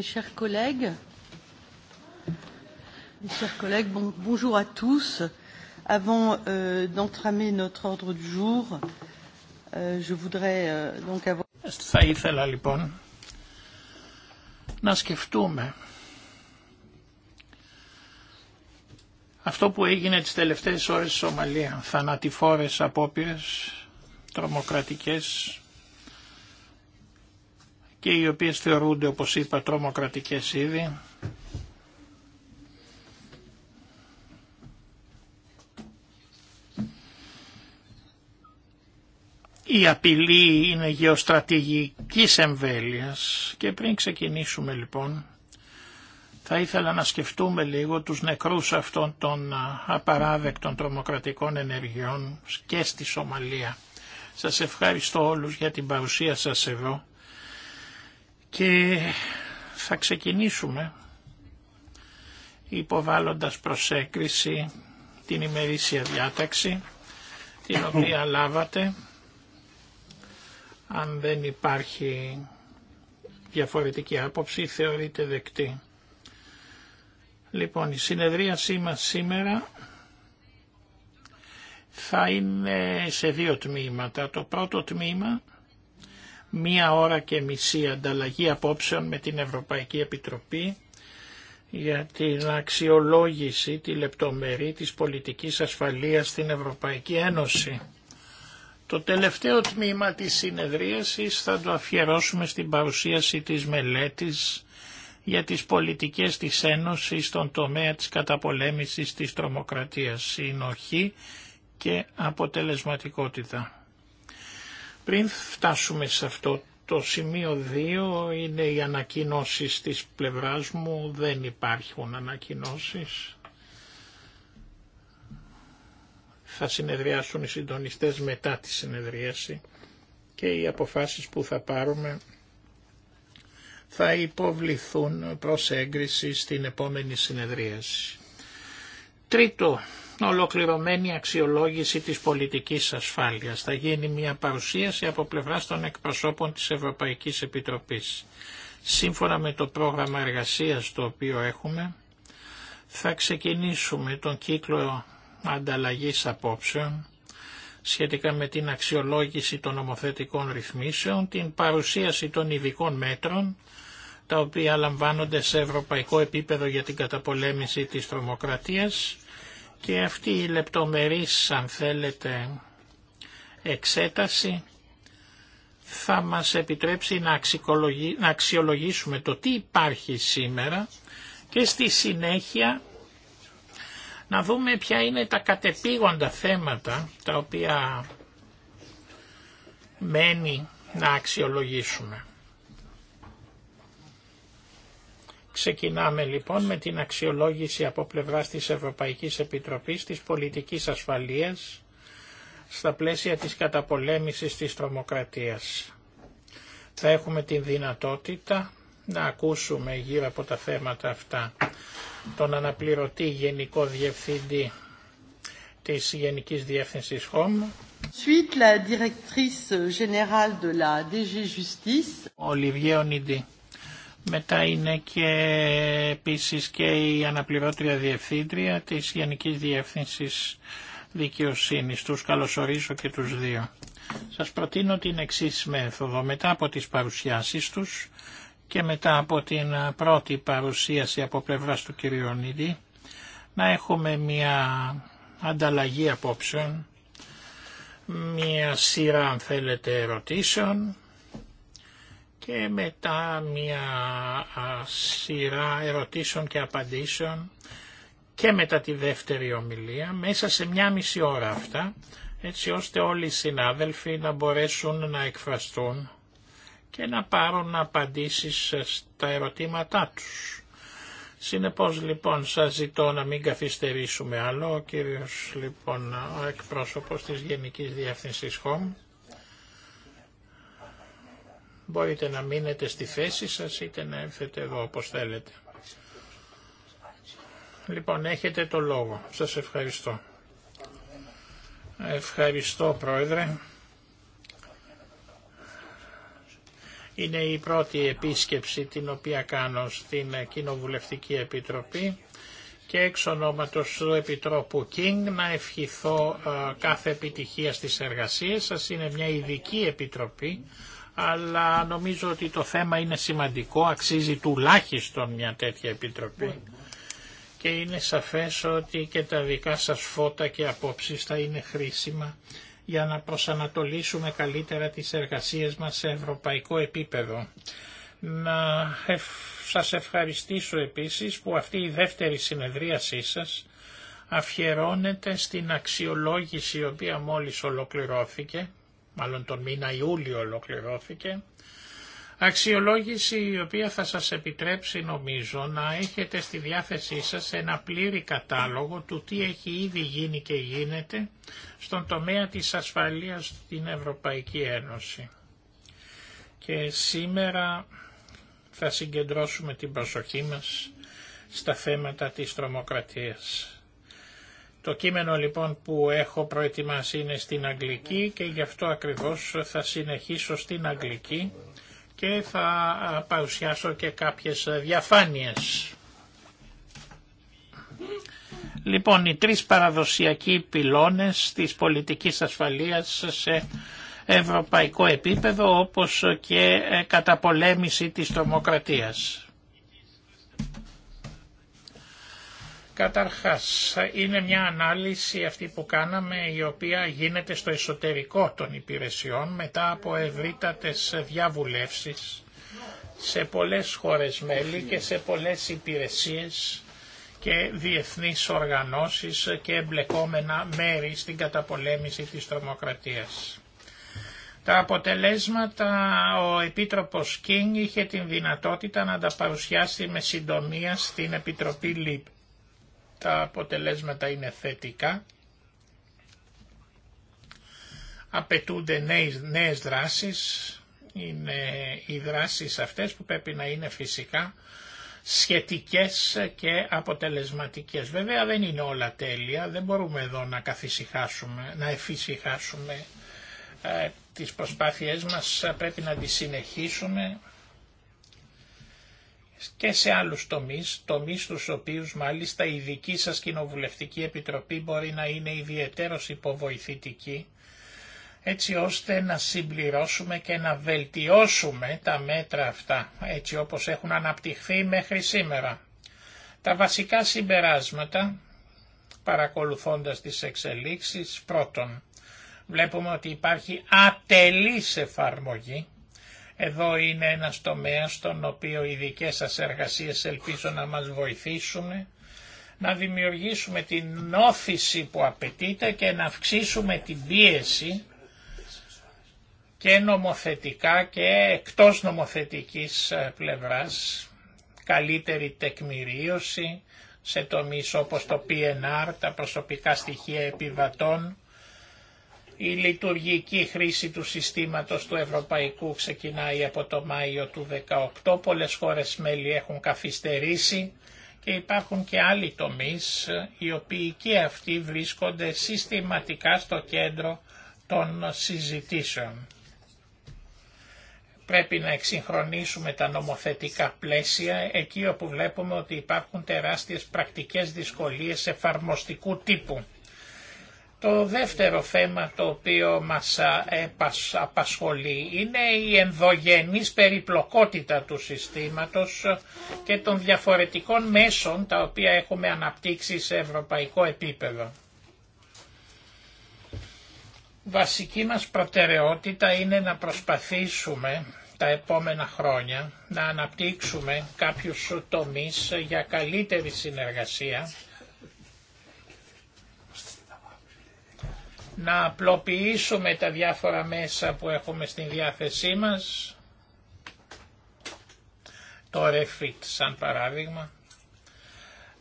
Mes chers collègues, bonjour à tous. Avant euh, d'entamer notre ordre du jour, euh, je voudrais euh, donc avoir. Θα ήθελα λοιπόν να σκεφτούμε αυτό που έγινε τις τελευταίες ώρες στη Σομαλία, θανατηφόρες απόπειρες, τρομοκρατικές και οι οποίες θεωρούνται όπως είπα τρομοκρατικές ήδη. Η απειλή είναι γεωστρατηγικής εμβέλειας και πριν ξεκινήσουμε λοιπόν θα ήθελα να σκεφτούμε λίγο τους νεκρούς αυτών των απαράδεκτων τρομοκρατικών ενεργειών και στη Σομαλία. Σας ευχαριστώ όλους για την παρουσία σας εδώ και θα ξεκινήσουμε υποβάλλοντας προσέκριση την ημερήσια διάταξη την οποία λάβατε αν δεν υπάρχει διαφορετική άποψη θεωρείται δεκτή. Λοιπόν, η συνεδρίασή μας σήμερα θα είναι σε δύο τμήματα. Το πρώτο τμήμα μία ώρα και μισή ανταλλαγή απόψεων με την Ευρωπαϊκή Επιτροπή για την αξιολόγηση, τη λεπτομερή της πολιτικής ασφαλείας στην Ευρωπαϊκή Ένωση. Το τελευταίο τμήμα της συνεδρίασης θα το αφιερώσουμε στην παρουσίαση της μελέτης για τις πολιτικές της Ένωσης στον τομέα της καταπολέμησης της τρομοκρατίας, συνοχή και αποτελεσματικότητα. Πριν φτάσουμε σε αυτό το σημείο 2 είναι οι ανακοινώσει της πλευράς μου, δεν υπάρχουν ανακοινώσει. Θα συνεδριάσουν οι συντονιστές μετά τη συνεδρίαση και οι αποφάσεις που θα πάρουμε θα υποβληθούν προς έγκριση στην επόμενη συνεδρίαση. Τρίτο ολοκληρωμένη αξιολόγηση της πολιτικής ασφάλειας. Θα γίνει μια παρουσίαση από πλευρά των εκπροσώπων της Ευρωπαϊκής Επιτροπής. Σύμφωνα με το πρόγραμμα εργασίας το οποίο έχουμε, θα ξεκινήσουμε τον κύκλο ανταλλαγής απόψεων σχετικά με την αξιολόγηση των νομοθετικών ρυθμίσεων, την παρουσίαση των ειδικών μέτρων, τα οποία λαμβάνονται σε ευρωπαϊκό επίπεδο για την καταπολέμηση της τρομοκρατίας και αυτή η λεπτομερής αν θέλετε εξέταση θα μας επιτρέψει να αξιολογήσουμε το τι υπάρχει σήμερα και στη συνέχεια να δούμε ποια είναι τα κατεπήγοντα θέματα τα οποία μένει να αξιολογήσουμε. Ξεκινάμε λοιπόν με την αξιολόγηση από πλευράς της Ευρωπαϊκής Επιτροπής της Πολιτικής Ασφαλείας στα πλαίσια της καταπολέμησης της τρομοκρατίας. Θα έχουμε την δυνατότητα να ακούσουμε γύρω από τα θέματα αυτά τον αναπληρωτή Γενικό Διευθυντή της Γενικής Διεύθυνσης ΧΟΜ. Suite la directrice de μετά είναι και επίσης και η αναπληρώτρια διευθύντρια της Γενικής Διεύθυνσης Δικαιοσύνης. Τους καλωσορίζω και τους δύο. Σας προτείνω την εξή μέθοδο. Μετά από τις παρουσιάσεις τους και μετά από την πρώτη παρουσίαση από πλευράς του κ. Νίδη, να έχουμε μια ανταλλαγή απόψεων, μια σειρά αν θέλετε ερωτήσεων, και μετά μια σειρά ερωτήσεων και απαντήσεων και μετά τη δεύτερη ομιλία, μέσα σε μια μισή ώρα αυτά, έτσι ώστε όλοι οι συνάδελφοι να μπορέσουν να εκφραστούν και να πάρουν απαντήσεις στα ερωτήματά τους. Συνεπώς λοιπόν σας ζητώ να μην καθυστερήσουμε άλλο, ο κύριος λοιπόν ο εκπρόσωπος της Γενικής Διεύθυνσης Μπορείτε να μείνετε στη θέση σας είτε να έρθετε εδώ όπως θέλετε. Λοιπόν, έχετε το λόγο. Σας ευχαριστώ. Ευχαριστώ, Πρόεδρε. Είναι η πρώτη επίσκεψη την οποία κάνω στην Κοινοβουλευτική Επιτροπή και εξ ονόματος του Επιτρόπου Κίνγκ να ευχηθώ κάθε επιτυχία στις εργασίες σας. Είναι μια ειδική επιτροπή αλλά νομίζω ότι το θέμα είναι σημαντικό, αξίζει τουλάχιστον μια τέτοια επιτροπή και είναι σαφές ότι και τα δικά σας φώτα και απόψεις θα είναι χρήσιμα για να προσανατολίσουμε καλύτερα τις εργασίες μας σε ευρωπαϊκό επίπεδο. Να σας ευχαριστήσω επίσης που αυτή η δεύτερη συνεδρίασή σας αφιερώνεται στην αξιολόγηση η οποία μόλις ολοκληρώθηκε μάλλον τον μήνα Ιούλιο ολοκληρώθηκε, αξιολόγηση η οποία θα σας επιτρέψει νομίζω να έχετε στη διάθεσή σας ένα πλήρη κατάλογο του τι έχει ήδη γίνει και γίνεται στον τομέα της ασφαλείας στην Ευρωπαϊκή Ένωση. Και σήμερα θα συγκεντρώσουμε την προσοχή μας στα θέματα της τρομοκρατίας. Το κείμενο λοιπόν που έχω προετοιμάσει είναι στην αγγλική και γι' αυτό ακριβώς θα συνεχίσω στην αγγλική και θα παρουσιάσω και κάποιες διαφάνειες. Λοιπόν, οι τρεις παραδοσιακοί πυλώνες της πολιτικής ασφαλείας σε ευρωπαϊκό επίπεδο όπως και ε, καταπολέμηση της τρομοκρατίας. Καταρχάς, είναι μια ανάλυση αυτή που κάναμε η οποία γίνεται στο εσωτερικό των υπηρεσιών μετά από ευρύτατες διαβουλεύσεις σε πολλές χώρες μέλη και σε πολλές υπηρεσίες και διεθνείς οργανώσεις και εμπλεκόμενα μέρη στην καταπολέμηση της τρομοκρατίας. Τα αποτελέσματα ο Επίτροπος Κίνγκ είχε την δυνατότητα να τα παρουσιάσει με συντομία στην Επιτροπή ΛΥΠ τα αποτελέσματα είναι θετικά. Απαιτούνται νέες, νέες δράσεις, είναι οι δράσεις αυτές που πρέπει να είναι φυσικά σχετικές και αποτελεσματικές. Βέβαια δεν είναι όλα τέλεια, δεν μπορούμε εδώ να καθησυχάσουμε, να εφησυχάσουμε ε, τις προσπάθειές μας, πρέπει να τις συνεχίσουμε και σε άλλους τομείς, τομείς στους οποίους μάλιστα η δική σας κοινοβουλευτική επιτροπή μπορεί να είναι ιδιαίτερος υποβοηθητική, έτσι ώστε να συμπληρώσουμε και να βελτιώσουμε τα μέτρα αυτά, έτσι όπως έχουν αναπτυχθεί μέχρι σήμερα. Τα βασικά συμπεράσματα, παρακολουθώντας τις εξελίξεις, πρώτον, βλέπουμε ότι υπάρχει ατελής εφαρμογή εδώ είναι ένας τομέας στον οποίο οι δικές σας εργασίες ελπίζω να μας βοηθήσουν να δημιουργήσουμε την όθηση που απαιτείται και να αυξήσουμε την πίεση και νομοθετικά και εκτός νομοθετικής ε, πλευράς, καλύτερη τεκμηρίωση σε τομείς όπως το PNR, τα προσωπικά στοιχεία επιβατών, η λειτουργική χρήση του συστήματος του Ευρωπαϊκού ξεκινάει από το Μάιο του 2018. Πολλές χώρες μέλη έχουν καθυστερήσει και υπάρχουν και άλλοι τομείς οι οποίοι και αυτοί βρίσκονται συστηματικά στο κέντρο των συζητήσεων. Πρέπει να εξυγχρονίσουμε τα νομοθετικά πλαίσια εκεί όπου βλέπουμε ότι υπάρχουν τεράστιες πρακτικές δυσκολίες εφαρμοστικού τύπου. Το δεύτερο θέμα το οποίο μας απασχολεί είναι η ενδογενής περιπλοκότητα του συστήματος και των διαφορετικών μέσων τα οποία έχουμε αναπτύξει σε ευρωπαϊκό επίπεδο. Βασική μας προτεραιότητα είναι να προσπαθήσουμε τα επόμενα χρόνια να αναπτύξουμε κάποιους τομείς για καλύτερη συνεργασία να απλοποιήσουμε τα διάφορα μέσα που έχουμε στην διάθεσή μας, το REFIT σαν παράδειγμα,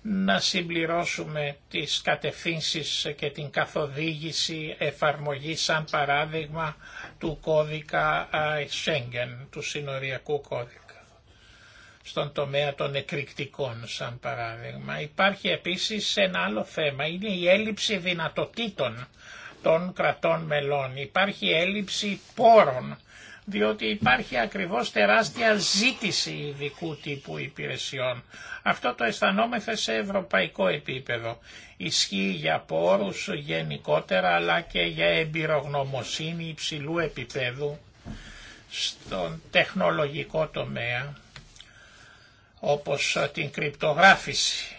να συμπληρώσουμε τις κατευθύνσεις και την καθοδήγηση εφαρμογή σαν παράδειγμα του κώδικα Schengen, του συνοριακού κώδικα στον τομέα των εκρηκτικών σαν παράδειγμα. Υπάρχει επίσης ένα άλλο θέμα, είναι η έλλειψη δυνατοτήτων των κρατών μελών. Υπάρχει έλλειψη πόρων, διότι υπάρχει ακριβώς τεράστια ζήτηση ειδικού τύπου υπηρεσιών. Αυτό το αισθανόμεθα σε ευρωπαϊκό επίπεδο. Ισχύει για πόρους γενικότερα, αλλά και για εμπειρογνωμοσύνη υψηλού επίπεδου στον τεχνολογικό τομέα, όπως την κρυπτογράφηση.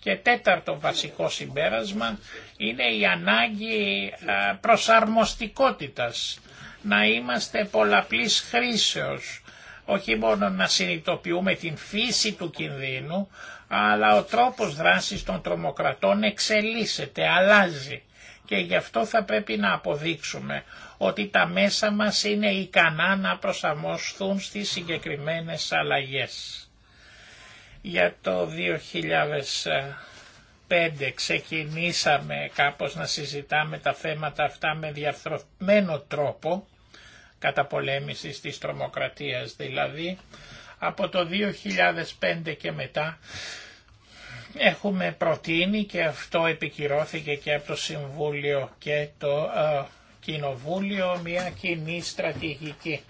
Και τέταρτο βασικό συμπέρασμα είναι η ανάγκη ε, προσαρμοστικότητας, να είμαστε πολλαπλής χρήσεως, όχι μόνο να συνειδητοποιούμε την φύση του κινδύνου, αλλά ο τρόπος δράσης των τρομοκρατών εξελίσσεται, αλλάζει και γι' αυτό θα πρέπει να αποδείξουμε ότι τα μέσα μας είναι ικανά να προσαρμοστούν στις συγκεκριμένες αλλαγές. Για το ξεκινήσαμε κάπως να συζητάμε τα θέματα αυτά με διαφθρωμένο τρόπο κατά πολέμησης της τρομοκρατίας δηλαδή από το 2005 και μετά έχουμε προτείνει και αυτό επικυρώθηκε και από το Συμβούλιο και το ε, Κοινοβούλιο μια κοινή στρατηγική.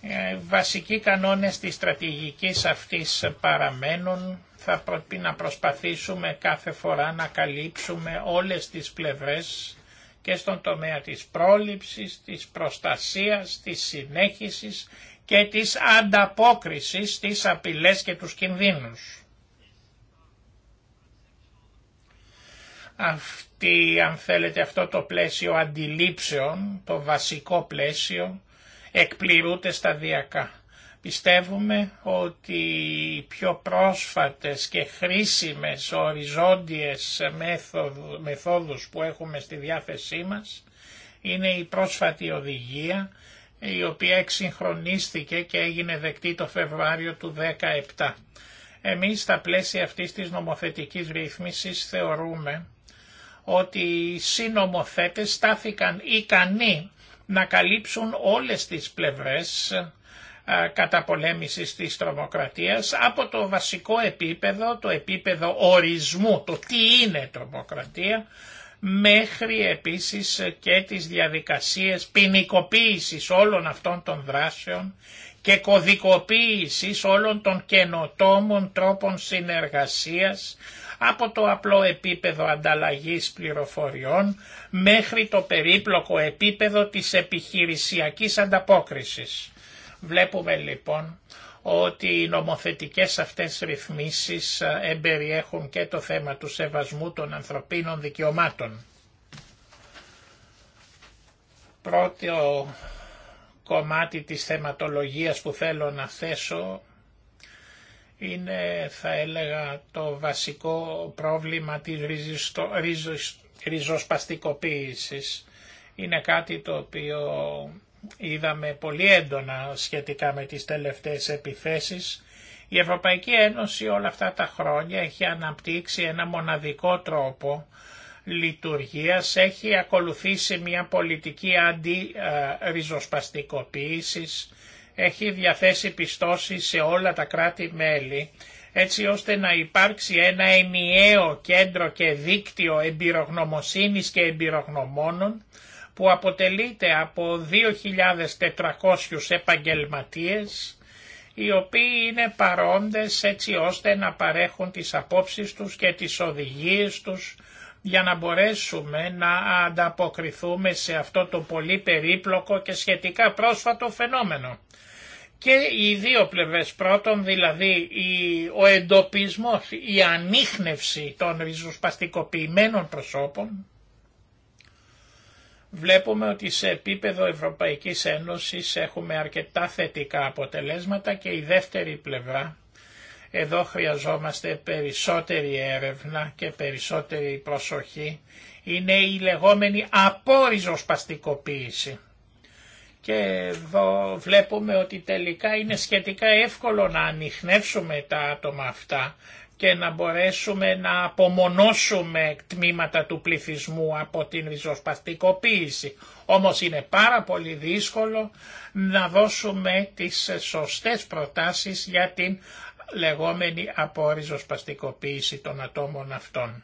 Οι ε, βασικοί κανόνες της στρατηγικής αυτής παραμένουν θα πρέπει να προσπαθήσουμε κάθε φορά να καλύψουμε όλες τις πλευρές και στον τομέα της πρόληψης, της προστασίας, της συνέχισης και της ανταπόκρισης στις απειλές και τους κινδύνους. Αυτή, αν θέλετε, αυτό το πλαίσιο αντιλήψεων, το βασικό πλαίσιο, εκπληρούνται σταδιακά. Πιστεύουμε ότι οι πιο πρόσφατες και χρήσιμες οριζόντιες μεθόδους που έχουμε στη διάθεσή μας είναι η πρόσφατη οδηγία η οποία εξυγχρονίστηκε και έγινε δεκτή το Φεβρουάριο του 2017. Εμείς στα πλαίσια αυτής της νομοθετικής ρύθμισης θεωρούμε ότι οι συνομοθέτες στάθηκαν ικανοί να καλύψουν όλες τις πλευρές καταπολέμησης της τρομοκρατίας από το βασικό επίπεδο, το επίπεδο ορισμού, το τι είναι τρομοκρατία, μέχρι επίσης και τις διαδικασίες ποινικοποίηση όλων αυτών των δράσεων και κωδικοποίηση όλων των καινοτόμων τρόπων συνεργασίας από το απλό επίπεδο ανταλλαγής πληροφοριών μέχρι το περίπλοκο επίπεδο της επιχειρησιακής ανταπόκρισης. Βλέπουμε λοιπόν ότι οι νομοθετικές αυτές ρυθμίσεις ε, εμπεριέχουν και το θέμα του σεβασμού των ανθρωπίνων δικαιωμάτων. Πρώτο κομμάτι της θεματολογίας που θέλω να θέσω είναι θα έλεγα το βασικό πρόβλημα της ριζιστο, ριζοσπαστικοποίησης. Είναι κάτι το οποίο είδαμε πολύ έντονα σχετικά με τις τελευταίες επιθέσεις. Η Ευρωπαϊκή Ένωση όλα αυτά τα χρόνια έχει αναπτύξει ένα μοναδικό τρόπο λειτουργίας, έχει ακολουθήσει μια πολιτική αντιριζοσπαστικοποίησης, έχει διαθέσει πιστώσεις σε όλα τα κράτη-μέλη, έτσι ώστε να υπάρξει ένα ενιαίο κέντρο και δίκτυο εμπειρογνωμοσύνης και εμπειρογνωμόνων, που αποτελείται από 2.400 επαγγελματίες οι οποίοι είναι παρόντες έτσι ώστε να παρέχουν τις απόψεις τους και τις οδηγίες τους για να μπορέσουμε να ανταποκριθούμε σε αυτό το πολύ περίπλοκο και σχετικά πρόσφατο φαινόμενο. Και οι δύο πλευρές πρώτον, δηλαδή ο εντοπισμός, η ανείχνευση των ριζοσπαστικοποιημένων προσώπων, βλέπουμε ότι σε επίπεδο Ευρωπαϊκής Ένωσης έχουμε αρκετά θετικά αποτελέσματα και η δεύτερη πλευρά εδώ χρειαζόμαστε περισσότερη έρευνα και περισσότερη προσοχή. Είναι η λεγόμενη απόριζοσπαστικοποίηση. Και εδώ βλέπουμε ότι τελικά είναι σχετικά εύκολο να ανοιχνεύσουμε τα άτομα αυτά και να μπορέσουμε να απομονώσουμε τμήματα του πληθυσμού από την ριζοσπαστικοποίηση. Όμως είναι πάρα πολύ δύσκολο να δώσουμε τις σωστές προτάσεις για την λεγόμενη απορριζοσπαστικοποίηση των ατόμων αυτών.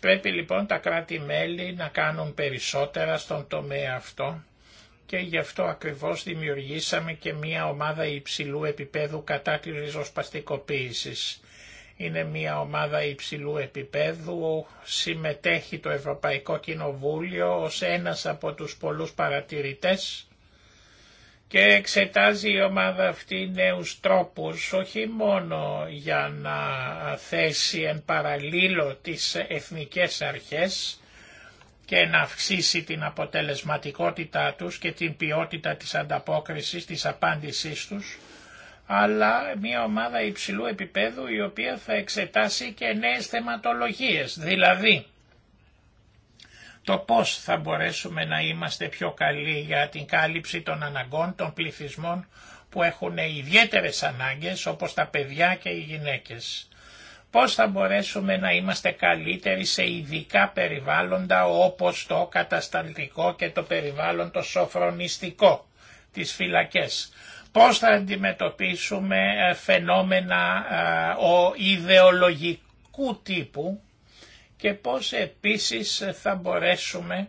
Πρέπει λοιπόν τα κράτη-μέλη να κάνουν περισσότερα στον τομέα αυτό και γι' αυτό ακριβώς δημιουργήσαμε και μια ομάδα υψηλού επίπεδου κατά τη ριζοσπαστικοποίηση. Είναι μια ομάδα υψηλού επίπεδου, συμμετέχει το Ευρωπαϊκό Κοινοβούλιο ως ένας από τους πολλούς παρατηρητές και εξετάζει η ομάδα αυτή νέους τρόπους, όχι μόνο για να θέσει εν παραλίλω τις εθνικές αρχές, και να αυξήσει την αποτελεσματικότητά τους και την ποιότητα της ανταπόκρισης, της απάντησής τους, αλλά μια ομάδα υψηλού επίπεδου η οποία θα εξετάσει και νέες θεματολογίες, δηλαδή το πώς θα μπορέσουμε να είμαστε πιο καλοί για την κάλυψη των αναγκών των πληθυσμών που έχουν ιδιαίτερες ανάγκες όπως τα παιδιά και οι γυναίκες πώς θα μπορέσουμε να είμαστε καλύτεροι σε ειδικά περιβάλλοντα όπως το κατασταλτικό και το περιβάλλον το σοφρονιστικό, της φυλακές. Πώς θα αντιμετωπίσουμε ε, φαινόμενα ε, ο ιδεολογικού τύπου και πώς επίσης θα μπορέσουμε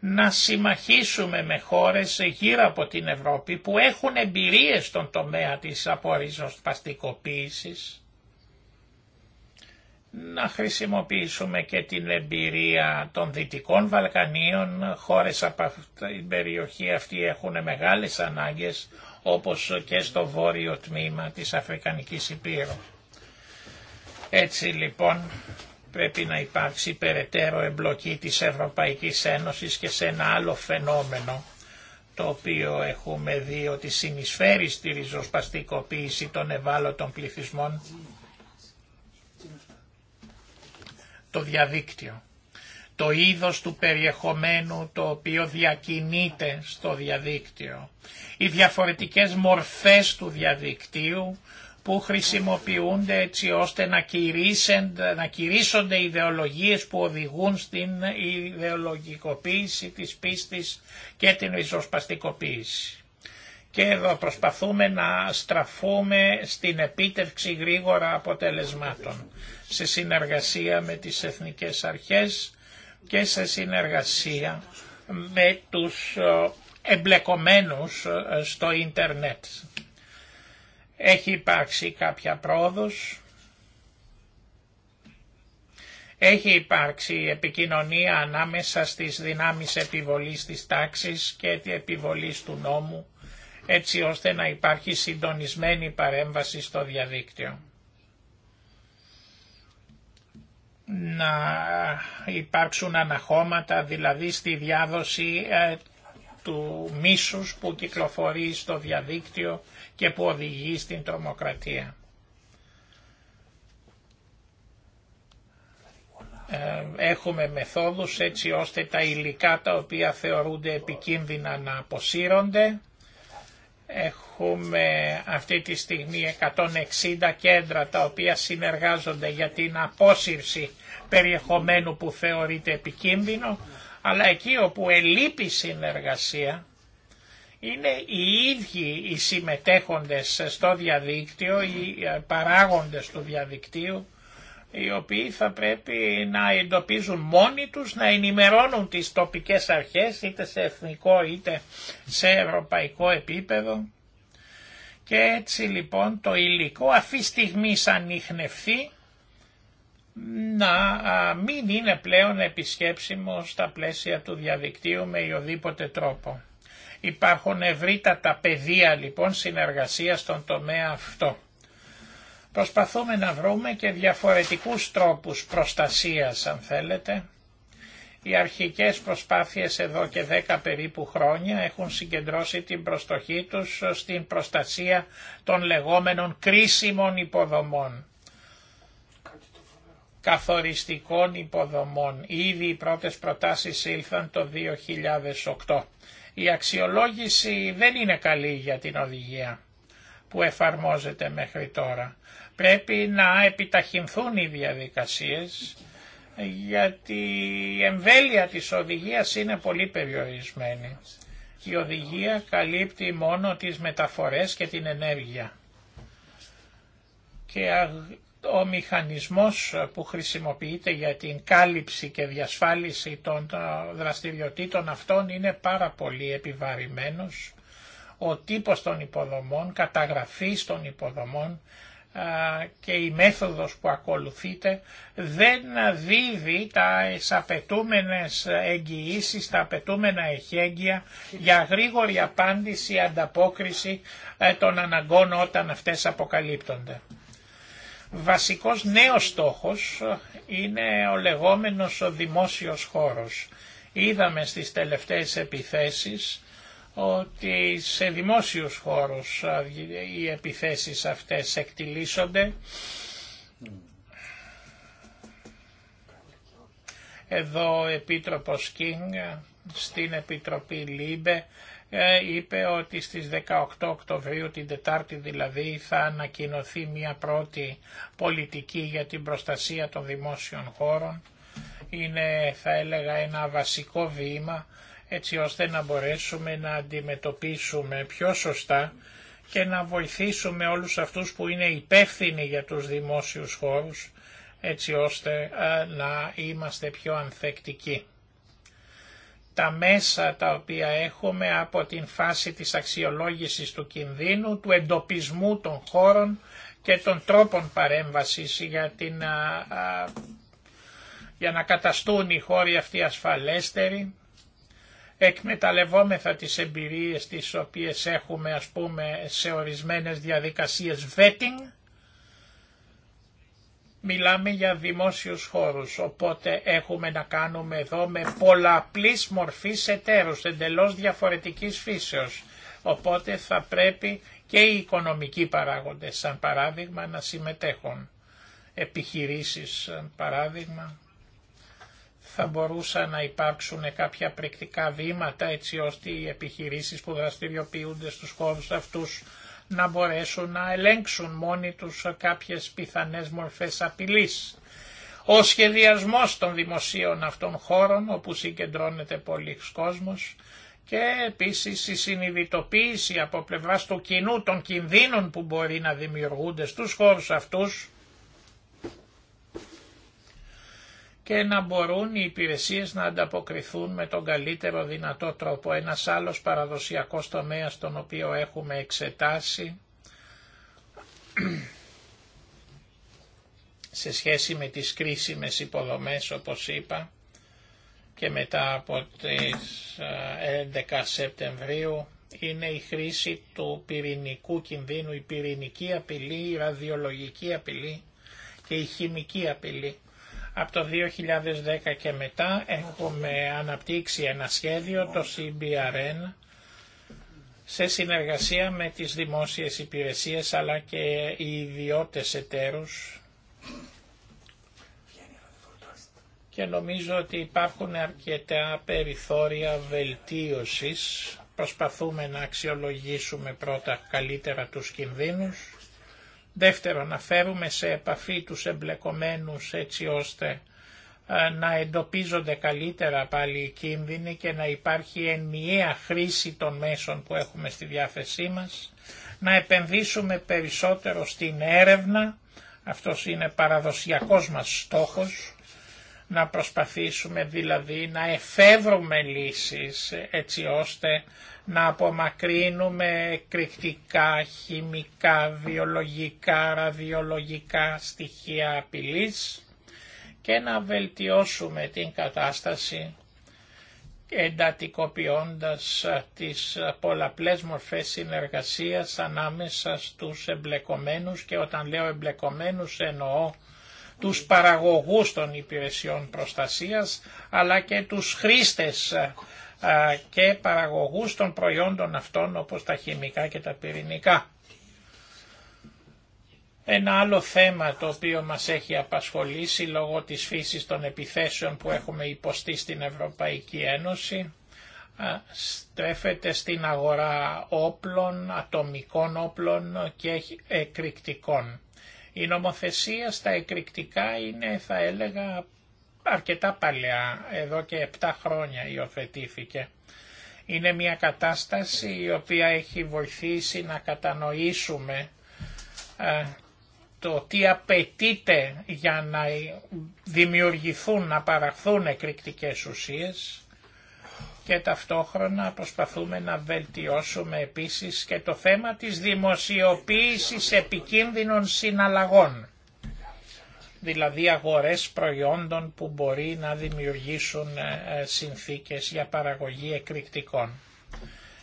να συμμαχίσουμε με χώρες γύρω από την Ευρώπη που έχουν εμπειρίες στον τομέα της απορριζοσπαστικοποίησης να χρησιμοποιήσουμε και την εμπειρία των Δυτικών Βαλκανίων. Χώρες από την περιοχή αυτή έχουν μεγάλες ανάγκες, όπως και στο βόρειο τμήμα της Αφρικανικής Υπήρου. Έτσι λοιπόν πρέπει να υπάρξει περαιτέρω εμπλοκή της Ευρωπαϊκής Ένωσης και σε ένα άλλο φαινόμενο, το οποίο έχουμε δει ότι συνεισφέρει στη ριζοσπαστικοποίηση των ευάλωτων πληθυσμών, το διαδίκτυο. Το είδος του περιεχομένου το οποίο διακινείται στο διαδίκτυο. Οι διαφορετικές μορφές του διαδικτύου που χρησιμοποιούνται έτσι ώστε να, να κηρύσσονται ιδεολογίες που οδηγούν στην ιδεολογικοποίηση της πίστης και την ριζοσπαστικοποίηση. Και εδώ προσπαθούμε να στραφούμε στην επίτευξη γρήγορα αποτελεσμάτων σε συνεργασία με τις εθνικές αρχές και σε συνεργασία με τους ε, εμπλεκομένους ε, στο ίντερνετ. Έχει υπάρξει κάποια πρόοδος, έχει υπάρξει επικοινωνία ανάμεσα στις δυνάμεις επιβολής της τάξης και τη επιβολής του νόμου, έτσι ώστε να υπάρχει συντονισμένη παρέμβαση στο διαδίκτυο. να υπάρξουν αναχώματα, δηλαδή στη διάδοση ε, του μίσους που κυκλοφορεί στο διαδίκτυο και που οδηγεί στην τρομοκρατία. Ε, έχουμε μεθόδους έτσι ώστε τα υλικά τα οποία θεωρούνται επικίνδυνα να αποσύρονται Έχουμε αυτή τη στιγμή 160 κέντρα τα οποία συνεργάζονται για την απόσυρση περιεχομένου που θεωρείται επικίνδυνο, αλλά εκεί όπου ελείπει συνεργασία είναι οι ίδιοι οι συμμετέχοντες στο διαδίκτυο, οι παράγοντες του διαδικτύου οι οποίοι θα πρέπει να εντοπίζουν μόνοι τους, να ενημερώνουν τις τοπικές αρχές, είτε σε εθνικό είτε σε ευρωπαϊκό επίπεδο. Και έτσι λοιπόν το υλικό αυτή στιγμή ανοιχνευθεί να μην είναι πλέον επισκέψιμο στα πλαίσια του διαδικτύου με οδήποτε τρόπο. Υπάρχουν ευρύτατα πεδία λοιπόν συνεργασία στον τομέα αυτό. Προσπαθούμε να βρούμε και διαφορετικούς τρόπους προστασίας αν θέλετε. Οι αρχικές προσπάθειες εδώ και 10 περίπου χρόνια έχουν συγκεντρώσει την προστοχή τους στην προστασία των λεγόμενων κρίσιμων υποδομών καθοριστικών υποδομών. Ήδη οι πρώτες προτάσεις ήλθαν το 2008. Η αξιολόγηση δεν είναι καλή για την οδηγία που εφαρμόζεται μέχρι τώρα. Πρέπει να επιταχυνθούν οι διαδικασίες γιατί η εμβέλεια της οδηγίας είναι πολύ περιορισμένη. Η οδηγία καλύπτει μόνο τις μεταφορές και την ενέργεια. Και ο μηχανισμός που χρησιμοποιείται για την κάλυψη και διασφάλιση των δραστηριοτήτων αυτών είναι πάρα πολύ επιβαρημένος. Ο τύπος των υποδομών, καταγραφής των υποδομών ε, και η μέθοδος που ακολουθείτε δεν δίδει τα απαιτούμενε εγγυήσει, τα απαιτούμενα εχέγγυα για γρήγορη απάντηση, ανταπόκριση ε, των αναγκών όταν αυτές αποκαλύπτονται. Βασικός νέος στόχος είναι ο λεγόμενος ο δημόσιος χώρος. Είδαμε στις τελευταίες επιθέσεις ότι σε δημόσιους χώρους οι επιθέσεις αυτές εκτιλήσονται. Εδώ ο Επίτροπος Κίνγκ στην Επιτροπή Λίμπε ε, είπε ότι στις 18 Οκτωβρίου την Τετάρτη δηλαδή θα ανακοινωθεί μια πρώτη πολιτική για την προστασία των δημόσιων χώρων. Είναι θα έλεγα ένα βασικό βήμα έτσι ώστε να μπορέσουμε να αντιμετωπίσουμε πιο σωστά και να βοηθήσουμε όλους αυτούς που είναι υπεύθυνοι για τους δημόσιους χώρους έτσι ώστε ε, να είμαστε πιο ανθεκτικοί. Τα μέσα τα οποία έχουμε από την φάση της αξιολόγησης του κινδύνου, του εντοπισμού των χώρων και των τρόπων παρέμβασης για, την, ε, ε, για να καταστούν οι χώροι αυτοί ασφαλέστεροι, εκμεταλλευόμεθα τις εμπειρίες τις οποίες έχουμε ας πούμε σε ορισμένες διαδικασίες vetting, μιλάμε για δημόσιους χώρους, οπότε έχουμε να κάνουμε εδώ με πολλαπλής μορφής εταίρους, εντελώς διαφορετικής φύσεως. Οπότε θα πρέπει και οι οικονομικοί παράγοντες, σαν παράδειγμα, να συμμετέχουν. Επιχειρήσεις, σαν παράδειγμα θα μπορούσαν να υπάρξουν κάποια πρακτικά βήματα έτσι ώστε οι επιχειρήσεις που δραστηριοποιούνται στους χώρους αυτούς να μπορέσουν να ελέγξουν μόνοι τους κάποιες πιθανές μορφές απειλής. Ο σχεδιασμός των δημοσίων αυτών χώρων όπου συγκεντρώνεται πολλοί κόσμος και επίσης η συνειδητοποίηση από πλευράς του κοινού των κινδύνων που μπορεί να δημιουργούνται στους χώρους αυτούς και να μπορούν οι υπηρεσίες να ανταποκριθούν με τον καλύτερο δυνατό τρόπο. Ένας άλλος παραδοσιακός τομέας τον οποίο έχουμε εξετάσει σε σχέση με τις κρίσιμες υποδομές όπως είπα και μετά από τις 11 ε, Σεπτεμβρίου είναι η χρήση του πυρηνικού κινδύνου, η πυρηνική απειλή, η ραδιολογική απειλή και η χημική απειλή. Από το 2010 και μετά έχουμε αναπτύξει ένα σχέδιο, το CBRN, σε συνεργασία με τις δημόσιες υπηρεσίες αλλά και οι ιδιώτες εταίρους και νομίζω ότι υπάρχουν αρκετά περιθώρια βελτίωσης. Προσπαθούμε να αξιολογήσουμε πρώτα καλύτερα τους κινδύνους Δεύτερο, να φέρουμε σε επαφή τους εμπλεκομένους έτσι ώστε ε, να εντοπίζονται καλύτερα πάλι οι κίνδυνοι και να υπάρχει ενιαία χρήση των μέσων που έχουμε στη διάθεσή μας, να επενδύσουμε περισσότερο στην έρευνα, αυτός είναι παραδοσιακός μας στόχος, να προσπαθήσουμε δηλαδή να εφεύρουμε λύσεις έτσι ώστε να απομακρύνουμε εκρηκτικά, χημικά, βιολογικά, ραδιολογικά στοιχεία απειλής και να βελτιώσουμε την κατάσταση εντατικοποιώντας τις πολλαπλές μορφές συνεργασίας ανάμεσα στους εμπλεκομένους και όταν λέω εμπλεκομένους εννοώ τους παραγωγούς των υπηρεσιών προστασίας αλλά και τους χρήστες και παραγωγούς των προϊόντων αυτών όπως τα χημικά και τα πυρηνικά. Ένα άλλο θέμα το οποίο μας έχει απασχολήσει λόγω της φύσης των επιθέσεων που έχουμε υποστεί στην Ευρωπαϊκή Ένωση στρέφεται στην αγορά όπλων, ατομικών όπλων και εκρηκτικών. Η νομοθεσία στα εκρηκτικά είναι θα έλεγα αρκετά παλαιά, εδώ και 7 χρόνια υιοθετήθηκε. Είναι μια κατάσταση η οποία έχει βοηθήσει να κατανοήσουμε ε, το τι απαιτείται για να δημιουργηθούν, να παραχθούν εκρηκτικές ουσίες και ταυτόχρονα προσπαθούμε να βελτιώσουμε επίσης και το θέμα της δημοσιοποίησης επικίνδυνων συναλλαγών δηλαδή αγορές προϊόντων που μπορεί να δημιουργήσουν ε, ε, συνθήκες για παραγωγή εκρηκτικών.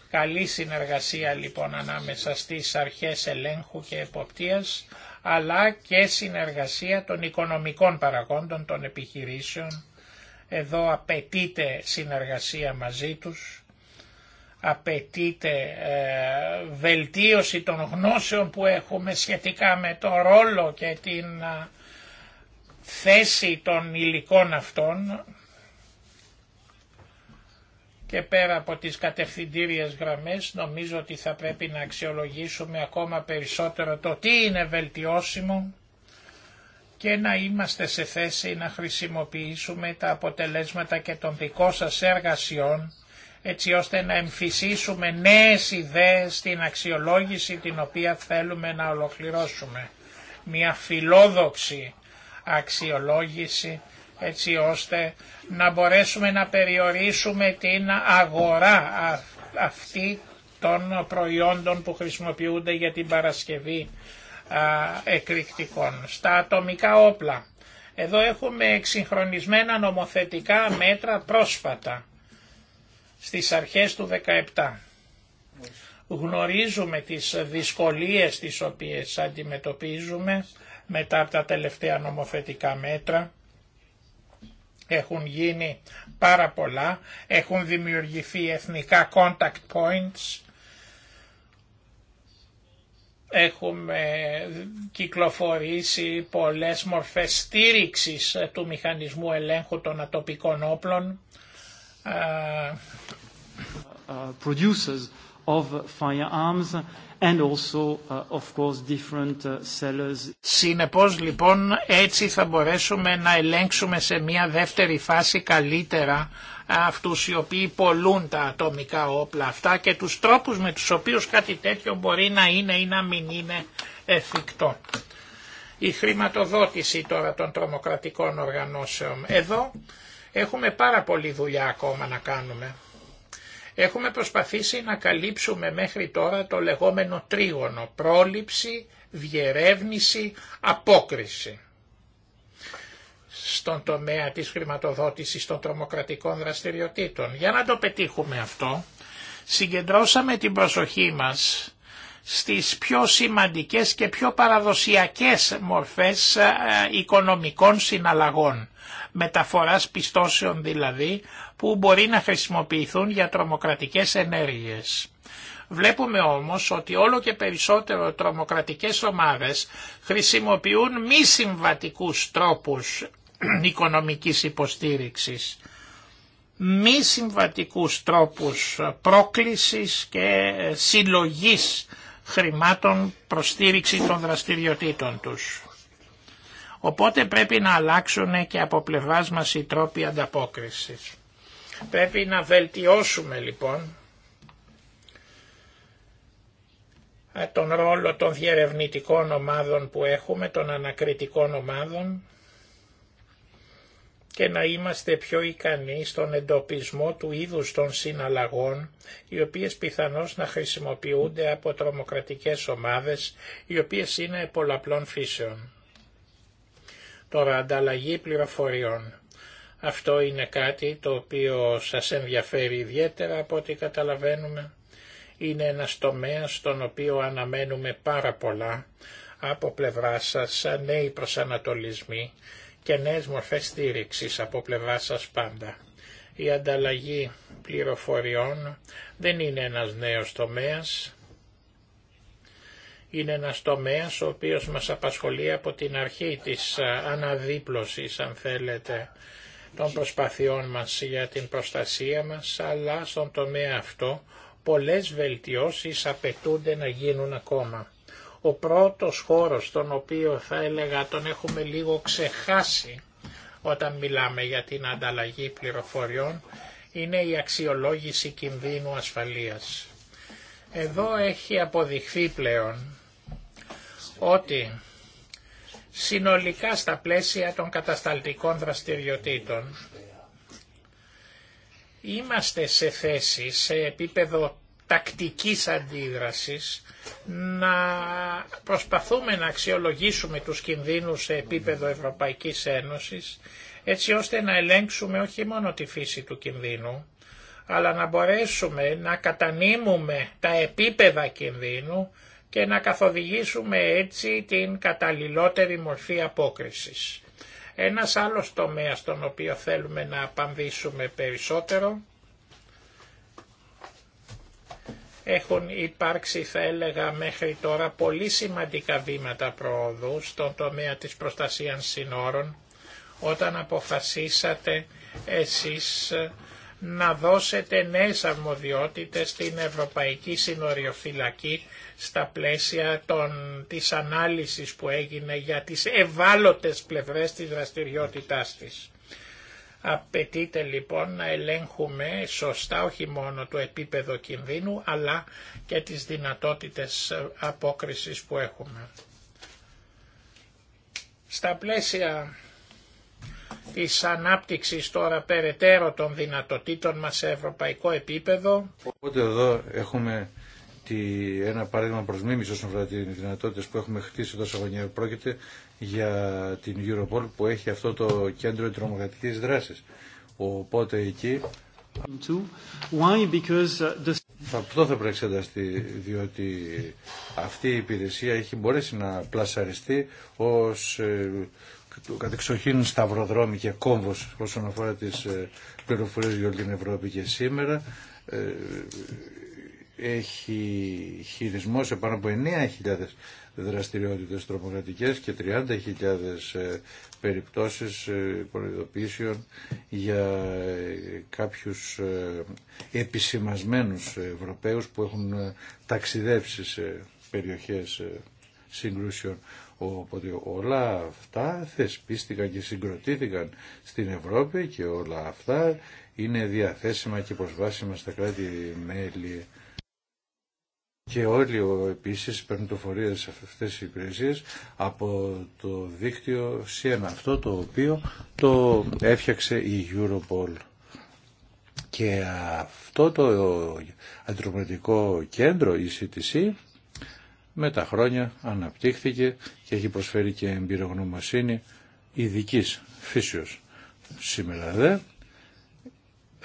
Καλή συνεργασία λοιπόν ανάμεσα στις αρχές ελέγχου και εποπτείας, αλλά και συνεργασία των οικονομικών παραγόντων των επιχειρήσεων. Εδώ απαιτείται συνεργασία μαζί τους, απαιτείται ε, βελτίωση των γνώσεων που έχουμε σχετικά με τον ρόλο και την θέση των υλικών αυτών και πέρα από τις κατευθυντήριες γραμμές νομίζω ότι θα πρέπει να αξιολογήσουμε ακόμα περισσότερο το τι είναι βελτιώσιμο και να είμαστε σε θέση να χρησιμοποιήσουμε τα αποτελέσματα και των δικών σας εργασιών έτσι ώστε να εμφυσίσουμε νέες ιδέες στην αξιολόγηση την οποία θέλουμε να ολοκληρώσουμε. Μια φιλόδοξη αξιολόγηση έτσι ώστε να μπορέσουμε να περιορίσουμε την αγορά αυτή των προϊόντων που χρησιμοποιούνται για την παρασκευή εκρηκτικών. Στα ατομικά όπλα. Εδώ έχουμε εξυγχρονισμένα νομοθετικά μέτρα πρόσφατα στις αρχές του 17. Γνωρίζουμε τις δυσκολίες τις οποίες αντιμετωπίζουμε μετά από τα τελευταία νομοθετικά μέτρα. Έχουν γίνει πάρα πολλά, έχουν δημιουργηθεί εθνικά contact points, έχουμε κυκλοφορήσει πολλές μορφές στήριξης του μηχανισμού ελέγχου των ατοπικών όπλων of uh, uh, Συνεπώς λοιπόν έτσι θα μπορέσουμε να ελέγξουμε σε μια δεύτερη φάση καλύτερα αυτούς οι οποίοι πολλούν τα ατομικά όπλα αυτά και τους τρόπους με τους οποίους κάτι τέτοιο μπορεί να είναι ή να μην είναι εφικτό. Η χρηματοδότηση τώρα των τρομοκρατικών οργανώσεων. Εδώ έχουμε πάρα πολλή δουλειά ακόμα να κάνουμε. Έχουμε προσπαθήσει να καλύψουμε μέχρι τώρα το λεγόμενο τρίγωνο πρόληψη, διερεύνηση, απόκριση. Στον τομέα της χρηματοδότησης των τρομοκρατικών δραστηριοτήτων. Για να το πετύχουμε αυτό, συγκεντρώσαμε την προσοχή μας στις πιο σημαντικές και πιο παραδοσιακές μορφές ε, ε, οικονομικών συναλλαγών, μεταφοράς πιστώσεων δηλαδή, που μπορεί να χρησιμοποιηθούν για τρομοκρατικές ενέργειες. Βλέπουμε όμως ότι όλο και περισσότερο τρομοκρατικές ομάδες χρησιμοποιούν μη συμβατικούς τρόπους οικονομικής υποστήριξης, μη συμβατικούς τρόπους πρόκλησης και συλλογής χρημάτων προστήριξη των δραστηριοτήτων τους. Οπότε πρέπει να αλλάξουν και από πλευράς μας οι τρόποι ανταπόκρισης. Πρέπει να βελτιώσουμε λοιπόν ε, τον ρόλο των διερευνητικών ομάδων που έχουμε, των ανακριτικών ομάδων και να είμαστε πιο ικανοί στον εντοπισμό του είδους των συναλλαγών, οι οποίες πιθανώς να χρησιμοποιούνται από τρομοκρατικές ομάδες, οι οποίες είναι πολλαπλών φύσεων. Τώρα, ανταλλαγή πληροφοριών. Αυτό είναι κάτι το οποίο σας ενδιαφέρει ιδιαίτερα από ό,τι καταλαβαίνουμε. Είναι ένας τομέας στον οποίο αναμένουμε πάρα πολλά από πλευρά σας νέοι προσανατολισμοί και νέες μορφές στήριξη από πλευρά σας πάντα. Η ανταλλαγή πληροφοριών δεν είναι ένας νέος τομέας, είναι ένας τομέας ο οποίος μας απασχολεί από την αρχή της αναδίπλωσης, αν θέλετε, των προσπαθειών μας για την προστασία μας, αλλά στον τομέα αυτό πολλές βελτιώσεις απαιτούνται να γίνουν ακόμα. Ο πρώτος χώρος τον οποίο θα έλεγα τον έχουμε λίγο ξεχάσει όταν μιλάμε για την ανταλλαγή πληροφοριών είναι η αξιολόγηση κινδύνου ασφαλείας. Εδώ έχει αποδειχθεί πλέον ότι συνολικά στα πλαίσια των κατασταλτικών δραστηριοτήτων. Είμαστε σε θέση, σε επίπεδο τακτικής αντίδρασης, να προσπαθούμε να αξιολογήσουμε τους κινδύνους σε επίπεδο Ευρωπαϊκής Ένωσης, έτσι ώστε να ελέγξουμε όχι μόνο τη φύση του κινδύνου, αλλά να μπορέσουμε να κατανείμουμε τα επίπεδα κινδύνου και να καθοδηγήσουμε έτσι την καταλληλότερη μορφή απόκρισης. Ένας άλλος τομέας στον οποίο θέλουμε να απαντήσουμε περισσότερο έχουν υπάρξει θα έλεγα μέχρι τώρα πολύ σημαντικά βήματα προοδού στον τομέα της προστασίας συνόρων όταν αποφασίσατε εσείς να δώσετε νέες αρμοδιότητες στην Ευρωπαϊκή Συνοριοφυλακή στα πλαίσια των, της ανάλυσης που έγινε για τις ευάλωτες πλευρές της δραστηριότητάς της. Απαιτείται λοιπόν να ελέγχουμε σωστά όχι μόνο το επίπεδο κινδύνου αλλά και τις δυνατότητες απόκρισης που έχουμε. Στα πλαίσια της ανάπτυξης τώρα περαιτέρω των δυνατοτήτων μας σε ευρωπαϊκό επίπεδο. Οπότε εδώ έχουμε τη, ένα παράδειγμα προς μίμηση όσον αφορά τις δυνατότητες που έχουμε χτίσει τόσο χρόνια. Πρόκειται για την Europol που έχει αυτό το κέντρο τρομοκρατικής δράσης. Οπότε εκεί Why? Because uh, the... θα, αυτό θα πρέπει να εξεταστεί, διότι αυτή η υπηρεσία έχει μπορέσει να πλασαριστεί ως ε, το κατεξοχήν σταυροδρόμι και κόμβος όσον αφορά τις ε, πληροφορίες για όλη την Ευρώπη και σήμερα ε, έχει χειρισμό σε πάνω από 9.000 δραστηριότητες τρομοκρατικές και 30.000 ε, περιπτώσεις προειδοποιήσεων για κάποιους επισημασμένους Ευρωπαίους που έχουν ταξιδέψει σε περιοχές συγκρούσεων. Οπότε όλα αυτά θεσπίστηκαν και συγκροτήθηκαν στην Ευρώπη και όλα αυτά είναι διαθέσιμα και προσβάσιμα στα κράτη-μέλη. Και όλοι επίσης παίρνουν το φορείο σε αυτές οι υπηρεσίες από το δίκτυο ΣΥΕΝ, αυτό το οποίο το έφτιαξε η Europol. Και αυτό το αντιτρομοκρατικό κέντρο, η CTC, με τα χρόνια αναπτύχθηκε έχει προσφέρει και εμπειρογνωμοσύνη ειδική φύσεως. Σήμερα δε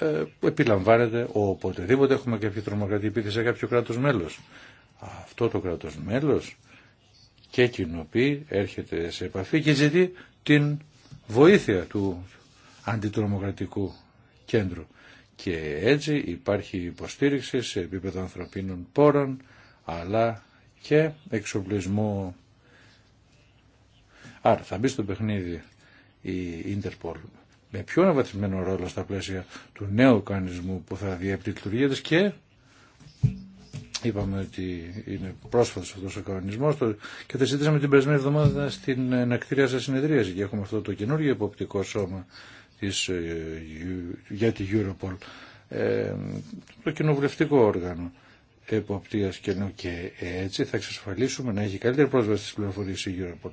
ε, επιλαμβάνεται οποτεδήποτε έχουμε κάποια τρομοκρατική επίθεση σε κάποιο κράτος μέλος. Αυτό το κράτος μέλος και κοινοποιεί, έρχεται σε επαφή και ζητεί την βοήθεια του αντιτρομοκρατικού κέντρου. Και έτσι υπάρχει υποστήριξη σε επίπεδο ανθρωπίνων πόρων, αλλά και εξοπλισμό Άρα θα μπει στο παιχνίδι η Ιντερπολ με πιο αναβαθμισμένο ρόλο στα πλαίσια του νέου κανισμού που θα διέπει τη λειτουργία και είπαμε ότι είναι πρόσφατος αυτός ο κανονισμός και θα συζήτησαμε την περασμένη εβδομάδα στην ενακτήρια σας συνεδρίαση και έχουμε αυτό το καινούργιο υποπτικό σώμα της, ε, για τη Europol ε, το κοινοβουλευτικό όργανο εποπτείας και, και έτσι θα εξασφαλίσουμε να έχει καλύτερη πρόσβαση στις πληροφορίες η Europol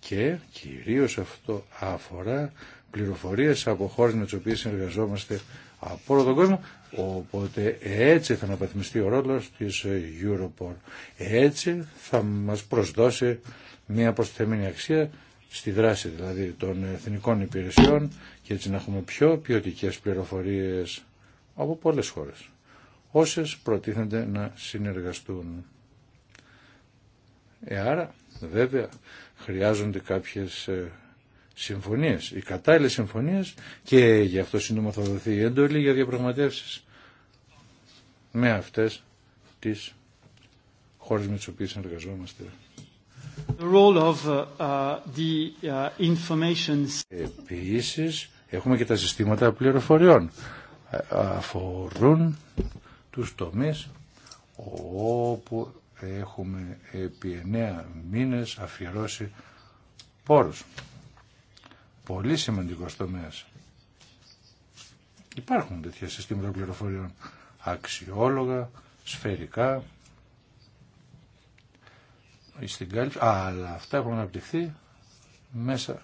και κυρίως αυτό αφορά πληροφορίες από χώρες με τις οποίες συνεργαζόμαστε από όλο τον κόσμο, οπότε έτσι θα αναπαθμιστεί ο ρόλος της Europol. Έτσι θα μας προσδώσει μια προσθεμένη αξία στη δράση δηλαδή των εθνικών υπηρεσιών και έτσι να έχουμε πιο ποιοτικέ πληροφορίες από πολλές χώρες, όσες προτίθενται να συνεργαστούν. Ε, άρα, βέβαια, χρειάζονται κάποιες ε, συμφωνίες, οι κατάλληλες συμφωνίες και γι' αυτό σύντομα θα δοθεί η έντολη για διαπραγματεύσεις με αυτές τις χώρες με τις οποίες εργαζόμαστε. The uh, uh, uh, έχουμε και τα συστήματα πληροφοριών. Ε, αφορούν τους τομείς όπου έχουμε επί εννέα μήνες αφιερώσει πόρους. Πολύ σημαντικός τομέας. Υπάρχουν τέτοια συστήματα πληροφοριών αξιόλογα, σφαιρικά, στην αλλά αυτά έχουν αναπτυχθεί μέσα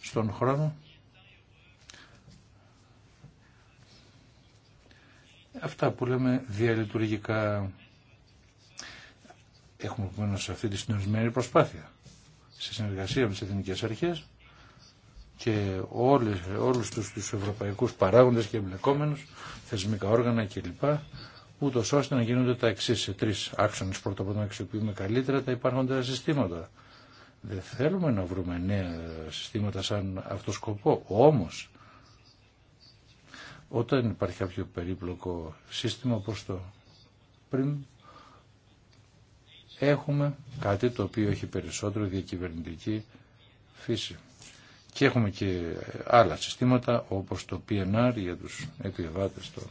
στον χρόνο. Αυτά που λέμε διαλειτουργικά Έχουμε επομένω αυτή τη συντονισμένη προσπάθεια σε συνεργασία με τις εθνικές αρχές και όλες, όλους τους, τους ευρωπαϊκούς παράγοντες και εμπλεκόμενους, θεσμικά όργανα κλπ. Ούτω ώστε να γίνονται τα εξή σε τρει άξονε. Πρώτα από όλα να αξιοποιούμε καλύτερα τα υπάρχοντα συστήματα. Δεν θέλουμε να βρούμε νέα συστήματα σαν αυτό σκοπό. Όμω, όταν υπάρχει κάποιο περίπλοκο σύστημα όπω το πριν έχουμε κάτι το οποίο έχει περισσότερο διακυβερνητική φύση. Και έχουμε και άλλα συστήματα όπως το PNR για τους επιβάτες των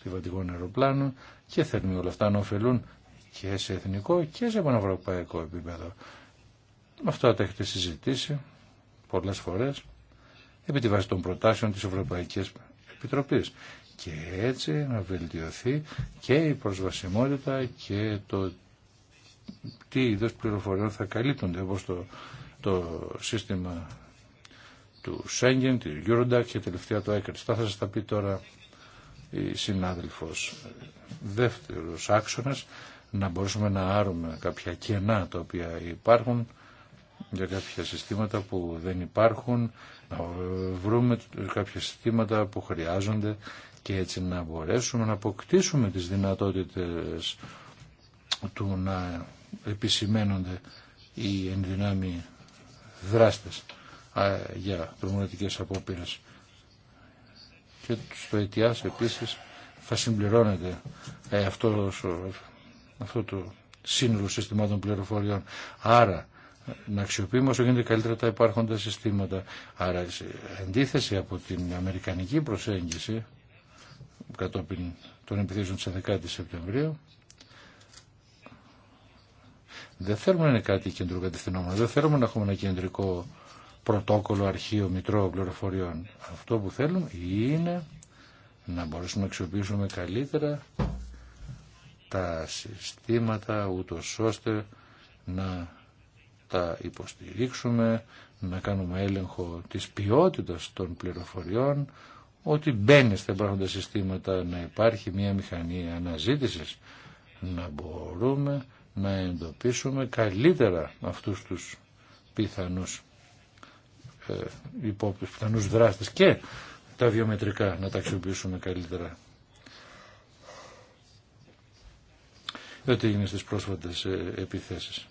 επιβατικών αεροπλάνων και θέλουμε όλα αυτά να ωφελούν και σε εθνικό και σε πανευρωπαϊκό επίπεδο. Αυτό το έχετε συζητήσει πολλές φορές επί τη βάση των προτάσεων της Ευρωπαϊκής Επιτροπής και έτσι να βελτιωθεί και η προσβασιμότητα και το τι είδος πληροφοριών θα καλύπτονται όπως το, σύστημα του Σέγγεν, του Eurodac και τελευταία το ECRIS. Θα σας τα πει τώρα η συνάδελφος. Δεύτερος άξονας, να μπορούμε να άρουμε κάποια κενά τα οποία υπάρχουν για κάποια συστήματα που δεν υπάρχουν, να βρούμε κάποια συστήματα που χρειάζονται και έτσι να μπορέσουμε να αποκτήσουμε τις δυνατότητες του να επισημένονται οι ενδυνάμοι δράστες για προμονητικές απόπειρες. Και στο ΕΤΙΑΣ επίσης θα συμπληρώνεται ε, αυτό, αυτό το σύνολο συστημάτων πληροφοριών. Άρα να αξιοποιούμε όσο γίνεται καλύτερα τα υπάρχοντα συστήματα. Άρα εντίθεση από την αμερικανική προσέγγιση κατόπιν των επιθέσεων της 10 Σεπτεμβρίου δεν θέλουμε να είναι κάτι κατευθυνόμενο. δεν θέλουμε να έχουμε ένα κεντρικό πρωτόκολλο αρχείο μητρό πληροφοριών. Αυτό που θέλουμε είναι να μπορέσουμε να αξιοποιήσουμε καλύτερα τα συστήματα ούτω ώστε να τα υποστηρίξουμε, να κάνουμε έλεγχο της ποιότητας των πληροφοριών, ότι μπαίνει στα υπάρχοντα συστήματα να υπάρχει μια μηχανή αναζήτησης, να μπορούμε να εντοπίσουμε καλύτερα αυτούς τους πιθανούς ε, υπόπτους, πιθανούς δράστες και τα βιομετρικά να τα αξιοποιήσουμε καλύτερα. Διότι έγινε στις πρόσφατες ε, επιθέσεις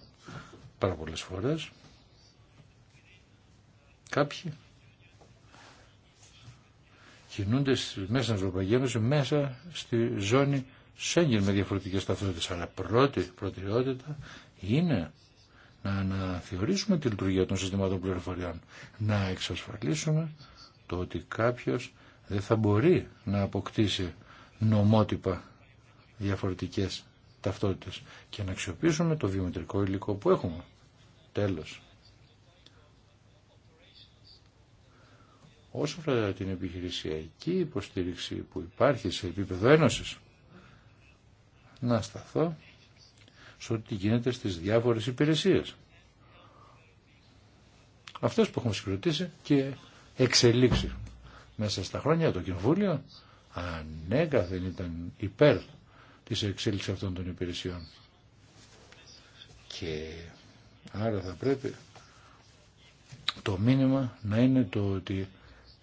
πάρα πολλές φορές. Κάποιοι κινούνται μέσα στην Ευρωπαϊκή Ένωση, μέσα στη ζώνη Σέγγεν με διαφορετικές ταυτότητες, αλλά πρώτη προτεραιότητα είναι να αναθεωρήσουμε τη λειτουργία των συστημάτων πληροφοριών, να εξασφαλίσουμε το ότι κάποιος δεν θα μπορεί να αποκτήσει νομότυπα διαφορετικές ταυτότητες και να αξιοποιήσουμε το βιομετρικό υλικό που έχουμε. Τέλος. Όσο αφορά την επιχειρησιακή υποστήριξη που υπάρχει σε επίπεδο ένωσης, να σταθώ σε ό,τι γίνεται στις διάφορες υπηρεσίες. Αυτές που έχουμε συγκροτήσει και εξελίξει μέσα στα χρόνια το Κοινοβούλιο ανέκαθεν ήταν υπέρ της εξέλιξης αυτών των υπηρεσιών. Και άρα θα πρέπει το μήνυμα να είναι το ότι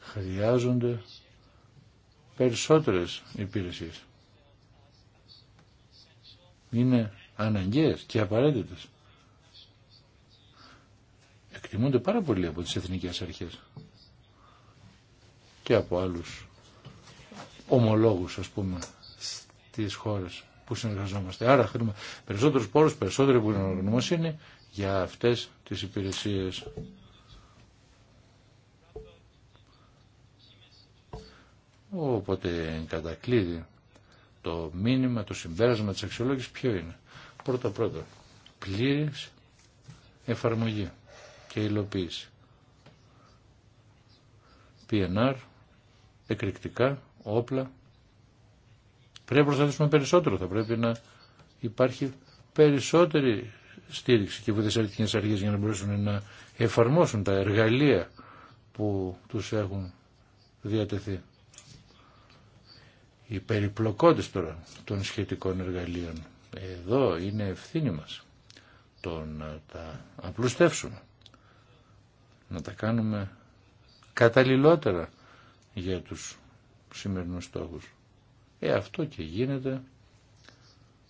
χρειάζονται περισσότερες υπηρεσίες είναι αναγκαίες και απαραίτητες. Εκτιμούνται πάρα πολύ από τις εθνικές αρχές και από άλλους ομολόγους ας πούμε στις χώρες που συνεργαζόμαστε. Άρα θέλουμε περισσότερους πόρους, περισσότερη γνωμοσύνη για αυτές τις υπηρεσίες. Οπότε κατακλείδη το μήνυμα, το συμπέρασμα της αξιολόγησης ποιο είναι. Πρώτα πρώτα, πλήρης εφαρμογή και υλοποίηση. PNR, εκρηκτικά, όπλα. Πρέπει να προστατεύσουμε περισσότερο, θα πρέπει να υπάρχει περισσότερη στήριξη και βοήθεια σε αρχές για να μπορέσουν να εφαρμόσουν τα εργαλεία που τους έχουν διατεθεί. Οι περιπλοκόντες τώρα των σχετικών εργαλείων. Εδώ είναι ευθύνη μας το να τα απλουστεύσουμε, να τα κάνουμε καταλληλότερα για τους σημερινούς στόχους. Ε, αυτό και γίνεται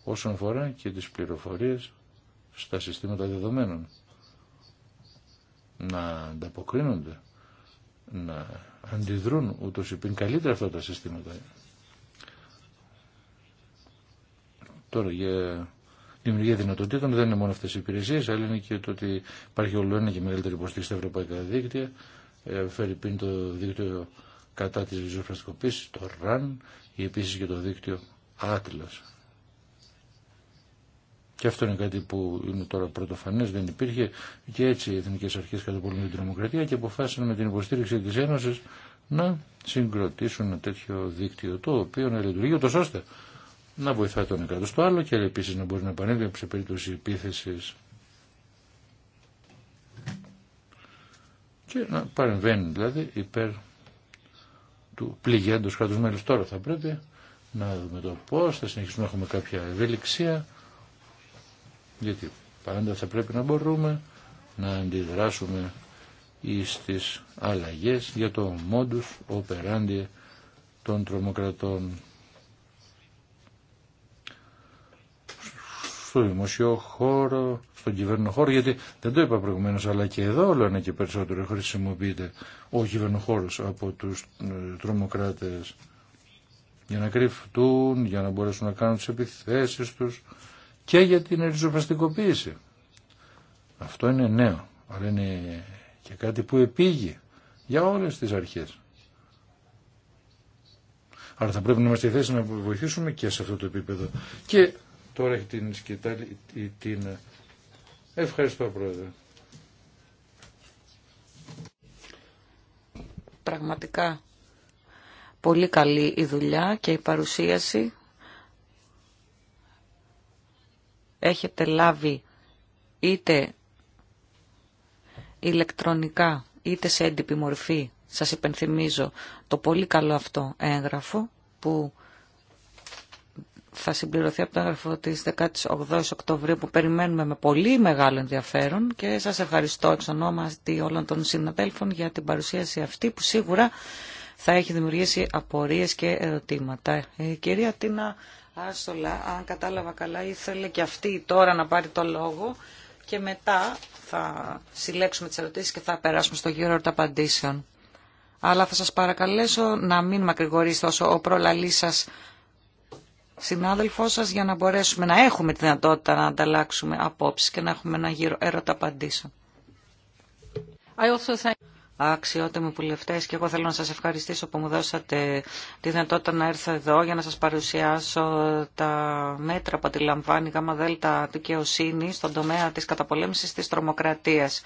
όσον αφορά και τις πληροφορίες στα συστήματα δεδομένων. Να ανταποκρίνονται, να αντιδρούν ούτως υπήν καλύτερα αυτά τα συστήματα Τώρα για δημιουργία δυνατοτήτων δεν είναι μόνο αυτές οι υπηρεσίες, αλλά είναι και το ότι υπάρχει όλο ένα και μεγαλύτερη υποστήριξη στα ευρωπαϊκά δίκτυα, ε, φέρει πίν το δίκτυο κατά της ριζοφραστικοποίησης, το RAN, ή επίσης και το δίκτυο Atlas. Και αυτό είναι κάτι που είναι τώρα πρωτοφανέ, δεν υπήρχε. Και έτσι οι εθνικέ αρχέ καταπολούν την δημοκρατία και αποφάσισαν με την υποστήριξη τη Ένωση να συγκροτήσουν ένα τέτοιο δίκτυο το οποίο να λειτουργεί ούτω ώστε να βοηθάει τον κράτο στο άλλο και επίσης να μπορεί να επανέλθει σε περίπτωση επίθεσης και να παρεμβαίνει δηλαδή υπέρ του πληγέντος κράτους μέλους. Τώρα θα πρέπει να δούμε το πώς θα συνεχίσουμε να έχουμε κάποια ευελιξία γιατί πάντα θα πρέπει να μπορούμε να αντιδράσουμε ή στις αλλαγές για το μόντους operandi των τρομοκρατών. στο δημοσιο χώρο, στον κυβερνοχώρο γιατί δεν το είπα προηγουμένω, αλλά και εδώ όλο ένα και περισσότερο χρησιμοποιείται ο κυβερνοχώρο από του ε, τρομοκράτε. για να κρυφτούν, για να μπορέσουν να κάνουν τι επιθέσει του και για την ριζοπραστικοποίηση. Αυτό είναι νέο, αλλά είναι και κάτι που επήγει για όλε τι αρχέ. Άρα θα πρέπει να είμαστε θέση να βοηθήσουμε και σε αυτό το επίπεδο. Και Τώρα έχει την σκητάλη η Ευχαριστώ πρόεδρε. Πραγματικά πολύ καλή η δουλειά και η παρουσίαση. Έχετε λάβει είτε ηλεκτρονικά είτε σε έντυπη μορφή. Σας υπενθυμίζω το πολύ καλό αυτό έγγραφο που θα συμπληρωθεί από το έγγραφο της 18 Οκτωβρίου που περιμένουμε με πολύ μεγάλο ενδιαφέρον και σας ευχαριστώ εξ ονόματι όλων των συναδέλφων για την παρουσίαση αυτή που σίγουρα θα έχει δημιουργήσει απορίες και ερωτήματα. Η ε, κυρία Τίνα Άστολα, αν κατάλαβα καλά, ήθελε και αυτή τώρα να πάρει το λόγο και μετά θα συλλέξουμε τις ερωτήσεις και θα περάσουμε στο γύρο των απαντήσεων. Αλλά θα σας παρακαλέσω να μην μακρηγορήσετε όσο ο προλαλής σας συνάδελφό σας για να μπορέσουμε να έχουμε τη δυνατότητα να ανταλλάξουμε απόψεις και να έχουμε ένα γύρο ερώτα απαντήσεων αξιότιμοι βουλευτέ και εγώ θέλω να σας ευχαριστήσω που μου δώσατε τη δυνατότητα να έρθω εδώ για να σας παρουσιάσω τα μέτρα που αντιλαμβάνει η ΓΔ δικαιοσύνη στον τομέα της καταπολέμησης της τρομοκρατίας.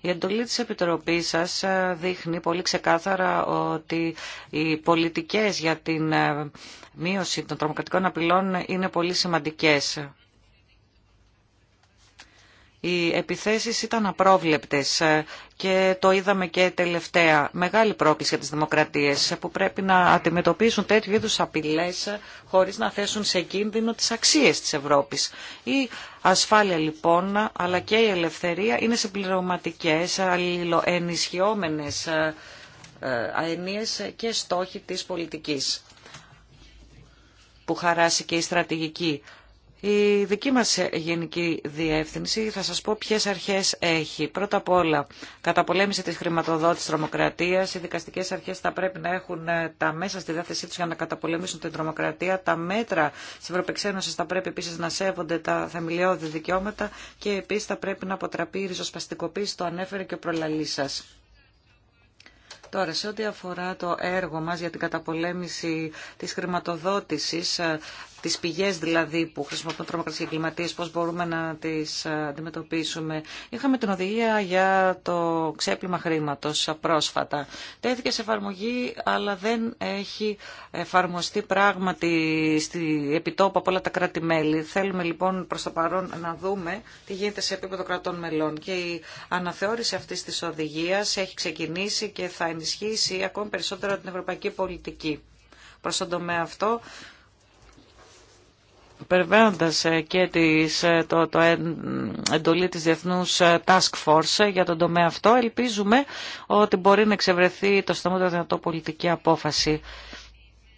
Η εντολή της επιτροπή σας ε, δείχνει πολύ ξεκάθαρα ότι οι πολιτικές για την ε, μείωση των τρομοκρατικών απειλών είναι πολύ σημαντικές οι επιθέσεις ήταν απρόβλεπτες ε, και το είδαμε και τελευταία. Μεγάλη πρόκληση για τις δημοκρατίες ε, που πρέπει να αντιμετωπίσουν τέτοιου είδους απειλές ε, χωρίς να θέσουν σε κίνδυνο τις αξίες της Ευρώπης. Η ασφάλεια λοιπόν αλλά και η ελευθερία είναι συμπληρωματικές, αλληλοενισχυόμενες αενίες και στόχοι της πολιτικής που χαράσει και η στρατηγική η δική μας γενική διεύθυνση θα σας πω ποιες αρχές έχει. Πρώτα απ' όλα, καταπολέμηση της χρηματοδότησης τρομοκρατίας. Οι δικαστικές αρχές θα πρέπει να έχουν ε, τα μέσα στη διάθεσή τους για να καταπολεμήσουν την τρομοκρατία. Τα μέτρα της Ευρωπαϊκής Ένωσης θα πρέπει επίσης να σέβονται τα θεμελιώδη δικαιώματα και επίσης θα πρέπει να αποτραπεί η ριζοσπαστικοποίηση, το ανέφερε και ο προλαλής σας. Τώρα, σε ό,τι αφορά το έργο μας για την καταπολέμηση της χρηματοδότησης ε, τις πηγές δηλαδή που χρησιμοποιούν τρομοκρατές και εγκληματίες, πώς μπορούμε να τις ε, αντιμετωπίσουμε. Είχαμε την οδηγία για το ξέπλυμα χρήματος ε, πρόσφατα. Τέθηκε σε εφαρμογή, αλλά δεν έχει εφαρμοστεί πράγματι στη επιτόπου από όλα τα κράτη-μέλη. Θέλουμε λοιπόν προς το παρόν να δούμε τι γίνεται σε επίπεδο κρατών μελών. Και η αναθεώρηση αυτής της οδηγίας έχει ξεκινήσει και θα ενισχύσει ακόμη περισσότερο την ευρωπαϊκή πολιτική. Προς τον τομέα αυτό Περιβαίνοντας ε, και τις, ε, το, το εντολή της Διεθνούς ε, Task Force για τον τομέα αυτό, ελπίζουμε ότι μπορεί να εξευρεθεί το του δυνατό πολιτική απόφαση.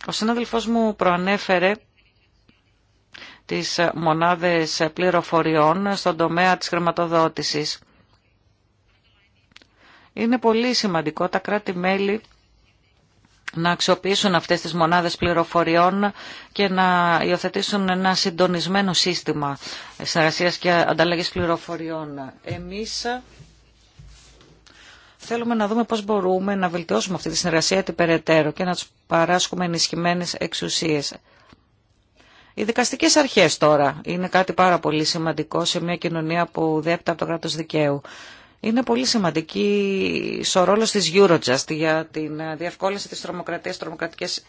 Ο συνάδελφός μου προανέφερε τις μονάδες πληροφοριών στον τομέα της χρηματοδότησης. Είναι πολύ σημαντικό τα κράτη-μέλη να αξιοποιήσουν αυτές τις μονάδες πληροφοριών και να υιοθετήσουν ένα συντονισμένο σύστημα συνεργασίας και ανταλλαγής πληροφοριών. Εμείς θέλουμε να δούμε πώς μπορούμε να βελτιώσουμε αυτή τη συνεργασία την περαιτέρω και να τους παράσχουμε ενισχυμένες εξουσίες. Οι δικαστικές αρχές τώρα είναι κάτι πάρα πολύ σημαντικό σε μια κοινωνία που δέπεται από το κράτος δικαίου. Είναι πολύ σημαντική στο ρόλο της Eurojust για την ε, διευκόλυνση της τρομοκρατίας, τρομοκρατικές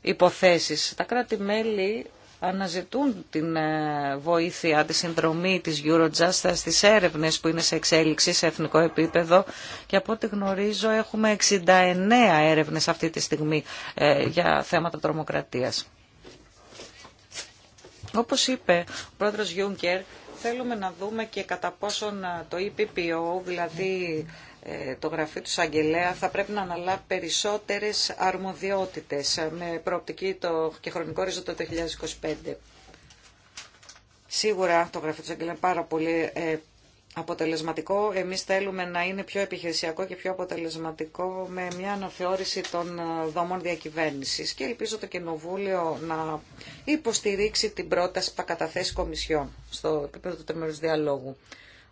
υποθέσεις. Τα κράτη-μέλη αναζητούν την ε, βοήθεια, τη συνδρομή της Eurojust στις έρευνες που είναι σε εξέλιξη σε εθνικό επίπεδο και από ό,τι γνωρίζω έχουμε 69 έρευνες αυτή τη στιγμή ε, για θέματα τρομοκρατίας. Όπως είπε ο πρόεδρος Γιούγκερ, θέλουμε να δούμε και κατά πόσον ε, το EPPO, δηλαδή ε, το γραφείο του Σαγγελέα, θα πρέπει να αναλάβει περισσότερες αρμοδιότητες ε, με προοπτική το, και χρονικό ρίζο το 2025. Σίγουρα το γραφείο του Σαγγελέα πάρα πολύ αποτελεσματικό. Εμείς θέλουμε να είναι πιο επιχειρησιακό και πιο αποτελεσματικό με μια αναθεώρηση των ε, δομών διακυβέρνησης και ελπίζω το Κοινοβούλιο να υποστηρίξει την πρόταση που καταθέσει Κομισιόν στο επίπεδο του τεμερούς διαλόγου.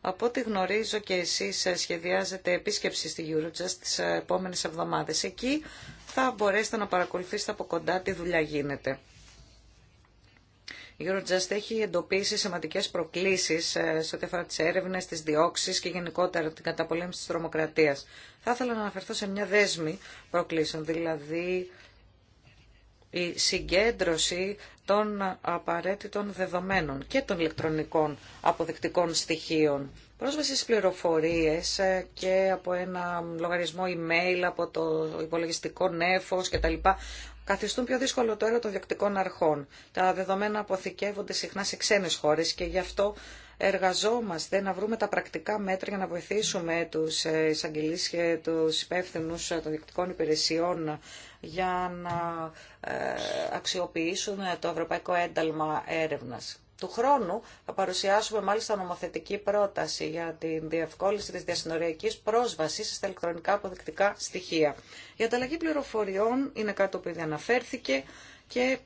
Από ό,τι γνωρίζω και εσείς ε, σχεδιάζετε επίσκεψη στη Eurojust τις ε, επόμενες εβδομάδες. Εκεί θα μπορέσετε να παρακολουθήσετε από κοντά τι δουλειά γίνεται. Η Eurojust έχει εντοπίσει σημαντικές προκλήσεις ε, σε ό,τι αφορά τις έρευνες, τις διώξεις και γενικότερα την καταπολέμηση της τρομοκρατίας. Θα ήθελα να αναφερθώ σε μια δέσμη προκλήσεων, δηλαδή η συγκέντρωση των απαραίτητων δεδομένων και των ηλεκτρονικών αποδεικτικών στοιχείων. Πρόσβαση στις πληροφορίες ε, και από ένα λογαριασμό email, από το υπολογιστικό νέφος κτλ καθιστούν πιο δύσκολο το έργο των διοκτικών αρχών. Τα δεδομένα αποθηκεύονται συχνά σε ξένες χώρες και γι' αυτό εργαζόμαστε να βρούμε τα πρακτικά μέτρα για να βοηθήσουμε τους ε, εισαγγελείς και τους υπεύθυνου ε, των διοκτικών υπηρεσιών για να ε, αξιοποιήσουν το ευρωπαϊκό ένταλμα έρευνας του χρόνου θα παρουσιάσουμε μάλιστα νομοθετική πρόταση για την διευκόλυνση της διασυνοριακής πρόσβασης στα ηλεκτρονικά αποδεικτικά στοιχεία. Η ανταλλαγή πληροφοριών είναι κάτι που ήδη αναφέρθηκε και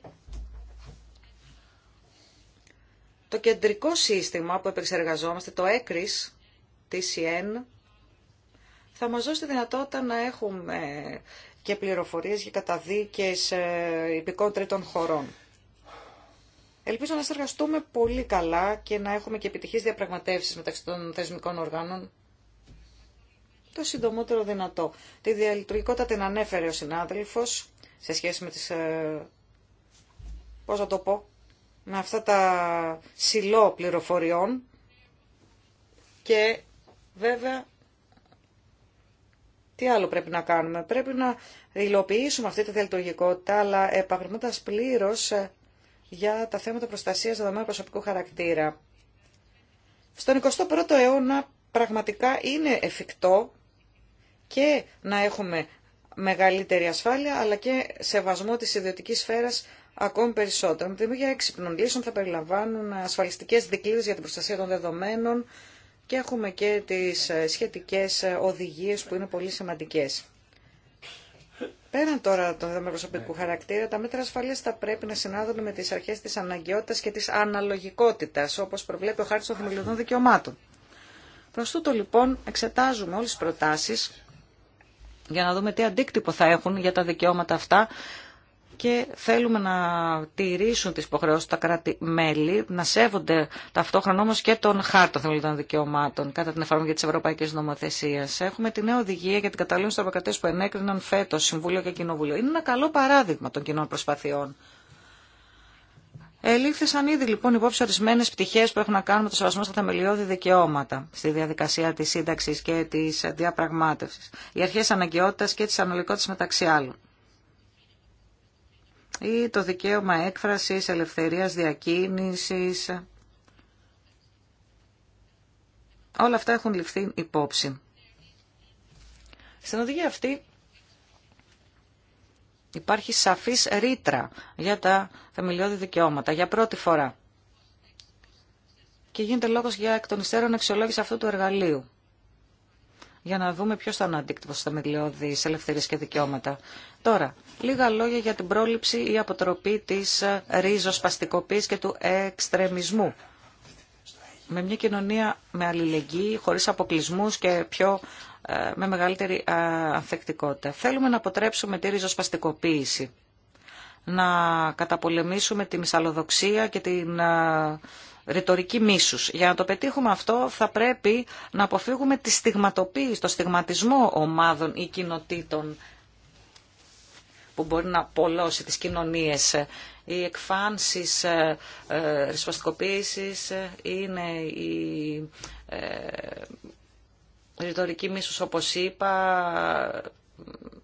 το κεντρικό σύστημα που επεξεργαζόμαστε, το ECRIS, TCN, θα μας δώσει τη δυνατότητα να έχουμε και πληροφορίες για καταδίκες ε, υπηκών τρίτων χωρών. Ελπίζω να συνεργαστούμε πολύ καλά και να έχουμε και επιτυχείς διαπραγματεύσεις μεταξύ των θεσμικών οργάνων το συντομότερο δυνατό. Τη διαλειτουργικότητα την ανέφερε ο συνάδελφος σε σχέση με τις, ε, πώς να το πω, με αυτά τα σιλό πληροφοριών και βέβαια τι άλλο πρέπει να κάνουμε. Πρέπει να υλοποιήσουμε αυτή τη διαλειτουργικότητα αλλά επαγγελματάς πλήρως ε, για τα θέματα προστασίας δεδομένων προσωπικού χαρακτήρα. Στον 21ο αιώνα πραγματικά είναι εφικτό και να έχουμε μεγαλύτερη ασφάλεια, αλλά και σεβασμό της ιδιωτικής σφαίρας ακόμη περισσότερο. Με δημιουργία έξυπνων λύσεων θα περιλαμβάνουν ασφαλιστικές δικλείδες για την προστασία των δεδομένων και έχουμε και τις ε, σχετικές ε, οδηγίες που είναι πολύ σημαντικές. Πέραν τώρα των δεδομένων προσωπικού ναι. χαρακτήρα, τα μέτρα ασφαλεία θα πρέπει να συνάδουν με τι αρχέ τη αναγκαιότητα και τη αναλογικότητα, όπω προβλέπει ο Χάρτη των Θεμελιωδών Δικαιωμάτων. Προ τούτο λοιπόν εξετάζουμε όλε τι προτάσει για να δούμε τι αντίκτυπο θα έχουν για τα δικαιώματα αυτά και θέλουμε να τηρήσουν τις υποχρεώσεις τα κράτη-μέλη, να σέβονται ταυτόχρονα όμως και τον χάρτο των δικαιωμάτων κατά την εφαρμογή της Ευρωπαϊκής Νομοθεσίας. Έχουμε τη νέα οδηγία για την καταλλήλωση των επικρατές που ενέκριναν φέτος Συμβούλιο και Κοινοβούλιο. Είναι ένα καλό παράδειγμα των κοινών προσπαθειών. Ελήφθησαν ήδη λοιπόν υπόψη ορισμένε πτυχέ που έχουν να κάνουν με το σεβασμό στα θεμελιώδη δικαιώματα στη διαδικασία τη σύνταξη και τη διαπραγμάτευση. Οι αρχέ αναγκαιότητα και τη αναλογικότητα μεταξύ ή το δικαίωμα έκφρασης, ελευθερίας διακίνησης. Όλα αυτά έχουν ληφθεί υπόψη. Στην οδηγία αυτή υπάρχει σαφής ρήτρα για τα θεμελιώδη δικαιώματα για πρώτη φορά. Και γίνεται λόγος για εκ των υστέρων αξιολόγηση αυτού του εργαλείου για να δούμε ποιο θα είναι ο αντίκτυπο τη ελευθερία ελευθερίες και δικαιώματα. Τώρα, λίγα λόγια για την πρόληψη ή αποτροπή της ε, ριζοσπαστικοποίηση και του εξτρεμισμού. Με μια κοινωνία με αλληλεγγύη, χωρίς αποκλεισμού και πιο ε, με μεγαλύτερη ε, ανθεκτικότητα. Θέλουμε να αποτρέψουμε τη ριζοσπαστικοποίηση, να καταπολεμήσουμε τη μυσαλλοδοξία και την ρητορική μίσους. Για να το πετύχουμε αυτό θα πρέπει να αποφύγουμε τη στιγματοποίηση, το στιγματισμό ομάδων ή κοινοτήτων που μπορεί να απολώσει τις κοινωνίες. Οι εκφάνσεις ε, ε, ε, είναι η ε, ρητορική μίσους όπως είπα,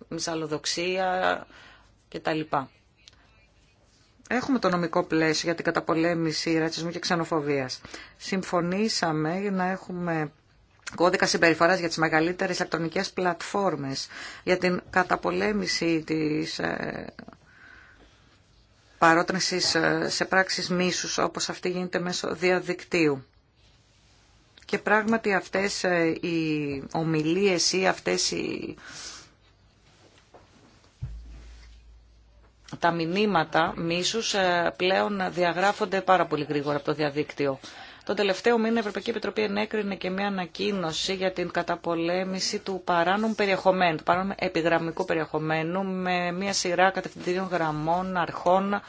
μυσαλλοδοξία κτλ. Έχουμε το νομικό πλαίσιο για την καταπολέμηση ρατσισμού και ξενοφοβία. Συμφωνήσαμε να έχουμε κώδικα συμπεριφορά για τις μεγαλύτερε ηλεκτρονικές πλατφόρμες, για την καταπολέμηση της ε, ε, σε πράξεις μίσους, όπως αυτή γίνεται μέσω διαδικτύου. Και πράγματι αυτές ε, οι ομιλίες ή αυτές οι τα μηνύματα μίσους ε, πλέον διαγράφονται πάρα πολύ γρήγορα από το διαδίκτυο. Το τελευταίο μήνα η Ευρωπαϊκή Επιτροπή ενέκρινε και μια ανακοίνωση για την καταπολέμηση του παράνομου περιεχομένου, του παράνομου επιγραμμικού περιεχομένου με μια σειρά κατευθυντήριων γραμμών, αρχών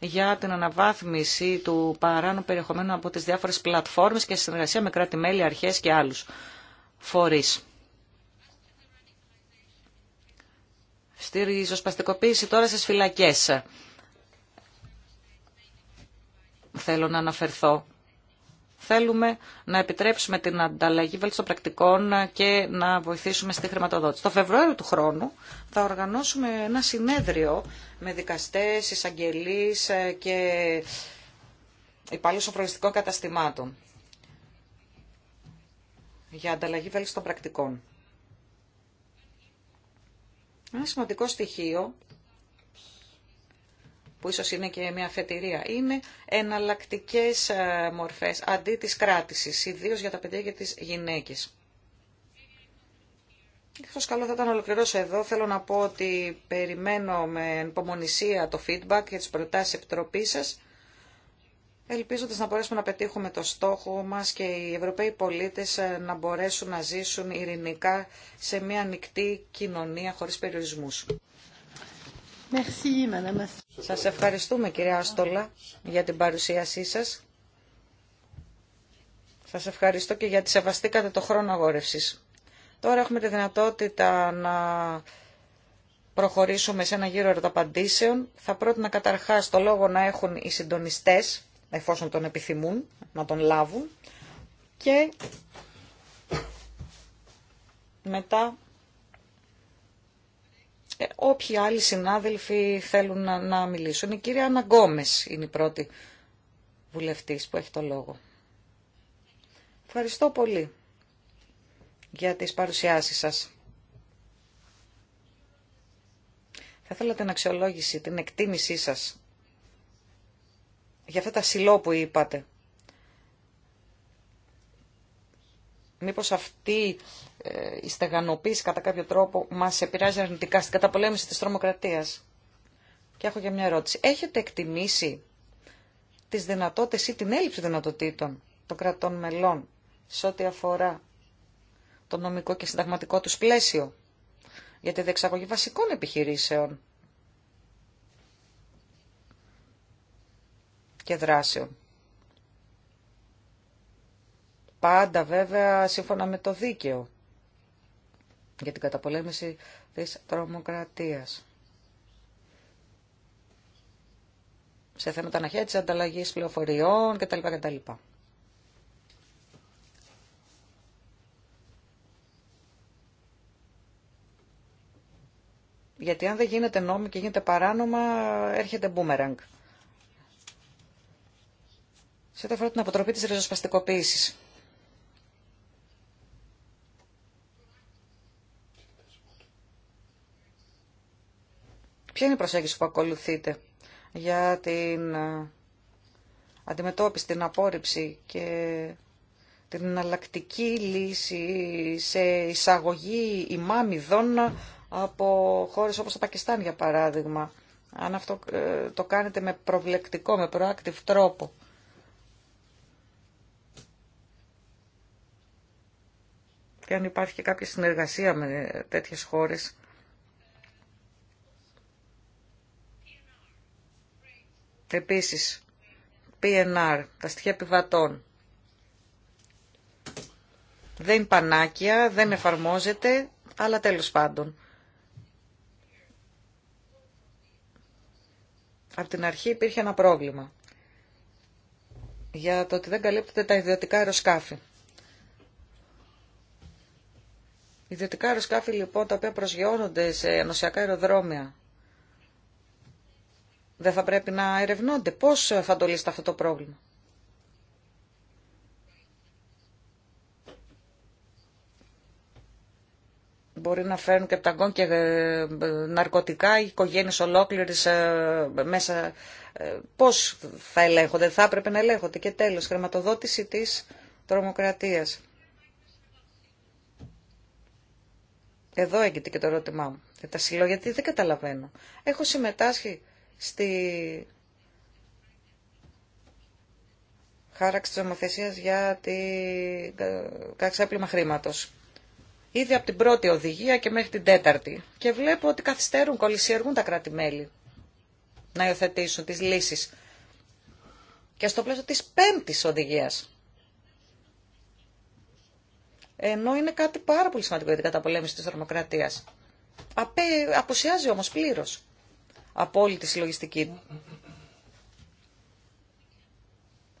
για την αναβάθμιση του παράνομου περιεχομένου από τις διάφορες πλατφόρμες και συνεργασία με κράτη-μέλη, αρχές και άλλους φορείς. στη ριζοσπαστικοποίηση τώρα στις φυλακές. Θέλω να αναφερθώ. Θέλουμε να επιτρέψουμε την ανταλλαγή βέλτιστων πρακτικών και να βοηθήσουμε στη χρηματοδότηση. Το Φεβρουάριο του χρόνου θα οργανώσουμε ένα συνέδριο με δικαστές, εισαγγελείς και υπάλληλους οπλιστικών καταστημάτων για ανταλλαγή βέλτιστων πρακτικών. Ένα σημαντικό στοιχείο που ίσως είναι και μια αφετηρία, είναι εναλλακτικές ε, μορφές αντί της κράτησης, ιδίως για τα παιδιά και τις γυναίκες. Ίσως καλό θα ήταν ολοκληρώσω εδώ. Θέλω να πω ότι περιμένω με υπομονησία το feedback για τις προτάσεις επιτροπής σας ελπίζοντας να μπορέσουμε να πετύχουμε το στόχο μας και οι Ευρωπαίοι πολίτες ε, να μπορέσουν να ζήσουν ειρηνικά σε μια ανοιχτή κοινωνία χωρίς περιορισμούς. Σας ευχαριστούμε κυρία Άστολα για την παρουσίασή σας. Σας ευχαριστώ και γιατί σεβαστήκατε το χρόνο αγόρευσης. Τώρα έχουμε τη δυνατότητα να προχωρήσουμε σε ένα γύρο ερωταπαντήσεων. Θα πρότεινα καταρχάς το λόγο να έχουν οι συντονιστές εφόσον τον επιθυμούν, να τον λάβουν και μετά ε, όποιοι άλλοι συνάδελφοι θέλουν να, να μιλήσουν. Η κυρία Αναγκόμες είναι η πρώτη βουλευτής που έχει το λόγο. Ευχαριστώ πολύ για τις παρουσιάσεις σας. Θα ήθελα την αξιολόγηση, την εκτίμησή σας για αυτά τα σιλό που είπατε. Μήπως αυτή ε, η στεγανοποίηση κατά κάποιο τρόπο μας επηρεάζει αρνητικά στην καταπολέμηση της τρομοκρατίας. Και έχω για μια ερώτηση. Έχετε εκτιμήσει τις δυνατότητες ή την έλλειψη δυνατοτήτων των κρατών μελών σε ό,τι αφορά το νομικό και συνταγματικό τους πλαίσιο για τη διεξαγωγή βασικών επιχειρήσεων και δράσεων. Πάντα βέβαια σύμφωνα με το δίκαιο για την καταπολέμηση της τρομοκρατίας. Σε θέματα αναχέτηση ανταλλαγή πληροφοριών κτλ. κτλ. Γιατί αν δεν γίνεται νόμο και γίνεται παράνομα, έρχεται μπούμεραγκ σε ό,τι αφορά την αποτροπή της ριζοσπαστικοποίησης. Ποια είναι η προσέγγιση που ακολουθείτε για την ε, αντιμετώπιση, την απόρριψη και την εναλλακτική λύση σε εισαγωγή ημάμιδων από χώρες όπως το Πακιστάν για παράδειγμα. Αν αυτό ε, το κάνετε με προβλεκτικό, με proactive τρόπο. και αν υπάρχει και κάποια συνεργασία με τέτοιες χώρες. Επίσης, PNR, τα στοιχεία επιβατών. Δεν είναι πανάκια, δεν εφαρμόζεται, αλλά τέλος πάντων. Από την αρχή υπήρχε ένα πρόβλημα για το ότι δεν καλύπτεται τα ιδιωτικά αεροσκάφη. Ιδιωτικά αεροσκάφη λοιπόν τα οποία προσγειώνονται σε ενωσιακά αεροδρόμια δεν θα πρέπει να ερευνώνται. Πώς θα το λύσετε αυτό το πρόβλημα. Μπορεί να φέρουν και ταγκόν και ε, ε, ναρκωτικά, οι οικογένειες ολόκληρες ε, μέσα. Πώς θα ελέγχονται, θα έπρεπε να ελέγχονται. Και τέλος, χρηματοδότηση της τρομοκρατίας. Εδώ έγινε και το ερώτημά μου. Ε, τα συλλόγια γιατί δεν καταλαβαίνω. Έχω συμμετάσχει στη χάραξη της ομοθεσίας για την καξάπλημα χρήματος. Ήδη από την πρώτη οδηγία και μέχρι την τέταρτη. Και βλέπω ότι καθυστέρουν, κολλησιεργούν τα κράτη-μέλη να υιοθετήσουν τις λύσεις. Και στο πλαίσιο της πέμπτης οδηγίας ενώ είναι κάτι πάρα πολύ σημαντικό για την καταπολέμηση της τρομοκρατίας. αποσιάζει όμως πλήρως από όλη τη συλλογιστική.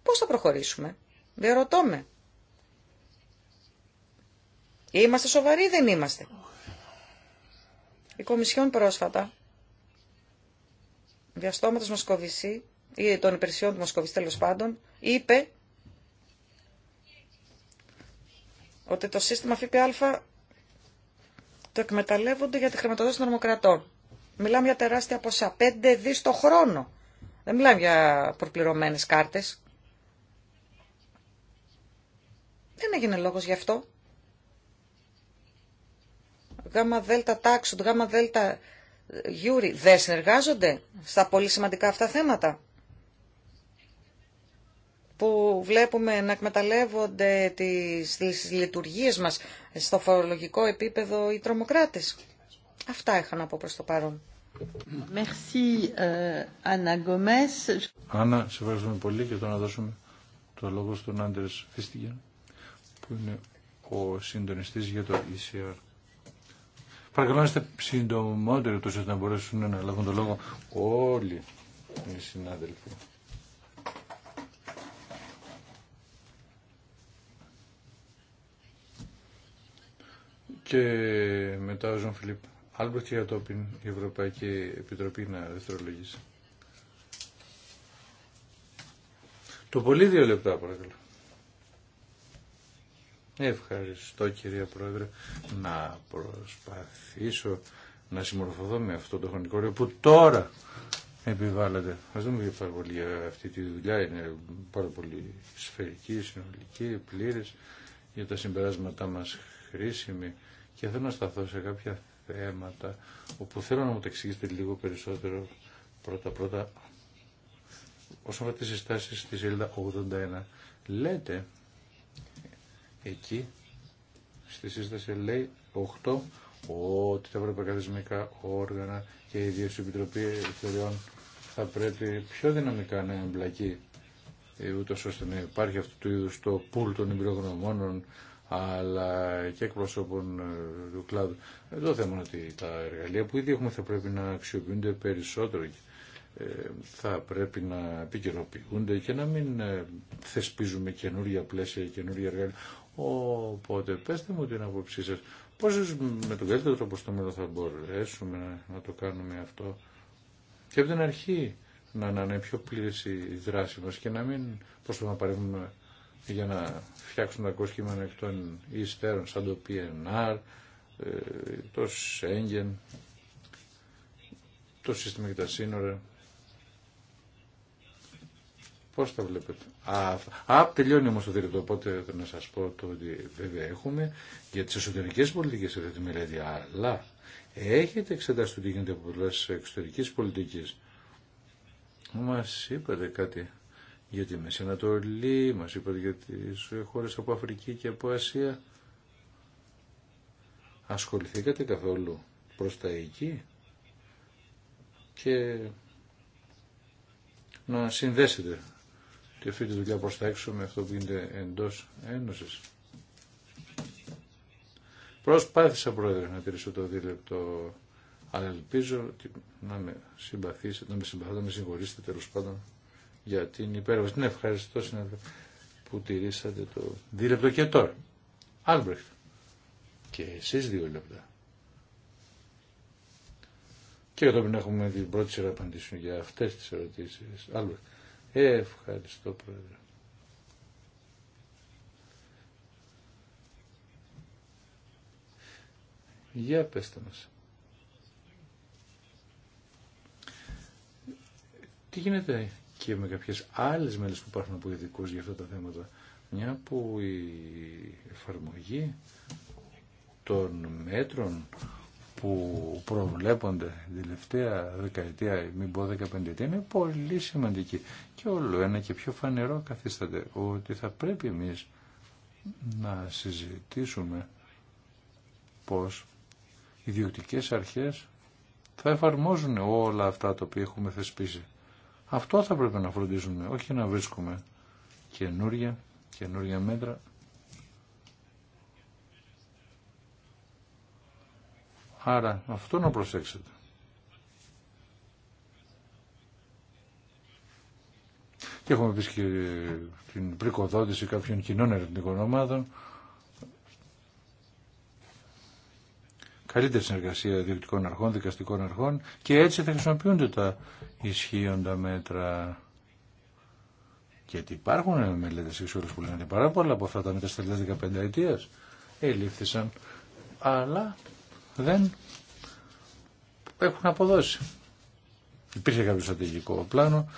Πώς θα προχωρήσουμε, διαρωτώ με. Είμαστε σοβαροί ή δεν είμαστε. Η Κομισιόν πρόσφατα, διαστόματος Μοσκοβισή, ή των υπηρεσιών του Μοσκοβισή τέλος πάντων, είπε ότι το σύστημα ΦΠΑ το εκμεταλλεύονται για τη χρηματοδότηση των νομοκρατών. Μιλάμε για τεράστια ποσά. πέντε δι το χρόνο. Δεν μιλάμε για προπληρωμένε κάρτες. Δεν έγινε λόγο γι' αυτό. Γάμα Δέλτα Τάξου, Γάμα Δέλτα Γιούρι δεν συνεργάζονται στα πολύ σημαντικά αυτά θέματα που βλέπουμε να εκμεταλλεύονται τις, τις λειτουργίες μας στο φορολογικό επίπεδο οι τρομοκράτες. Αυτά είχα να πω προς το παρόν. Merci, euh, Anna Άννα, σε ευχαριστούμε πολύ και τώρα να δώσουμε το λόγο στον Άντερς Φίστηγεν, που είναι ο συντονιστής για το ECR. Παρακαλώ να είστε συντομότεροι τόσο ώστε να μπορέσουν να λάβουν το λόγο όλοι οι συνάδελφοι. Και μετά ο Ζων Φιλίπ Άλμπρεχτ και η Ευρωπαϊκή Επιτροπή να δευτερολογήσει. Το πολύ δύο λεπτά παρακαλώ. Ευχαριστώ κυρία Πρόεδρε να προσπαθήσω να συμμορφωθώ με αυτό το χρονικό όριο που τώρα επιβάλλεται. Α δούμε για πάρα πολύ αυτή τη δουλειά. Είναι πάρα πολύ σφαιρική, συνολική, πλήρη για τα συμπεράσματά μα χρήσιμη και θέλω να σταθώ σε κάποια θέματα όπου θέλω να μου τα εξηγήσετε λίγο περισσότερο πρώτα πρώτα όσον αφορά τις συστάσεις στη σελίδα 81 λέτε εκεί στη σύσταση λέει 8 ότι τα ευρωπαϊκά όργανα και η Διευθυντική Επιτροπή Εταιρεών θα πρέπει πιο δυναμικά να εμπλακεί ε, ούτως ώστε να υπάρχει αυτού του είδους το πουλ των εμπειρογνωμόνων αλλά και εκπροσώπων ε, του κλάδου. Εδώ θέλουμε ότι τα εργαλεία που ήδη έχουμε θα πρέπει να αξιοποιούνται περισσότερο και ε, θα πρέπει να επικαιροποιούνται και να μην ε, θεσπίζουμε καινούργια πλαίσια και καινούργια εργαλεία. Οπότε πέστε μου την άποψή σας. Πώς με τον καλύτερο τρόπο στο μέλλον θα μπορέσουμε να, το κάνουμε αυτό και από την αρχή να, είναι πιο πλήρες η δράση μας και να μην προσπαθούμε να παρέχουμε για να φτιάξουν τα κοσκήμενα εκ των υστέρων σαν το PNR, ε, το Schengen, το σύστημα και τα σύνορα. Πώς τα βλέπετε. Α, α τελειώνει όμως το δίρετο, οπότε να σας πω το ότι βέβαια έχουμε για τις εσωτερικές πολιτικές αυτή τη μελέτη, αλλά έχετε εξετάσει το τι γίνεται από πολλές εξωτερικές πολιτικές. Μας είπατε κάτι για τη Μέση Ανατολή, μας είπατε για τις χώρες από Αφρική και από Ασία. Ασχοληθήκατε καθόλου προς τα εκεί και να συνδέσετε και αυτή τη δουλειά προς τα έξω με αυτό που γίνεται εντός Ένωσης. Προσπάθησα, Πρόεδρε, να τηρήσω το δίλεπτο, αλλά ελπίζω να με συμπαθήσετε, να με συμπαθάτε, να με συγχωρήσετε τέλος πάντων για την υπέρβαση. Ναι, ευχαριστώ συνάδελφε που τηρήσατε το δίλεπτο και τώρα. Άλμπρεχτ. Και εσείς δύο λεπτά. Και εδώ πριν έχουμε την πρώτη σειρά απαντήσεων για αυτές τις ερωτήσεις. Άλμπρεχτ. ευχαριστώ πρόεδρε. Για πέστε μας. Τι γίνεται και με κάποιες άλλες μέλες που υπάρχουν από ειδικού για αυτά τα θέματα, μια που η εφαρμογή των μέτρων που προβλέπονται την τελευταία δεκαετία, μην πω δεκαπενταετία, είναι πολύ σημαντική. Και όλο ένα και πιο φανερό καθίσταται ότι θα πρέπει εμείς να συζητήσουμε πώς οι διοικητικές αρχές θα εφαρμόζουν όλα αυτά τα οποία έχουμε θεσπίσει. Αυτό θα πρέπει να φροντίζουμε, όχι να βρίσκουμε καινούργια, καινούρια μέτρα. Άρα αυτό να προσέξετε. Και έχουμε πει και την πρικοδότηση κάποιων κοινών ερευνητικών ομάδων καλύτερη συνεργασία διοικητικών αρχών, δικαστικών αρχών και έτσι θα χρησιμοποιούνται τα ισχύοντα μέτρα. Γιατί υπάρχουν μελέτε εξόλου που λένε πάρα πολλά από αυτά τα μέτρα στι τελευταίε 15 ετία ελήφθησαν, αλλά δεν έχουν αποδώσει. Υπήρχε κάποιο στρατηγικό πλάνο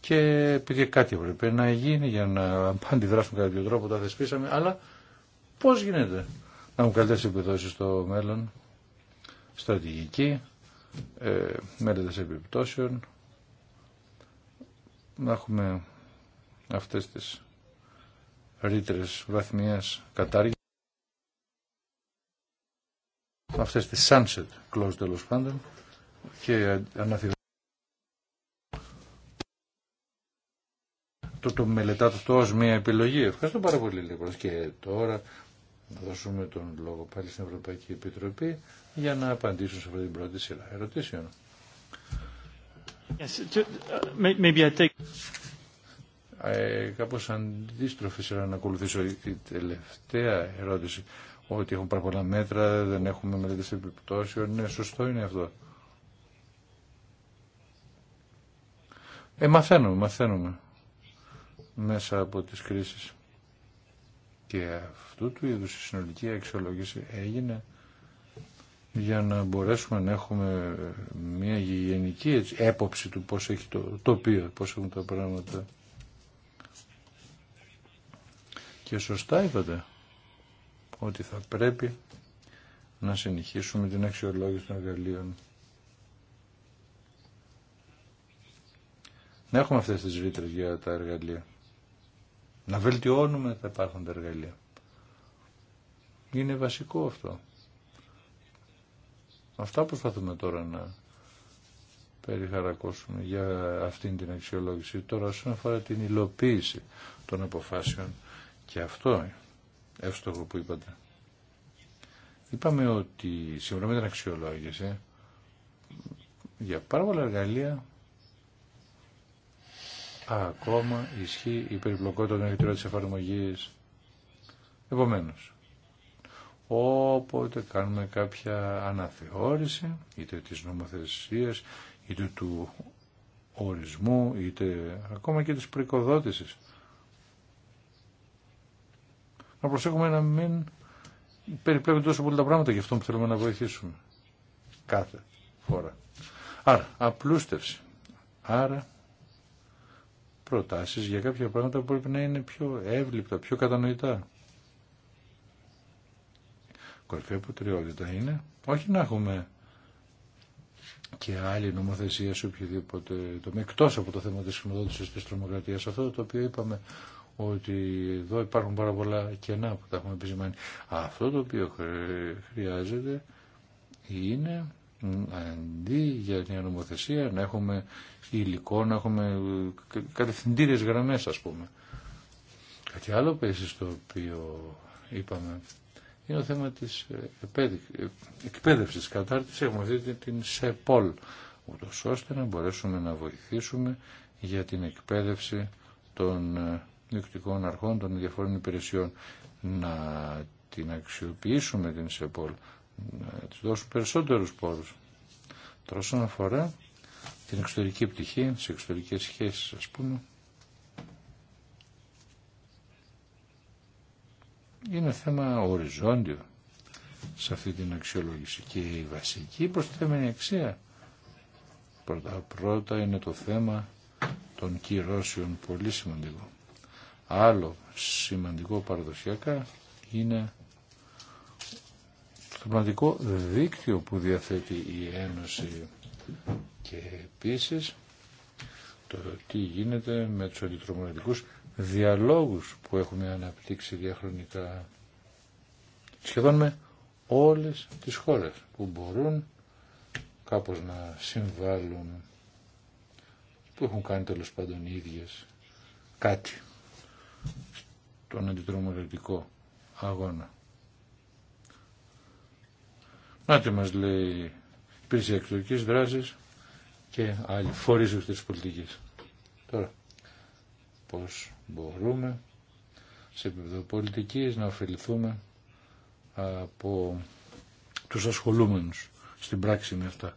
και επειδή κάτι έπρεπε να γίνει για να αντιδράσουμε κατά κάποιο τρόπο, τα θεσπίσαμε, αλλά πώ γίνεται να μου καλύτερε επιδόσει στο μέλλον στρατηγική, ε, μελέτες επιπτώσεων, να έχουμε αυτές τις ρήτρες βαθμιάς κατάργηση. αυτές τις sunset clause τέλο πάντων και αναθυδά. Το, το μελετάτε το ω μια επιλογή. Ευχαριστώ πάρα πολύ λοιπόν. Και τώρα να δώσουμε τον λόγο πάλι στην Ευρωπαϊκή Επιτροπή για να απαντήσουν σε αυτή την πρώτη σειρά ερωτήσεων. Yes, uh, maybe I take... Ε, κάπως αντίστροφη σειρά να ακολουθήσω η τελευταία ερώτηση ότι έχουν πάρα πολλά μέτρα, δεν έχουμε μελέτες επιπτώσεων. Ναι, σωστό είναι αυτό. Ε, μαθαίνουμε, μαθαίνουμε μέσα από τις κρίσεις. Και αυτού του είδους η συνολική αξιολόγηση έγινε για να μπορέσουμε να έχουμε μια γενική έποψη του πώς έχει το τοπίο, πώς έχουν τα πράγματα. Και σωστά είπατε ότι θα πρέπει να συνεχίσουμε την αξιολόγηση των εργαλείων. Να έχουμε αυτές τις ρήτρες για τα εργαλεία να βελτιώνουμε τα υπάρχοντα εργαλεία. Είναι βασικό αυτό. Αυτά προσπαθούμε τώρα να περιχαρακώσουμε για αυτήν την αξιολόγηση. Τώρα όσον αφορά την υλοποίηση των αποφάσεων και αυτό εύστοχο που είπατε. Είπαμε ότι σύμφωνα με την αξιολόγηση για πάρα πολλά εργαλεία ακόμα ισχύει η περιπλοκότητα των εκτήρων της εφαρμογής. Επομένως, όποτε κάνουμε κάποια αναθεώρηση, είτε της νομοθεσίας, είτε του ορισμού, είτε ακόμα και της προοικοδότησης, να προσέχουμε να μην περιπλέκονται τόσο πολύ τα πράγματα για αυτό που θέλουμε να βοηθήσουμε. Κάθε φορά. Άρα, απλούστευση. Άρα, προτάσεις για κάποια πράγματα που πρέπει να είναι πιο εύληπτα, πιο κατανοητά. που αποτριότητα είναι όχι να έχουμε και άλλη νομοθεσία σε οποιοδήποτε τομέα, εκτός από το θέμα της χρηματοδότησης της τρομοκρατίας, αυτό το οποίο είπαμε ότι εδώ υπάρχουν πάρα πολλά κενά που τα έχουμε επισημάνει. Αυτό το οποίο χρειάζεται είναι αντί για την νομοθεσία να έχουμε υλικό, να έχουμε κατευθυντήριε γραμμές ας πούμε. Κάτι άλλο επίση το οποίο είπαμε είναι το θέμα της ε, ε, εκπαίδευσης, κατάρτισης. Έχουμε αυτή την ΣΕΠΟΛ, ούτως ώστε να μπορέσουμε να βοηθήσουμε για την εκπαίδευση των ε, διοικητικών αρχών των διαφόρων υπηρεσιών να την αξιοποιήσουμε την ΣΕΠΟΛ να τους δώσουν περισσότερους πόρους. Τώρα αφορά την εξωτερική πτυχή, τις εξωτερικές σχέσεις ας πούμε, είναι θέμα οριζόντιο σε αυτή την αξιολόγηση και η βασική προστιθέμενη αξία πρώτα πρώτα είναι το θέμα των κυρώσεων πολύ σημαντικό άλλο σημαντικό παραδοσιακά είναι το πραγματικό δίκτυο που διαθέτει η Ένωση και επίσης το τι γίνεται με τους αντιτρομονετικούς διαλόγους που έχουμε αναπτύξει διαχρονικά σχεδόν με όλες τις χώρες που μπορούν κάπως να συμβάλλουν που έχουν κάνει τέλο πάντων οι ίδιες κάτι στον αντιτρομοκρατικό αγώνα. Να τι μας λέει η υπηρεσία δράσεις δράσης και άλλοι φορείς της πολιτικής. Τώρα, πώς μπορούμε σε επίπεδο πολιτικής να ωφεληθούμε από τους ασχολούμενους στην πράξη με αυτά.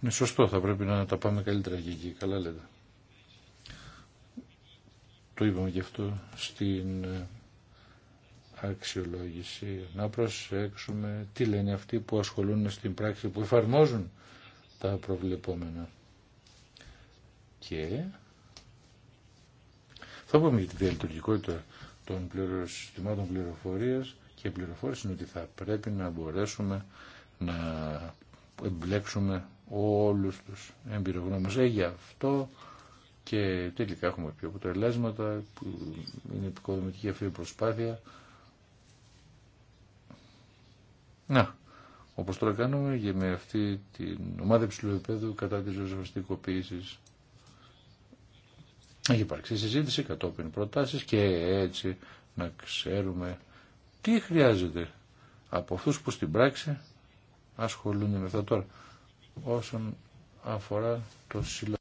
Είναι σωστό, θα πρέπει να τα πάμε καλύτερα και εκεί, καλά λέτε. Το είπαμε και αυτό στην ε, αξιολόγηση, να προσέξουμε τι λένε αυτοί που ασχολούν στην πράξη, που εφαρμόζουν τα προβλεπόμενα. Και θα πούμε για τη διαλειτουργικότητα των συστημάτων πληροφορίας και πληροφόρηση είναι ότι θα πρέπει να μπορέσουμε να εμπλέξουμε όλους τους εμπειρογνώμους. Ε, γι' αυτό και τελικά έχουμε πιο αποτελέσματα, που είναι επικοδομητική αυτή η προσπάθεια να, όπως τώρα κάνουμε και με αυτή την ομάδα υψηλού επίπεδου κατά της ριζοσπαστικοποίησης. Έχει υπάρξει συζήτηση κατόπιν προτάσεις και έτσι να ξέρουμε τι χρειάζεται από αυτού που στην πράξη ασχολούνται με αυτό τώρα όσον αφορά το συλλογικό.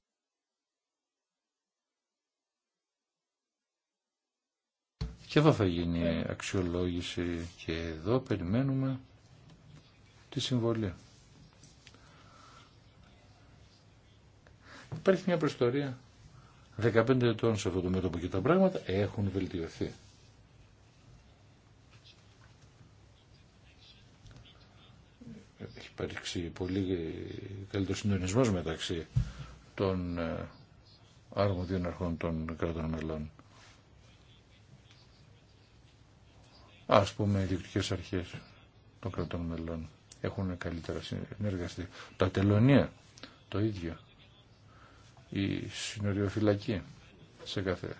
Και εδώ θα γίνει αξιολόγηση και εδώ περιμένουμε τη συμβολή. Υπάρχει μια προστορία 15 ετών σε αυτό το μέτωπο και τα πράγματα έχουν βελτιωθεί. Έχει υπάρξει πολύ καλύτερο συντονισμό μεταξύ των ε, αρμοδίων αρχών των κρατών μελών. Ας πούμε, οι διοικητικές αρχές των κρατών μελών έχουν καλύτερα συνεργαστεί. Τα τελωνία, το ίδιο. Η συνοριοφυλακή σε κάθε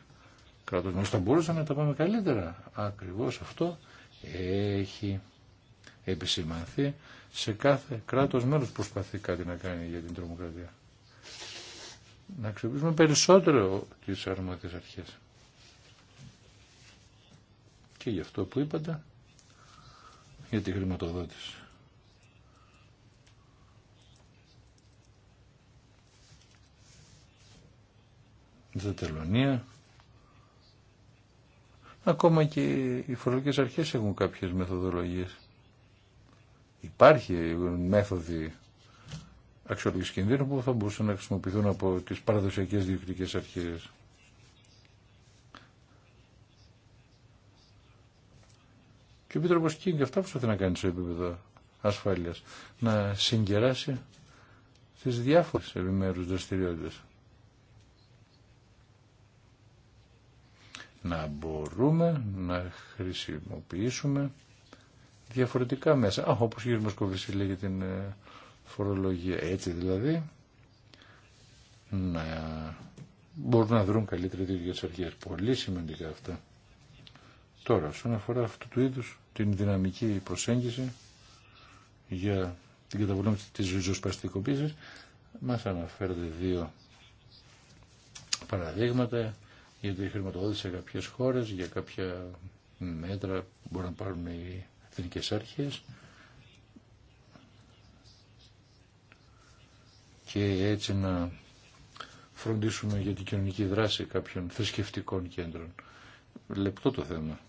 κράτος. Μας θα μπορούσαμε να τα πάμε καλύτερα. Ακριβώς αυτό έχει επισημανθεί σε κάθε κράτος που προσπαθεί κάτι να κάνει για την τρομοκρατία. Να αξιοποιήσουμε περισσότερο τις αρμόδιες αρχέ. Και γι' αυτό που είπατε για τη χρηματοδότηση. τα τελωνία. Ακόμα και οι φορολογικές αρχές έχουν κάποιες μεθοδολογίες. Υπάρχει μέθοδοι αξιολόγηση κινδύνου που θα μπορούσαν να χρησιμοποιηθούν από τις παραδοσιακές διοικητικές αρχές. Και ο Επίτροπος Κίνγκ αυτά θέλει να κάνει σε επίπεδο ασφάλειας. Να συγκεράσει τις διάφορες επιμέρους δραστηριότητες. να μπορούμε να χρησιμοποιήσουμε διαφορετικά μέσα. Α, όπως ο κ. Μασκοβίση λέει για την ε, φορολογία. Έτσι δηλαδή, να μπορούν να δρουν καλύτερα οι ίδιες Πολύ σημαντικά αυτά. Τώρα, όσον αφορά αυτού του είδους την δυναμική προσέγγιση για την καταβολή της ριζοσπαστικοποίησης, μας αναφέρονται δύο παραδείγματα γιατί τη χρηματοδότηση σε κάποιες χώρες για κάποια μέτρα που μπορούν να πάρουν οι εθνικέ αρχέ. και έτσι να φροντίσουμε για την κοινωνική δράση κάποιων θρησκευτικών κέντρων. Λεπτό το θέμα.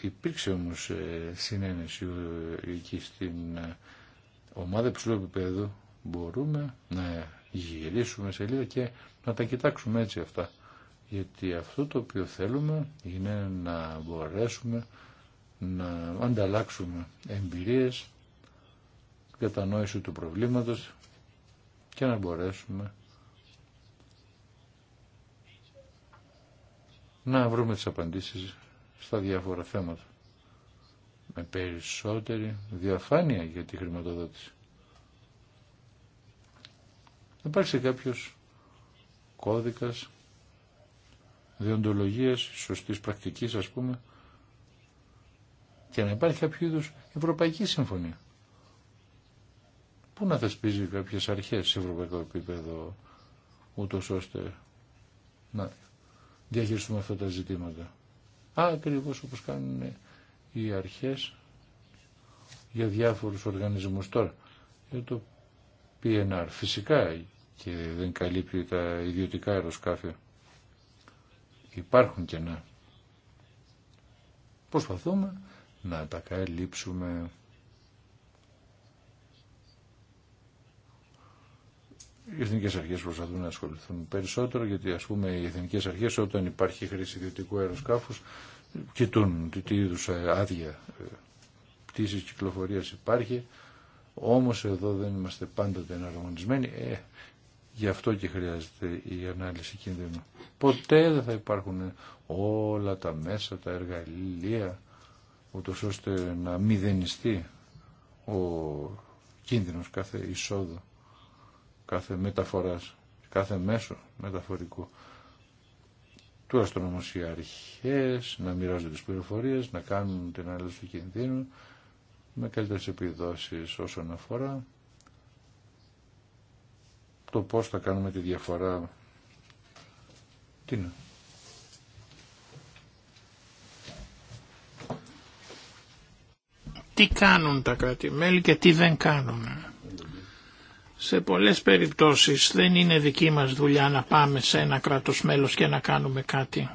Υπήρξε όμως ε, συνένεση ε, εκεί στην ε, ομάδα υψηλού επίπεδου μπορούμε να γυρίσουμε σελίδα και να τα κοιτάξουμε έτσι αυτά γιατί αυτό το οποίο θέλουμε είναι να μπορέσουμε να ανταλλάξουμε εμπειρίες, κατανόηση του προβλήματος και να μπορέσουμε να βρούμε τις απαντήσεις στα διάφορα θέματα με περισσότερη διαφάνεια για τη χρηματοδότηση. Υπάρχει κάποιος κώδικας διοντολογίας, σωστής πρακτικής ας πούμε και να υπάρχει κάποιο είδου ευρωπαϊκή συμφωνία. Πού να θεσπίζει κάποιες αρχές σε ευρωπαϊκό επίπεδο ούτω ώστε να διαχειριστούμε αυτά τα ζητήματα. Α, ακριβώς όπως κάνουν οι αρχές για διάφορους οργανισμούς τώρα. Για το PNR φυσικά και δεν καλύπτει τα ιδιωτικά αεροσκάφια υπάρχουν κενά. Προσπαθούμε να τα καλύψουμε. Οι εθνικές αρχές προσπαθούν να ασχοληθούν περισσότερο, γιατί ας πούμε οι εθνικέ αρχές όταν υπάρχει χρήση ιδιωτικού αεροσκάφου κοιτούν τι είδου ε, άδεια ε, πτήσης κυκλοφορία υπάρχει. όμως εδώ δεν είμαστε πάντοτε εναρμονισμένοι. Ε, Γι' αυτό και χρειάζεται η ανάλυση κίνδυνου. Ποτέ δεν θα υπάρχουν όλα τα μέσα, τα εργαλεία, ούτω ώστε να μηδενιστεί ο κίνδυνος κάθε εισόδου, κάθε μεταφοράς, κάθε μέσο μεταφορικού. του όμως να μοιράζονται τις πληροφορίες, να κάνουν την ανάλυση του κινδύνου με καλύτερες επιδόσεις όσον αφορά το πώς θα κάνουμε τη διαφορά. Τι Τι κάνουν τα κράτη-μέλη και τι δεν κάνουν. Σε πολλές περιπτώσεις δεν είναι δική μας δουλειά να πάμε σε ένα κράτος μέλος και να κάνουμε κάτι.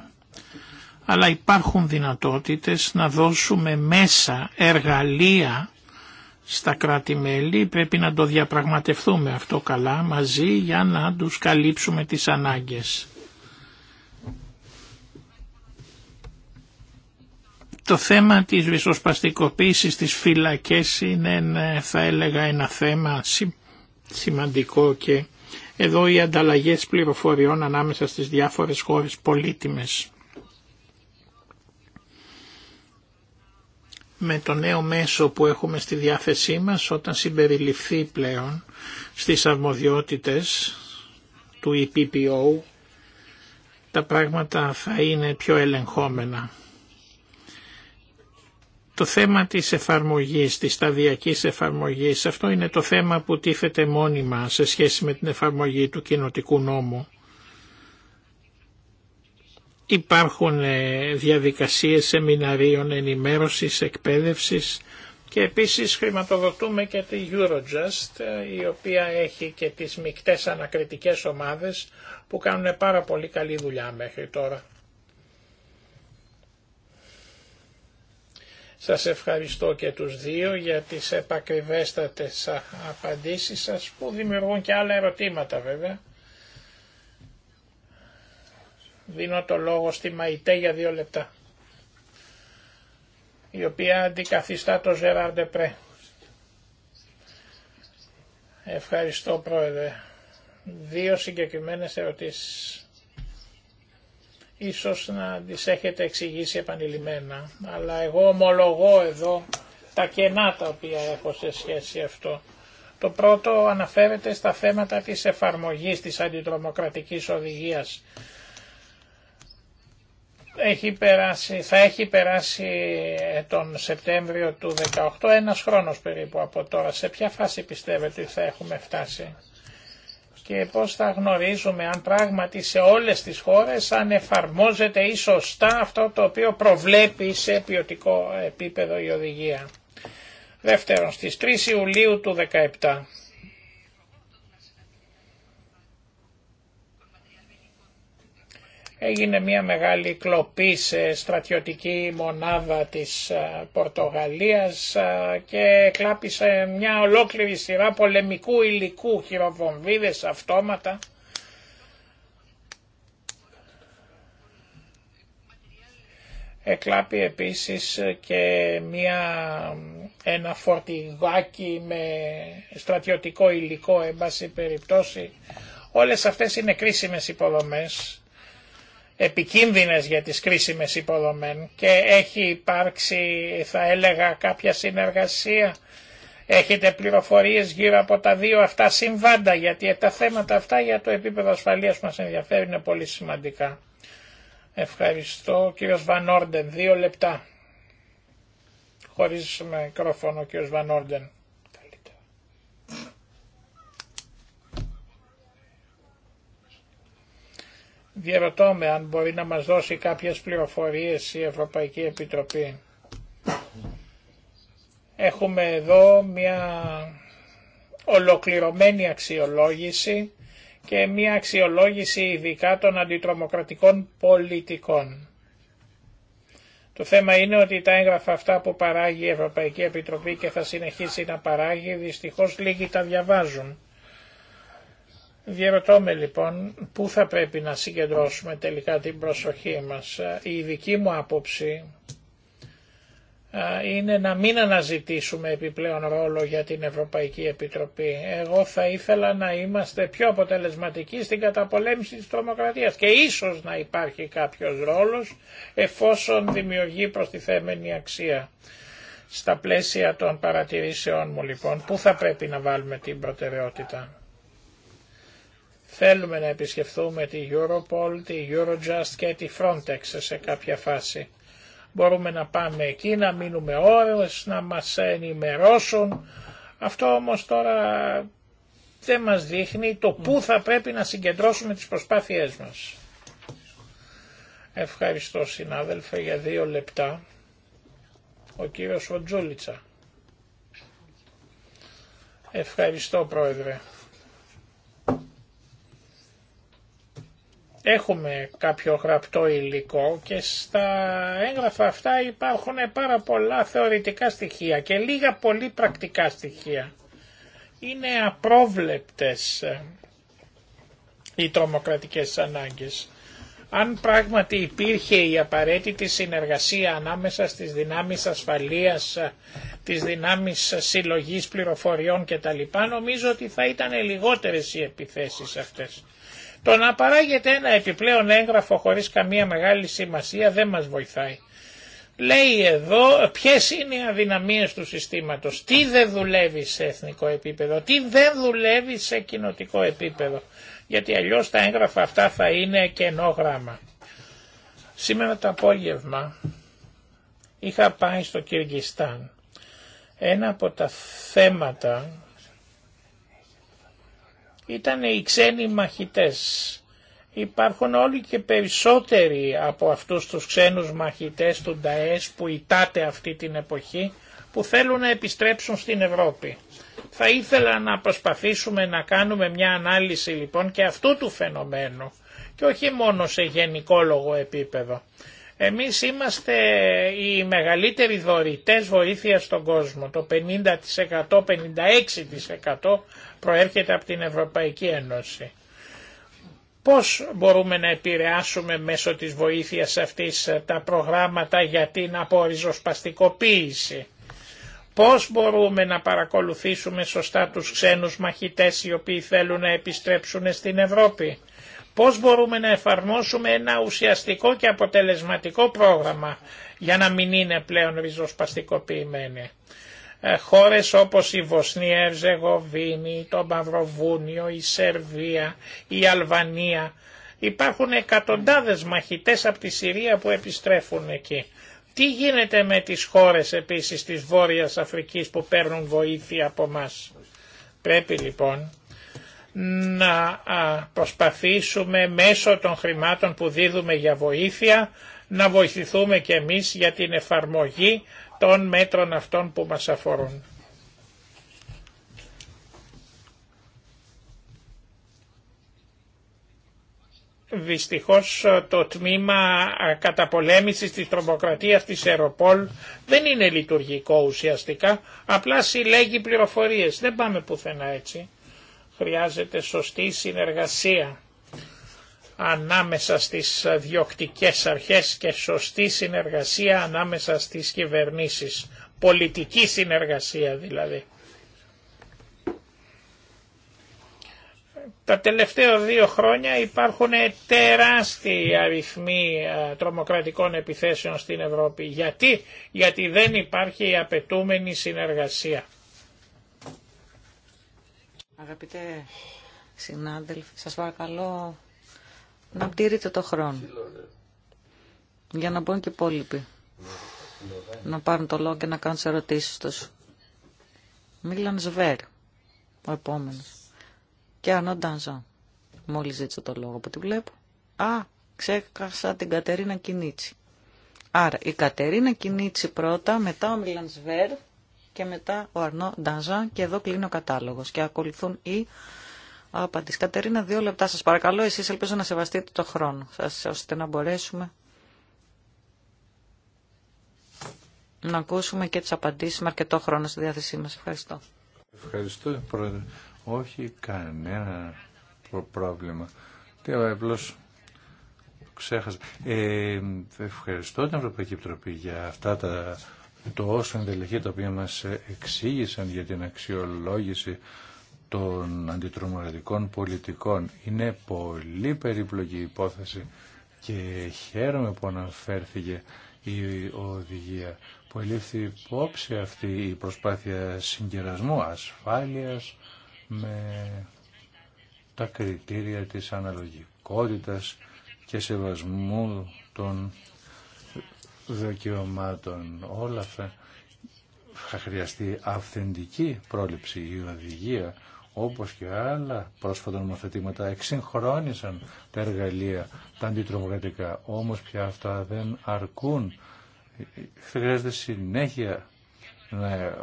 Αλλά υπάρχουν δυνατότητες να δώσουμε μέσα εργαλεία στα κράτη-μέλη πρέπει να το διαπραγματευτούμε αυτό καλά μαζί για να τους καλύψουμε τις ανάγκες. Το θέμα της βυσοσπαστικοποίησης της φυλακές είναι ναι, θα έλεγα ένα θέμα σημαντικό και εδώ οι ανταλλαγές πληροφοριών ανάμεσα στις διάφορες χώρες πολύτιμες. με το νέο μέσο που έχουμε στη διάθεσή μας όταν συμπεριληφθεί πλέον στις αρμοδιότητες του EPPO τα πράγματα θα είναι πιο ελεγχόμενα. Το θέμα της εφαρμογής, της σταδιακής εφαρμογής, αυτό είναι το θέμα που τίθεται μόνιμα σε σχέση με την εφαρμογή του κοινοτικού νόμου. Υπάρχουν ε, διαδικασίες σεμιναρίων ενημέρωσης, εκπαίδευσης και επίσης χρηματοδοτούμε και τη Eurojust ε, η οποία έχει και τις μικτές ανακριτικές ομάδες που κάνουν πάρα πολύ καλή δουλειά μέχρι τώρα. Σας ευχαριστώ και τους δύο για τις επακριβέστατες απαντήσεις σας που δημιουργούν και άλλα ερωτήματα βέβαια. Δίνω το λόγο στη Μαϊτέ για δύο λεπτά, η οποία αντικαθιστά το Ζεράρντε Πρέ. Ευχαριστώ πρόεδρε. Δύο συγκεκριμένες ερωτήσεις. Ίσως να τις έχετε εξηγήσει επανειλημμένα, αλλά εγώ ομολογώ εδώ τα κενά τα οποία έχω σε σχέση αυτό. Το πρώτο αναφέρεται στα θέματα της εφαρμογής της αντιτρομοκρατικής οδηγίας έχει περάσει, θα έχει περάσει ε, τον Σεπτέμβριο του 18 ένας χρόνος περίπου από τώρα. Σε ποια φάση πιστεύετε ότι θα έχουμε φτάσει και πώς θα γνωρίζουμε αν πράγματι σε όλες τις χώρες αν εφαρμόζεται ή σωστά αυτό το οποίο προβλέπει σε ποιοτικό επίπεδο η οδηγία. Δεύτερον, στις 3 Ιουλίου του 17 έγινε μια μεγάλη κλοπή σε στρατιωτική μονάδα της ε, Πορτογαλίας ε, και κλάπησε μια ολόκληρη σειρά πολεμικού υλικού, χειροβομβίδες, αυτόματα. Εκλάπη επίσης και μια, ένα φορτηγάκι με στρατιωτικό υλικό, εν πάση περιπτώσει. Όλες αυτές είναι κρίσιμες υποδομές επικίνδυνες για τις κρίσιμες υποδομές και έχει υπάρξει θα έλεγα κάποια συνεργασία. Έχετε πληροφορίες γύρω από τα δύο αυτά συμβάντα γιατί τα θέματα αυτά για το επίπεδο ασφαλείας μας ενδιαφέρει είναι πολύ σημαντικά. Ευχαριστώ κύριος Βανόρντεν, Δύο λεπτά. Χωρίς μικρόφωνο κύριος Βανόρντεν. Διερωτώ αν μπορεί να μας δώσει κάποιες πληροφορίες η Ευρωπαϊκή Επιτροπή. Έχουμε εδώ μια ολοκληρωμένη αξιολόγηση και μια αξιολόγηση ειδικά των αντιτρομοκρατικών πολιτικών. Το θέμα είναι ότι τα έγγραφα αυτά που παράγει η Ευρωπαϊκή Επιτροπή και θα συνεχίσει να παράγει δυστυχώς λίγοι τα διαβάζουν. Διερωτώ με λοιπόν πού θα πρέπει να συγκεντρώσουμε τελικά την προσοχή μας. Η δική μου άποψη είναι να μην αναζητήσουμε επιπλέον ρόλο για την Ευρωπαϊκή Επιτροπή. Εγώ θα ήθελα να είμαστε πιο αποτελεσματικοί στην καταπολέμηση της τρομοκρατίας και ίσως να υπάρχει κάποιος ρόλος εφόσον δημιουργεί προστιθέμενη αξία. Στα πλαίσια των παρατηρήσεών μου λοιπόν, πού θα πρέπει να βάλουμε την προτεραιότητα. Θέλουμε να επισκεφθούμε τη Europol, τη Eurojust και τη Frontex σε κάποια φάση. Μπορούμε να πάμε εκεί, να μείνουμε ώρες, να μας ενημερώσουν. Αυτό όμως τώρα δεν μας δείχνει το πού θα πρέπει να συγκεντρώσουμε τις προσπάθειές μας. Ευχαριστώ συνάδελφε για δύο λεπτά. Ο κύριος Οτζούλητσα. Ευχαριστώ πρόεδρε. Έχουμε κάποιο γραπτό υλικό και στα έγγραφα αυτά υπάρχουν πάρα πολλά θεωρητικά στοιχεία και λίγα πολύ πρακτικά στοιχεία. Είναι απρόβλεπτες ε, οι τρομοκρατικές ανάγκες. Αν πράγματι υπήρχε η απαραίτητη συνεργασία ανάμεσα στις δυνάμεις ασφαλείας, ε, τις δυνάμεις συλλογής πληροφοριών κτλ. νομίζω ότι θα ήταν λιγότερες οι επιθέσεις αυτές. Το να παράγεται ένα επιπλέον έγγραφο χωρίς καμία μεγάλη σημασία δεν μας βοηθάει. Λέει εδώ ποιες είναι οι αδυναμίες του συστήματος, τι δεν δουλεύει σε εθνικό επίπεδο, τι δεν δουλεύει σε κοινοτικό επίπεδο, γιατί αλλιώς τα έγγραφα αυτά θα είναι κενό γράμμα. Σήμερα το απόγευμα είχα πάει στο Κυργιστάν. Ένα από τα θέματα ήταν οι ξένοι μαχητές. Υπάρχουν όλοι και περισσότεροι από αυτούς τους ξένους μαχητές του ΝΤΑΕΣ που ητάτε αυτή την εποχή που θέλουν να επιστρέψουν στην Ευρώπη. Θα ήθελα να προσπαθήσουμε να κάνουμε μια ανάλυση λοιπόν και αυτού του φαινομένου και όχι μόνο σε γενικόλογο επίπεδο. Εμείς είμαστε οι μεγαλύτεροι δωρητές βοήθειας στον κόσμο, το 50%, 56% προέρχεται από την Ευρωπαϊκή Ένωση. Πώς μπορούμε να επηρεάσουμε μέσω της βοήθειας αυτής τα προγράμματα για την απορριζοσπαστικοποίηση. Πώς μπορούμε να παρακολουθήσουμε σωστά τους ξένους μαχητές οι οποίοι θέλουν να επιστρέψουν στην Ευρώπη. Πώς μπορούμε να εφαρμόσουμε ένα ουσιαστικό και αποτελεσματικό πρόγραμμα για να μην είναι πλέον ριζοσπαστικοποιημένοι. Ε, χώρες όπως η Βοσνία, Ευζεγοβίνη, το Μαυροβούνιο, η Σερβία, η Αλβανία. Υπάρχουν εκατοντάδες μαχητές από τη Συρία που επιστρέφουν εκεί. Τι γίνεται με τις χώρες επίσης της Βόρειας Αφρικής που παίρνουν βοήθεια από μας. Πρέπει λοιπόν να προσπαθήσουμε μέσω των χρημάτων που δίδουμε για βοήθεια να βοηθηθούμε και εμείς για την εφαρμογή των μέτρων αυτών που μας αφορούν. δυστυχώς το τμήμα καταπολέμησης της τρομοκρατίας της Αεροπόλ δεν είναι λειτουργικό ουσιαστικά, απλά συλλέγει πληροφορίες. Δεν πάμε πουθενά έτσι. Χρειάζεται σωστή συνεργασία ανάμεσα στις διοκτικές αρχές και σωστή συνεργασία ανάμεσα στις κυβερνήσεις. Πολιτική συνεργασία δηλαδή. Τα τελευταία δύο χρόνια υπάρχουν τεράστιοι αριθμοί τρομοκρατικών επιθέσεων στην Ευρώπη. Γιατί, Γιατί δεν υπάρχει η απαιτούμενη συνεργασία. Αγαπητέ συνάδελφοι, σας παρακαλώ να τηρείτε το χρόνο. Για να μπουν και οι υπόλοιποι να πάρουν το λόγο και να κάνουν τι ερωτήσει του. Μίλαν Σβέρ, ο επόμενο. Και Αρνό Ντανζάν. Μόλι ζήτησε το λόγο που τη βλέπω. Α, ξέχασα την Κατερίνα Κινίτσι. Άρα η Κατερίνα Κινίτσι πρώτα, μετά ο Μίλαν Σβέρ και μετά ο Αρνό Ντανζάν και εδώ κλείνει ο κατάλογος και ακολουθούν οι Απαντής. Κατερίνα, δύο λεπτά σας παρακαλώ. Εσείς ελπίζω να σεβαστείτε το χρόνο σας, ώστε να μπορέσουμε να ακούσουμε και τις απαντήσεις με αρκετό χρόνο στη διάθεσή μας. Ευχαριστώ. Ευχαριστώ, Πρόεδρε. Όχι κανένα πρόβλημα. Τι απλώς ξέχασα. Ε, ευχαριστώ την Ευρωπαϊκή Επιτροπή για αυτά τα τόσο ενδελεχή τα οποία μας εξήγησαν για την αξιολόγηση των αντιτρομοκρατικών πολιτικών. Είναι πολύ περίπλοκη η υπόθεση και χαίρομαι που αναφέρθηκε η οδηγία που ελήφθη υπόψη αυτή η προσπάθεια συγκερασμού ασφάλειας με τα κριτήρια της αναλογικότητας και σεβασμού των δικαιωμάτων. Όλα αυτά θα χρειαστεί αυθεντική πρόληψη η οδηγία όπως και άλλα πρόσφατα νομοθετήματα εξυγχρόνισαν τα εργαλεία τα αντιτρομοκρατικά. Όμως πια αυτά δεν αρκούν. χρειάζεται συνέχεια να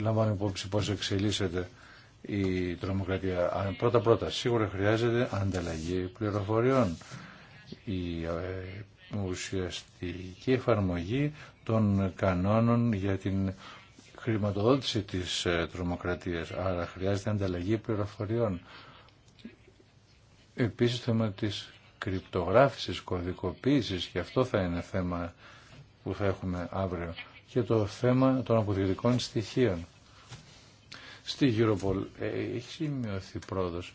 λαμβάνουμε υπόψη πώς εξελίσσεται η τρομοκρατία. Πρώτα πρώτα σίγουρα χρειάζεται ανταλλαγή πληροφοριών. Η ε, ουσιαστική εφαρμογή των κανόνων για την χρηματοδότηση της ε, τρομοκρατίας, άρα χρειάζεται ανταλλαγή πληροφοριών. Επίσης θέμα της κρυπτογράφησης, κωδικοποίησης και αυτό θα είναι θέμα που θα έχουμε αύριο και το θέμα των αποδεικτικών στοιχείων. Στη Europol ε, έχει σημειωθεί πρόοδος,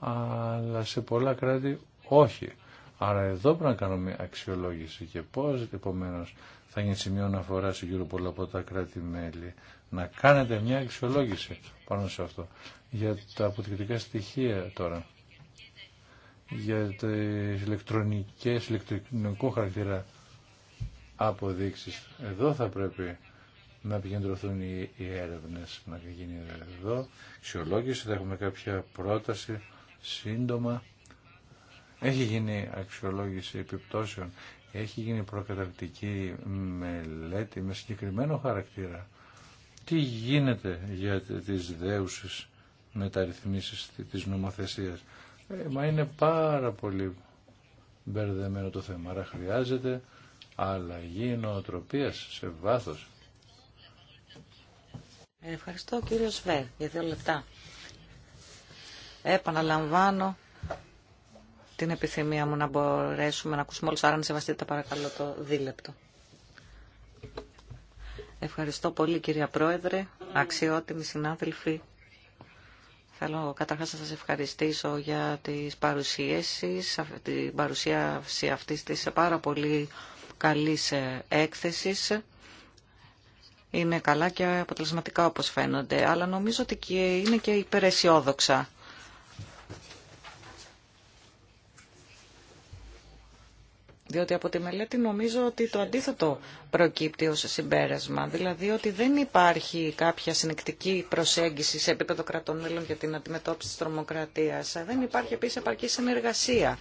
αλλά σε πολλά κράτη όχι. Άρα εδώ πρέπει να κάνουμε αξιολόγηση και πώς επομένως θα είναι σημείο να σε γύρω πολλά από τα κράτη-μέλη. Να κάνετε μια αξιολόγηση πάνω σε αυτό. Για τα αποδεικτικά στοιχεία τώρα. Για τι ηλεκτρονικές, ηλεκτρονικό χαρακτήρα αποδείξει. Εδώ θα πρέπει να επικεντρωθούν οι, οι έρευνες, να γίνει εδώ αξιολόγηση, θα έχουμε κάποια πρόταση σύντομα. Έχει γίνει αξιολόγηση επιπτώσεων έχει γίνει προκαταρκτική μελέτη με συγκεκριμένο χαρακτήρα. Τι γίνεται για τις δέουσες μεταρρυθμίσεις της νομοθεσίας. Ε, μα είναι πάρα πολύ μπερδεμένο το θέμα. Άρα χρειάζεται αλλαγή νοοτροπίας σε βάθος. Ευχαριστώ κύριο Σβέ για δύο λεπτά. Επαναλαμβάνω την επιθυμία μου να μπορέσουμε να ακούσουμε όλους. Άρα να σεβαστείτε παρακαλώ το δίλεπτο. Ευχαριστώ πολύ κυρία Πρόεδρε, αξιότιμοι συνάδελφοι. Θέλω καταρχάς να σας ευχαριστήσω για τις παρουσίασεις, την παρουσίαση αυτής της πάρα πολύ καλής ε, έκθεσης. Είναι καλά και αποτελεσματικά όπως φαίνονται, αλλά νομίζω ότι είναι και υπεραισιόδοξα. Διότι από τη μελέτη νομίζω ότι το αντίθετο προκύπτει ως συμπέρασμα, δηλαδή ότι δεν υπάρχει κάποια συνεκτική προσέγγιση σε επίπεδο κρατών μέλων για την αντιμετώπιση της τρομοκρατίας. Δεν υπάρχει επίσης επαρκή συνεργασία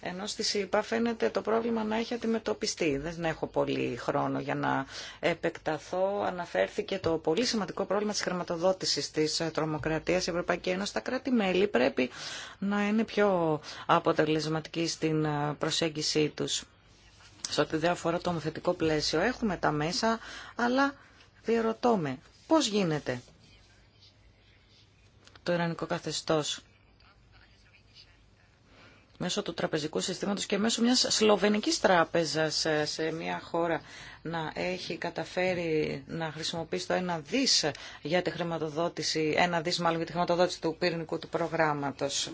ενώ στη ΣΥΠΑ φαίνεται το πρόβλημα να έχει αντιμετωπιστεί. Δεν έχω πολύ χρόνο για να επεκταθώ. Αναφέρθηκε το πολύ σημαντικό πρόβλημα της χρηματοδότησης της τρομοκρατίας. Η Ευρωπαϊκή Ένωση, τα κράτη-μέλη πρέπει να είναι πιο αποτελεσματικοί στην προσέγγιση τους. Σε ό,τι δεν αφορά το ομοθετικό πλαίσιο έχουμε τα μέσα, αλλά διερωτώμε με πώς γίνεται το Ιρανικό καθεστώς μέσω του τραπεζικού συστήματος και μέσω μιας σλοβενικής τράπεζας ε, σε μια χώρα να έχει καταφέρει να χρησιμοποιήσει το ένα δις για τη χρηματοδότηση, ένα δις μάλλον για τη χρηματοδότηση του πυρηνικού του προγράμματος.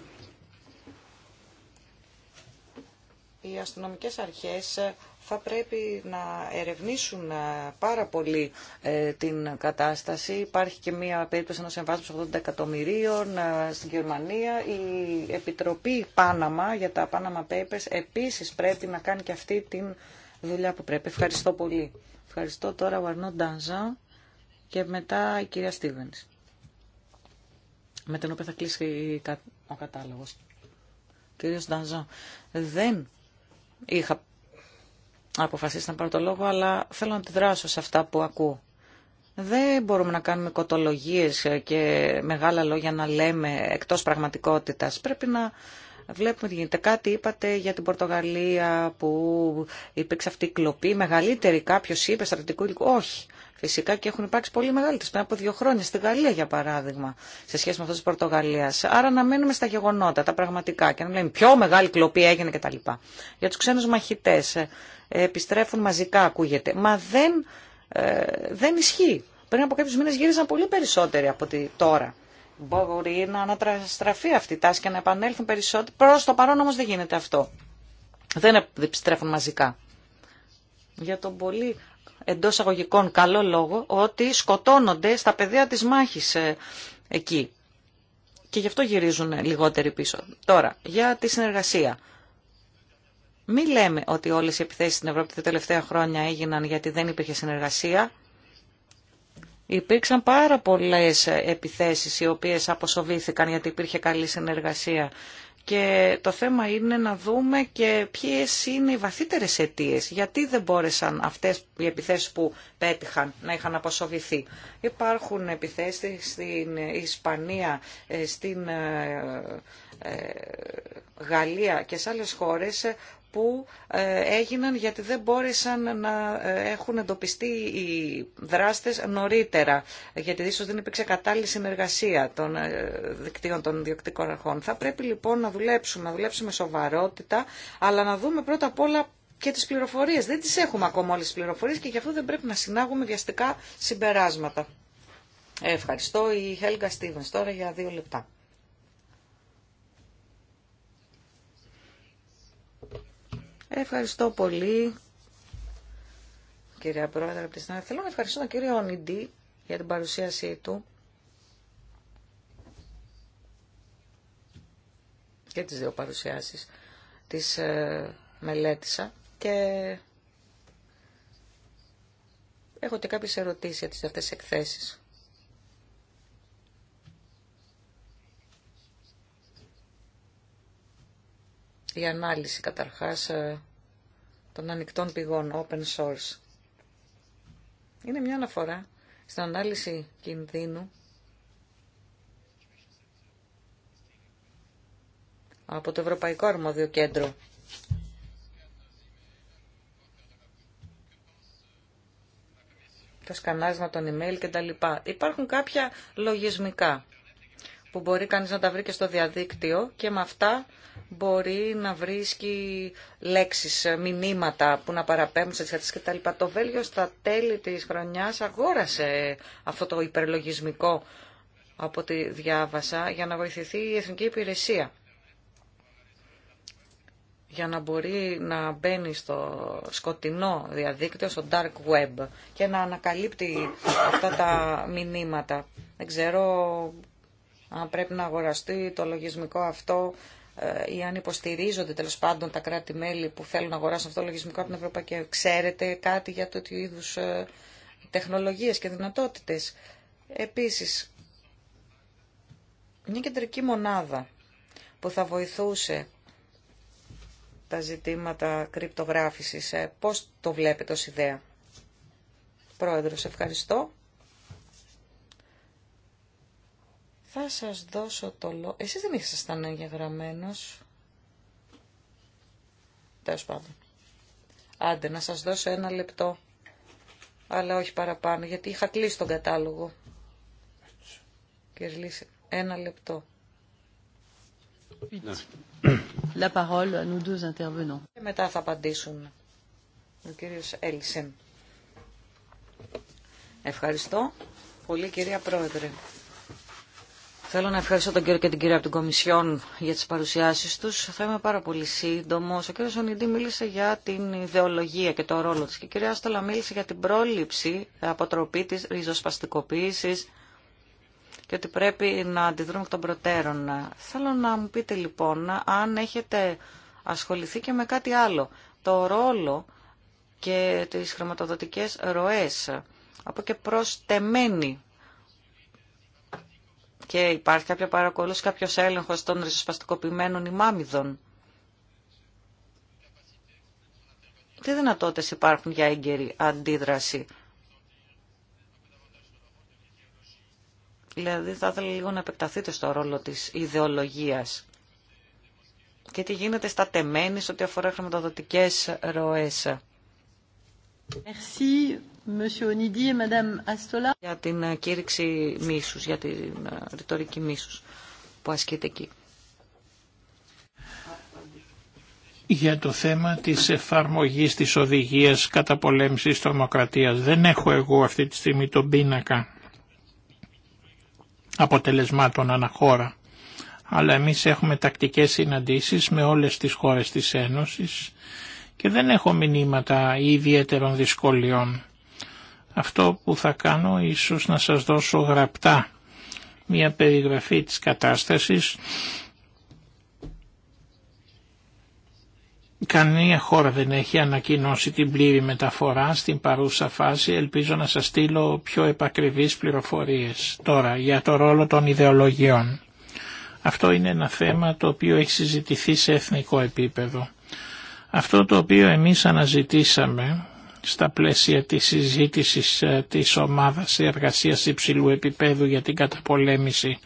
Οι αστυνομικές αρχές θα πρέπει να ερευνήσουν ε, πάρα πολύ ε, την κατάσταση. Υπάρχει και μία περίπτωση ενός εμβάσμου 80 εκατομμυρίων ε, στην Γερμανία. Η Επιτροπή Πάναμα για τα Panama Papers επίσης πρέπει να κάνει και αυτή την δουλειά που πρέπει. Ευχαριστώ πολύ. Ευχαριστώ τώρα ο Αρνό Ντανζά και μετά η κυρία Στίβενς με την οποία θα κλείσει ο κατάλογος. Κύριος Ντανζά, δεν είχα αποφασίσει να πάρω το λόγο, αλλά θέλω να αντιδράσω σε αυτά που ακούω. Δεν μπορούμε να κάνουμε κοτολογίες και μεγάλα λόγια να λέμε εκτός πραγματικότητας. Πρέπει να βλέπουμε τι γίνεται κάτι. Είπατε για την Πορτογαλία που υπήρξε αυτή η κλοπή μεγαλύτερη. Κάποιος είπε στρατητικού υλικού. Όχι. Φυσικά και έχουν υπάρξει πολύ μεγαλύτερε πριν από δύο χρόνια, στη Γαλλία για παράδειγμα, σε σχέση με αυτό τη Πορτογαλία. Άρα να μένουμε στα γεγονότα, τα πραγματικά και να λέμε πιο μεγάλη κλοπή έγινε κτλ. Για του ξένου μαχητέ ε, επιστρέφουν μαζικά, ακούγεται. Μα δεν, ε, δεν ισχύει. Πριν από κάποιου μήνε γύριζαν πολύ περισσότεροι από ότι τώρα. Μπορεί να ανατραστραφεί αυτή η τάση και να επανέλθουν περισσότεροι. Προ το παρόν όμω δεν γίνεται αυτό. Δεν επιστρέφουν μαζικά. Για τον πολύ εντό αγωγικών καλό λόγο ότι σκοτώνονται στα πεδία της μάχης ε, εκεί. Και γι' αυτό γυρίζουν λιγότεροι πίσω. Τώρα, για τη συνεργασία. Μην λέμε ότι όλες οι επιθέσεις στην Ευρώπη τα τελευταία χρόνια έγιναν γιατί δεν υπήρχε συνεργασία. Υπήρξαν πάρα πολλές επιθέσεις οι οποίες αποσοβήθηκαν γιατί υπήρχε καλή συνεργασία και το θέμα είναι να δούμε και ποιες είναι οι βαθύτερες αιτίες. Γιατί δεν μπόρεσαν αυτές οι επιθέσεις που πέτυχαν να είχαν αποσοβηθεί. Υπάρχουν επιθέσεις στην Ισπανία, ε, στην ε, ε, Γαλλία και σε άλλες χώρες που ε, έγιναν γιατί δεν μπόρεσαν να ε, έχουν εντοπιστεί οι δράστες νωρίτερα, γιατί ίσως δεν υπήρξε κατάλληλη συνεργασία των ε, δικτύων των διοκτικών αρχών. Θα πρέπει λοιπόν να δουλέψουμε, να δουλέψουμε σοβαρότητα, αλλά να δούμε πρώτα απ' όλα και τις πληροφορίες. Δεν τις έχουμε ακόμα όλες τις πληροφορίες και γι' αυτό δεν πρέπει να συνάγουμε βιαστικά συμπεράσματα. Ευχαριστώ η Χέλγα Στίβενς τώρα για δύο λεπτά. Ευχαριστώ πολύ, κυρία Πρόεδρε, από τη Θέλω να ευχαριστώ τον κύριο Ονιντή για την παρουσίασή του και τις δύο παρουσιάσεις τις ε, μελέτησα και έχω και κάποιες ερωτήσεις για τις αυτές εκθέσεις. η ανάλυση καταρχάς ε, των ανοιχτών πηγών, open source. Είναι μια αναφορά στην ανάλυση κινδύνου από το Ευρωπαϊκό Αρμόδιο Κέντρο. Το σκανάσμα των email λοιπά. Υπάρχουν κάποια λογισμικά που μπορεί κανείς να τα βρει και στο διαδίκτυο και με αυτά μπορεί να βρίσκει λέξεις, μηνύματα που να παραπέμπουν σε τα κτλ. Το Βέλγιο στα τέλη της χρονιάς αγόρασε αυτό το υπερλογισμικό από τη διάβασα για να βοηθηθεί η Εθνική Υπηρεσία για να μπορεί να μπαίνει στο σκοτεινό διαδίκτυο, στο dark web και να ανακαλύπτει αυτά τα μηνύματα. Δεν ξέρω αν πρέπει να αγοραστεί το λογισμικό αυτό ε, ή αν υποστηρίζονται τέλο πάντων τα κράτη-μέλη που θέλουν να αγοράσουν αυτό το λογισμικό από την και Ξέρετε κάτι για τέτοιου είδου ε, τεχνολογίες και δυνατότητες. Επίσης, μια κεντρική μονάδα που θα βοηθούσε τα ζητήματα κρυπτογράφησης. Ε, πώς το βλέπετε ως ιδέα. Πρόεδρος, ευχαριστώ. Θα σας δώσω το λόγο. Εσείς δεν ήσασταν εγγεγραμμένος. Τέλος πάντων. Άντε, να σας δώσω ένα λεπτό. Αλλά όχι παραπάνω, γιατί είχα κλείσει τον κατάλογο. Κύριε ένα λεπτό. La parole à nous deux intervenants. Και μετά θα απαντήσουν ο κύριος Έλισεν. Ευχαριστώ πολύ κυρία Πρόεδρε. Θέλω να ευχαριστώ τον κύριο και την κυρία από την Κομισιόν για τις παρουσιάσεις τους. Θα είμαι πάρα πολύ σύντομο. Ο κύριος Ονιντή μίλησε για την ιδεολογία και το ρόλο της και η κυρία Άστολα μίλησε για την πρόληψη αποτροπή της ριζοσπαστικοποίησης και ότι πρέπει να αντιδρούμε από τον προτέρων. Θέλω να μου πείτε λοιπόν αν έχετε ασχοληθεί και με κάτι άλλο. Το ρόλο και τις χρηματοδοτικές ροές από και προς τεμένη και υπάρχει κάποια παρακολούθηση, κάποιο έλεγχο των ριζοσπαστικοποιημένων ημάμιδων. Τι δυνατότητες υπάρχουν για έγκαιρη αντίδραση. Δηλαδή θα ήθελα λίγο να επεκταθείτε στο ρόλο της ιδεολογίας και τι γίνεται στα τεμένη ό,τι αφορά χρηματοδοτικές ροές. Για την ε, κήρυξη μίσους, για την ε, ρητορική μίσους που ασκείται εκεί. για το θέμα της εφαρμογής της οδηγίας κατά πολέμησης τρομοκρατίας. Δεν έχω εγώ αυτή τη στιγμή τον πίνακα αποτελεσμάτων αναχώρα. Αλλά εμείς έχουμε τακτικές συναντήσεις με όλες τις χώρες της Ένωσης και δεν έχω μηνύματα ιδιαίτερων δυσκολιών. Αυτό που θα κάνω ίσως να σας δώσω γραπτά μια περιγραφή της κατάστασης. Κανία χώρα δεν έχει ανακοινώσει την πλήρη μεταφορά στην παρούσα φάση. Ελπίζω να σας στείλω πιο επακριβείς πληροφορίες τώρα για το ρόλο των ιδεολογιών. Αυτό είναι ένα θέμα το οποίο έχει συζητηθεί σε εθνικό επίπεδο. Αυτό το οποίο εμείς αναζητήσαμε στα πλαίσια της συζήτησης ε, της ομάδας εργασίας υψηλού επίπεδου για την καταπολέμηση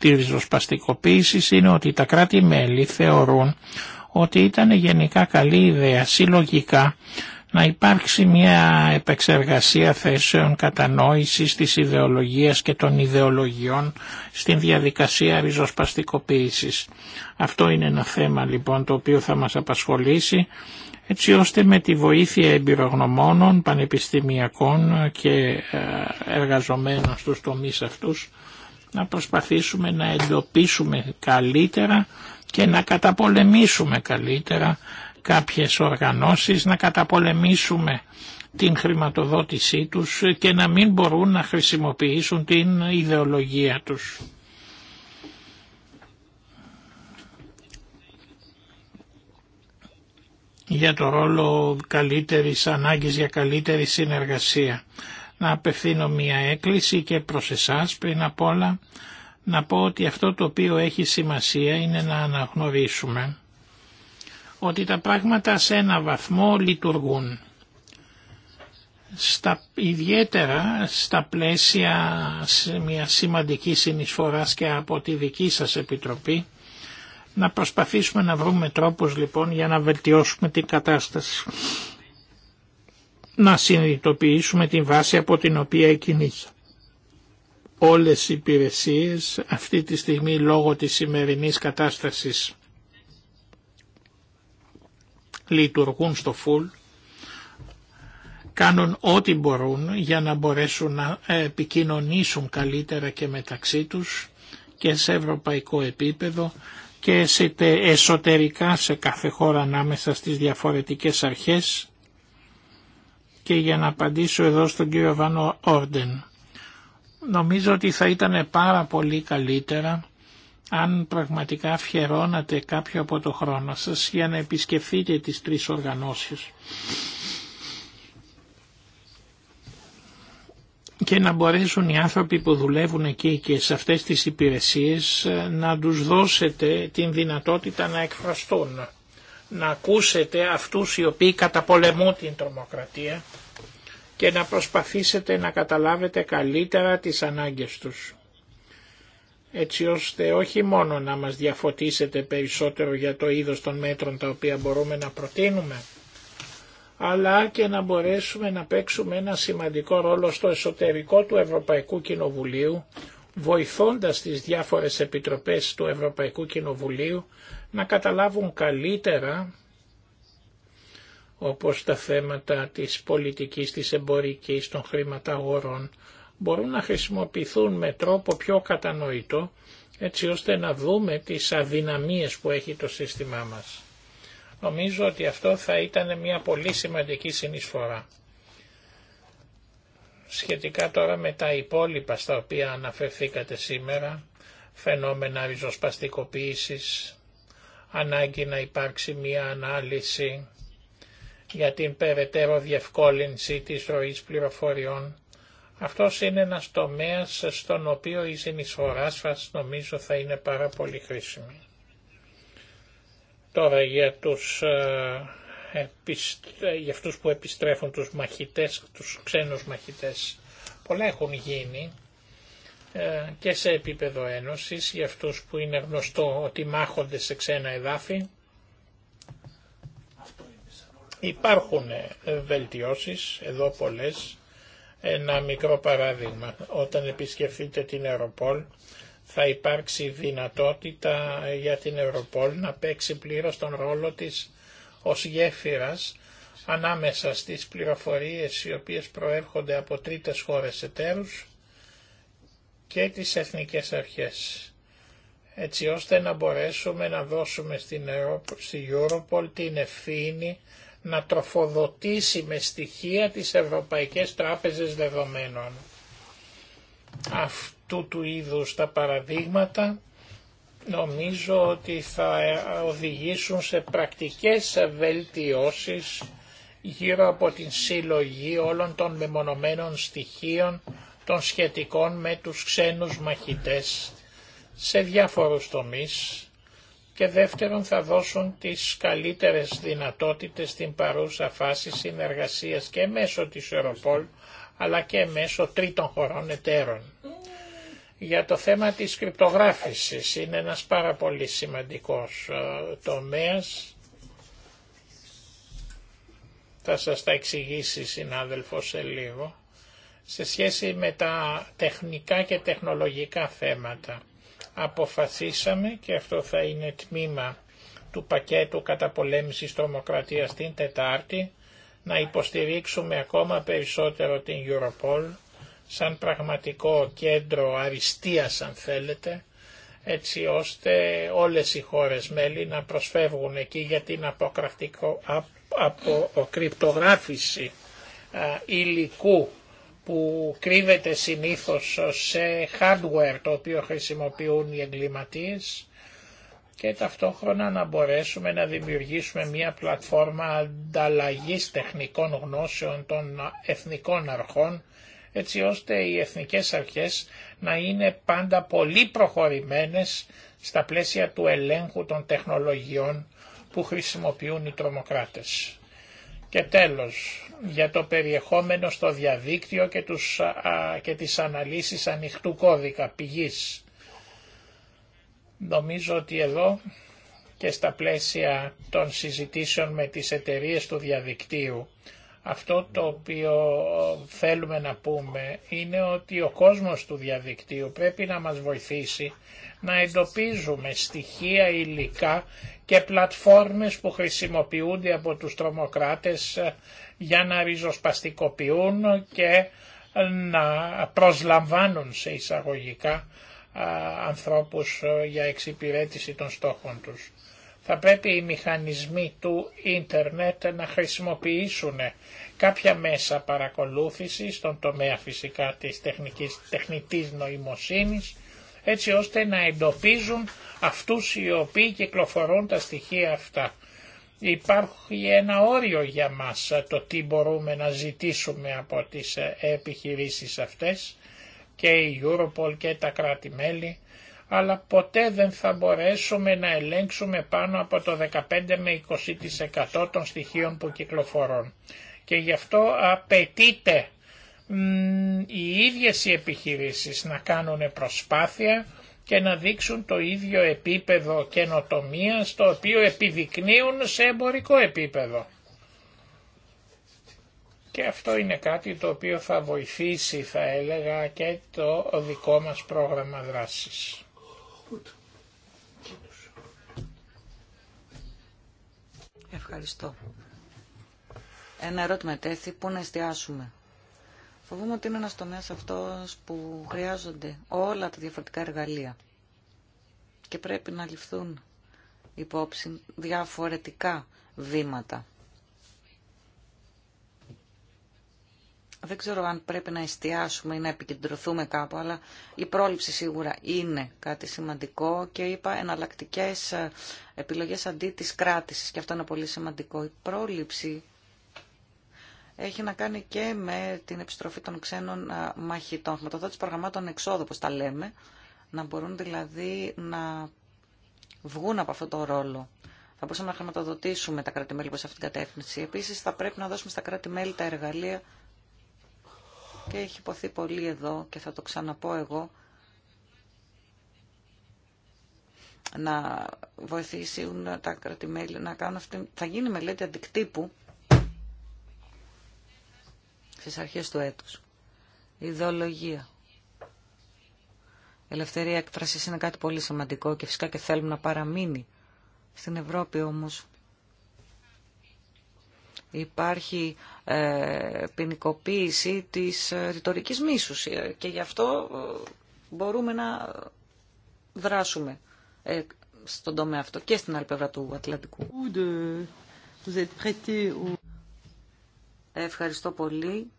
της ριζοσπαστικοποίησης είναι ότι τα κράτη-μέλη θεωρούν ότι ήταν γενικά καλή ιδέα συλλογικά να υπάρξει μια επεξεργασία θέσεων κατανόησης της ιδεολογίας και των ιδεολογιών στην διαδικασία ριζοσπαστικοποίησης. Αυτό είναι ένα θέμα λοιπόν το οποίο θα μας απασχολήσει έτσι ώστε με τη βοήθεια εμπειρογνωμόνων, πανεπιστημιακών και ε, εργαζομένων στους τομείς αυτούς να προσπαθήσουμε να εντοπίσουμε καλύτερα και να καταπολεμήσουμε καλύτερα κάποιες οργανώσεις, να καταπολεμήσουμε την χρηματοδότησή τους και να μην μπορούν να χρησιμοποιήσουν την ιδεολογία τους. για το ρόλο καλύτερης ανάγκης για καλύτερη συνεργασία. Να απευθύνω μια έκκληση και προς εσάς πριν απ' όλα να πω ότι αυτό το οποίο έχει σημασία είναι να αναγνωρίσουμε ότι τα πράγματα σε ένα βαθμό λειτουργούν. Στα, ιδιαίτερα στα πλαίσια μια σημαντική συνεισφοράς και από τη δική σας Επιτροπή, να προσπαθήσουμε να βρούμε τρόπους λοιπόν για να βελτιώσουμε την κατάσταση. Να συνειδητοποιήσουμε την βάση από την οποία έκινησα. Όλες οι υπηρεσίες αυτή τη στιγμή λόγω της σημερινής κατάστασης λειτουργούν στο φουλ, κάνουν ό,τι μπορούν για να μπορέσουν να ε, επικοινωνήσουν καλύτερα και μεταξύ τους και σε ευρωπαϊκό επίπεδο και σε εσωτερικά σε κάθε χώρα ανάμεσα στις διαφορετικές αρχές και για να απαντήσω εδώ στον κύριο Βάνο Όρντεν. Νομίζω ότι θα ήταν πάρα πολύ καλύτερα αν πραγματικά αφιερώνατε κάποιο από το χρόνο σας για να επισκεφθείτε τις τρεις οργανώσεις και να μπορέσουν οι άνθρωποι που δουλεύουν εκεί και σε αυτές τις υπηρεσίες ε, να τους δώσετε την δυνατότητα να εκφραστούν, να ακούσετε αυτούς οι οποίοι καταπολεμούν την τρομοκρατία και να προσπαθήσετε να καταλάβετε καλύτερα τις ανάγκες τους έτσι ώστε όχι μόνο να μας διαφωτίσετε περισσότερο για το είδος των μέτρων τα οποία μπορούμε να προτείνουμε, αλλά και να μπορέσουμε να παίξουμε ένα σημαντικό ρόλο στο εσωτερικό του Ευρωπαϊκού Κοινοβουλίου, βοηθώντας τις διάφορες επιτροπές του Ευρωπαϊκού Κοινοβουλίου να καταλάβουν καλύτερα όπως τα θέματα της πολιτικής, της εμπορικής, των χρηματαγορών, μπορούν να χρησιμοποιηθούν με τρόπο πιο κατανοητό έτσι ώστε να δούμε τις αδυναμίες που έχει το σύστημά μας. Νομίζω ότι αυτό θα ήταν μια πολύ σημαντική συνεισφορά. Σχετικά τώρα με τα υπόλοιπα στα οποία αναφερθήκατε σήμερα, φαινόμενα ριζοσπαστικοποίησης, ανάγκη να υπάρξει μια ανάλυση για την περαιτέρω διευκόλυνση της ροής πληροφοριών, αυτός είναι ένας τομέας στον οποίο η συνεισφορά σας νομίζω θα είναι πάρα πολύ χρήσιμη. Τώρα για, τους, ε, αυτούς που επιστρέφουν τους μαχητές, τους ξένους μαχητές. Πολλά έχουν γίνει ε, και σε επίπεδο ένωσης για αυτούς που είναι γνωστό ότι μάχονται σε ξένα εδάφη. Υπάρχουν ε, βελτιώσεις, εδώ πολλές, ένα μικρό παράδειγμα, όταν επισκεφθείτε την Ευρωπόλ θα υπάρξει δυνατότητα για την Ευρωπόλ να παίξει πλήρως τον ρόλο της ως γέφυρας ανάμεσα στις πληροφορίες οι οποίες προέρχονται από τρίτες χώρες εταίρους και τις εθνικές αρχές έτσι ώστε να μπορέσουμε να δώσουμε στην Ευρωπόλ την ευθύνη να τροφοδοτήσει με στοιχεία τις Ευρωπαϊκές Τράπεζες Δεδομένων. Αυτού του είδους τα παραδείγματα νομίζω ότι θα ε, οδηγήσουν σε πρακτικές βελτιώσεις γύρω από την συλλογή όλων των μεμονωμένων στοιχείων των σχετικών με τους ξένους μαχητές σε διάφορους τομείς και δεύτερον θα δώσουν τις καλύτερες δυνατότητες στην παρούσα φάση συνεργασίας και μέσω της Ευρωπόλ αλλά και μέσω τρίτων χωρών εταίρων. Για το θέμα της κρυπτογράφησης είναι ένας πάρα πολύ σημαντικός ε, τομέας. Θα σας τα εξηγήσει συνάδελφο σε λίγο. Σε σχέση με τα τεχνικά και τεχνολογικά θέματα αποφασίσαμε και αυτό θα είναι τμήμα του πακέτου καταπολέμησης τρομοκρατίας την Τετάρτη να υποστηρίξουμε ακόμα περισσότερο την Europol σαν πραγματικό κέντρο αριστείας αν θέλετε έτσι ώστε όλες οι χώρες μέλη να προσφεύγουν εκεί για την αποκρυπτογράφηση υλικού που κρύβεται συνήθως σε hardware το οποίο χρησιμοποιούν οι εγκληματίες και ταυτόχρονα να μπορέσουμε να δημιουργήσουμε μια πλατφόρμα ανταλλαγής τεχνικών γνώσεων των εθνικών αρχών έτσι ώστε οι εθνικές αρχές να είναι πάντα πολύ προχωρημένες στα πλαίσια του ελέγχου των τεχνολογιών που χρησιμοποιούν οι τρομοκράτες. Και τέλος, για το περιεχόμενο στο διαδίκτυο και, τους, α, και τις αναλύσεις ανοιχτού κώδικα πηγής. Νομίζω ότι εδώ και στα πλαίσια των συζητήσεων με τις εταιρείες του διαδικτύου αυτό το οποίο θέλουμε να πούμε είναι ότι ο κόσμος του διαδικτύου πρέπει να μας βοηθήσει να εντοπίζουμε στοιχεία υλικά και πλατφόρμες που χρησιμοποιούνται από τους τρομοκράτες ε, για να ριζοσπαστικοποιούν και ε, να προσλαμβάνουν σε εισαγωγικά ε, ανθρώπους για εξυπηρέτηση των στόχων τους. Θα πρέπει οι μηχανισμοί του ίντερνετ να χρησιμοποιήσουν κάποια μέσα παρακολούθησης στον τομέα φυσικά της τεχνικής, τεχνητής νοημοσύνης έτσι ώστε να εντοπίζουν αυτούς οι οποίοι κυκλοφορούν τα στοιχεία αυτά. Υπάρχει ένα όριο για μας ε, το τι μπορούμε να ζητήσουμε από τις ε, επιχειρήσεις αυτές και η Europol και τα κράτη-μέλη, αλλά ποτέ δεν θα μπορέσουμε να ελέγξουμε πάνω από το 15 με 20% των στοιχείων που κυκλοφορούν. Και γι' αυτό απαιτείται οι ίδιες οι επιχειρήσεις να κάνουν προσπάθεια και να δείξουν το ίδιο επίπεδο καινοτομία το οποίο επιδεικνύουν σε εμπορικό επίπεδο. Και αυτό είναι κάτι το οποίο θα βοηθήσει θα έλεγα και το δικό μας πρόγραμμα δράσης. Ευχαριστώ. Ένα ερώτημα τέθη, πού να εστιάσουμε Φοβούμαι ότι είναι ένας τομέας αυτός που χρειάζονται όλα τα διαφορετικά εργαλεία και πρέπει να ληφθούν υπόψη διαφορετικά βήματα. Δεν ξέρω αν πρέπει να εστιάσουμε ή να επικεντρωθούμε κάπου, αλλά η πρόληψη σίγουρα είναι κάτι σημαντικό και είπα εναλλακτικέ επιλογές αντί της κράτησης και αυτό είναι πολύ σημαντικό. Η πρόληψη έχει να κάνει και με την επιστροφή των ξένων μαχητών, χρηματοδότηση προγραμμάτων εξόδου, που τα λέμε, να μπορούν δηλαδή να βγουν από αυτό το ρόλο. Θα μπορούσαμε να χρηματοδοτήσουμε τα κράτη-μέλη προ αυτήν την κατεύθυνση. Επίσης θα πρέπει να δώσουμε στα κράτη-μέλη τα εργαλεία και έχει υποθεί πολύ εδώ και θα το ξαναπώ εγώ να βοηθήσουν τα κράτη-μέλη να κάνουν αυτή. Θα γίνει μελέτη αντικτύπου στις αρχές του έτους. Ιδεολογία. Η ελευθερία έκφραση είναι κάτι πολύ σημαντικό και φυσικά και θέλουμε να παραμείνει. Στην Ευρώπη όμως υπάρχει ε, ποινικοποίηση της ε, ρητορικής μίσους ε, και γι' αυτό ε, μπορούμε να δράσουμε ε, στον τομέα αυτό και στην άλλη πλευρά του Ατλαντικού. Ευχαριστώ πολύ.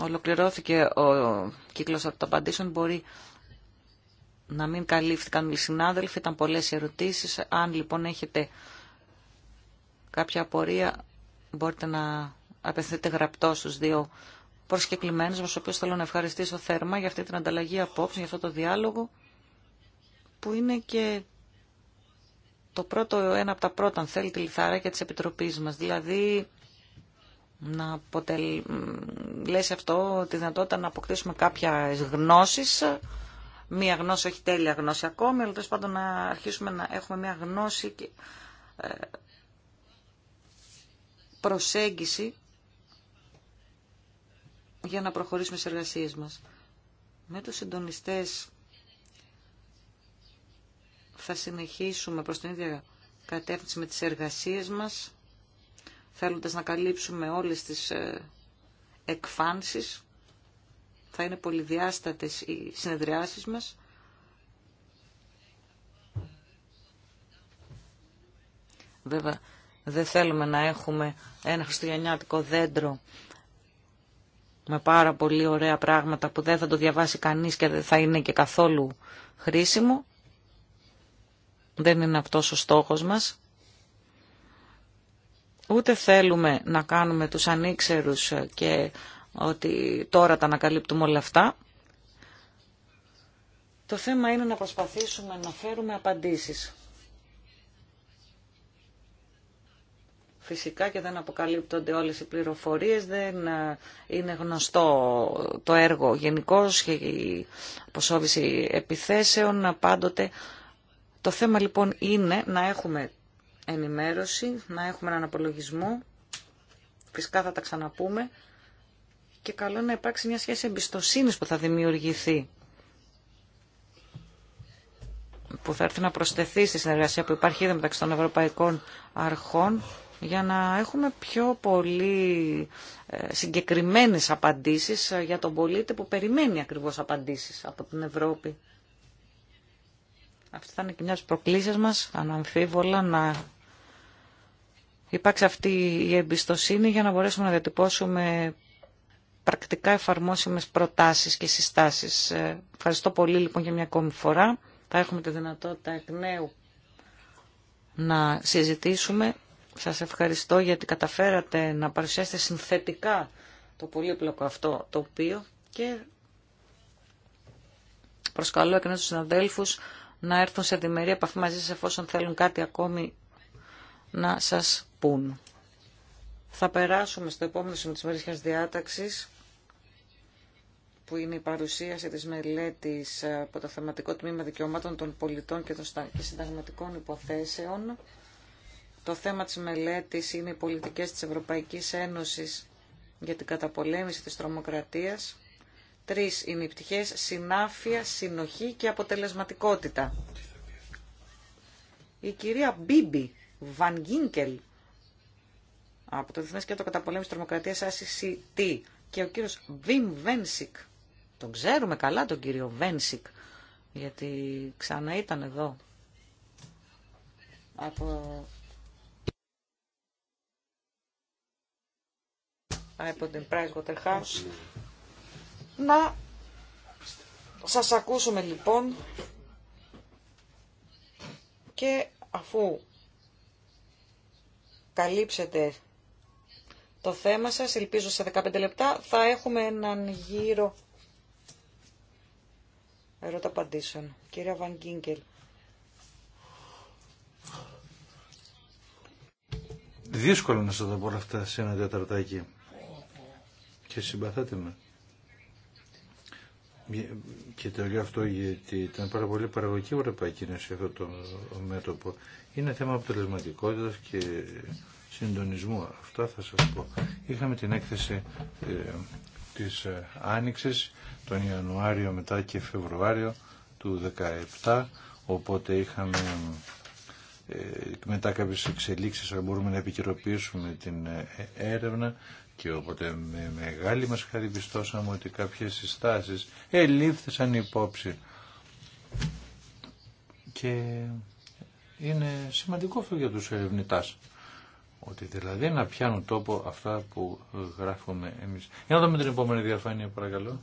Ολοκληρώθηκε ο κύκλος από τα απαντήσεων. Μπορεί να μην καλύφθηκαν οι συνάδελφοι, ήταν πολλές ερωτήσεις. Αν λοιπόν έχετε κάποια απορία, μπορείτε να απευθύνετε γραπτό στους δύο προσκεκλημένους, μας, τους οποίους θέλω να ευχαριστήσω θέρμα για αυτή την ανταλλαγή απόψεων, για αυτό το διάλογο, που είναι και το πρώτο, ένα από τα πρώτα, αν θέλετε, λιθαράκια της Επιτροπής μας. Δηλαδή, να σε αυτό τη δυνατότητα να αποκτήσουμε κάποια γνώσεις, μία γνώση, όχι τέλεια γνώση ακόμη, αλλά τέλο πάντων να αρχίσουμε να έχουμε μία γνώση και ε, προσέγγιση για να προχωρήσουμε σε εργασίες μας. Με τους συντονιστές θα συνεχίσουμε προς την ίδια κατεύθυνση με τις εργασίες μας θέλοντας να καλύψουμε όλες τις ε, εκφάνσεις. Θα είναι πολυδιάστατες οι συνεδριάσεις μας. Βέβαια, δεν θέλουμε να έχουμε ένα χριστουγεννιάτικο δέντρο με πάρα πολύ ωραία πράγματα που δεν θα το διαβάσει κανείς και δεν θα είναι και καθόλου χρήσιμο. Δεν είναι αυτός ο στόχος μας. Ούτε θέλουμε να κάνουμε τους ανήξερους ε, και ότι τώρα τα ανακαλύπτουμε όλα αυτά. Το θέμα είναι να προσπαθήσουμε να φέρουμε απαντήσεις. Φυσικά και δεν αποκαλύπτονται όλες οι πληροφορίες, δεν ε, είναι γνωστό το έργο γενικώ και η αποσόβηση επιθέσεων ε, πάντοτε. Το θέμα λοιπόν είναι να έχουμε ενημέρωση, να έχουμε έναν απολογισμό. Φυσικά θα τα ξαναπούμε. Και καλό να υπάρξει μια σχέση εμπιστοσύνης που θα δημιουργηθεί. Που θα έρθει να προσθεθεί στη συνεργασία που υπάρχει ήδη μεταξύ των ευρωπαϊκών αρχών για να έχουμε πιο πολύ ε, συγκεκριμένες απαντήσεις ε, για τον πολίτη που περιμένει ακριβώς απαντήσεις από την Ευρώπη. Αυτή θα είναι και μια προκλήσεις μας, αναμφίβολα, να υπάρξει αυτή η εμπιστοσύνη για να μπορέσουμε να διατυπώσουμε πρακτικά εφαρμόσιμες προτάσεις και συστάσεις. Ε, ευχαριστώ πολύ λοιπόν για μια ακόμη φορά. Θα έχουμε τη δυνατότητα εκ νέου να συζητήσουμε. Σας ευχαριστώ γιατί καταφέρατε να παρουσιάσετε συνθετικά το πολύπλοκο αυτό το οποίο και προσκαλώ εκ νέου τους συναδέλφους να έρθουν σε διμερή επαφή μαζί σας εφόσον θέλουν κάτι ακόμη να σας πούν. Θα περάσουμε στο επόμενο σημείο της μερίσιας διάταξης που είναι η παρουσίαση της μελέτης ε, από το θεματικό τμήμα δικαιωμάτων των πολιτών και των συνταγματικών υποθέσεων. Το θέμα της μελέτης είναι οι πολιτικές της Ευρωπαϊκής Ένωσης για την καταπολέμηση της τρομοκρατίας. Τρεις είναι οι πτυχές, συνάφεια, συνοχή και αποτελεσματικότητα. Η κυρία Μπίμπη Βαν Γκίνκελ από το Διεθνές Κέντρο Καταπολέμησης Τρομοκρατίας ACCT και ο κύριος Βιμ Βένσικ. Τον ξέρουμε καλά τον κύριο Βένσικ, γιατί ξανά ήταν εδώ. Από... από την Pricewaterhouse. Να σας ακούσουμε λοιπόν και αφού καλύψετε το θέμα σας. Ελπίζω σε 15 λεπτά θα έχουμε έναν γύρο ερώτα απαντήσεων. κύριε Βαν Δύσκολο να σας τα πω όλα αυτά σε ένα τεταρτάκι. Και συμπαθάτε με. Και το αυτό γιατί ήταν πάρα πολύ παραγωγική ώρα που αυτό το μέτωπο είναι θέμα αποτελεσματικότητας και συντονισμού. αυτό θα σας πω. Είχαμε την έκθεση ε, της ε, Άνοιξης τον Ιανουάριο μετά και Φεβρουάριο του 2017, οπότε είχαμε ε, μετά κάποιες εξελίξεις αν μπορούμε να επικαιροποιήσουμε την έρευνα και οπότε με μεγάλη μας χάρη πιστώσαμε ότι κάποιες συστάσεις ελήφθησαν υπόψη και είναι σημαντικό αυτό για τους ερευνητάς. Ότι δηλαδή να πιάνουν τόπο αυτά που γράφουμε εμείς. Για να δούμε την επόμενη διαφάνεια παρακαλώ.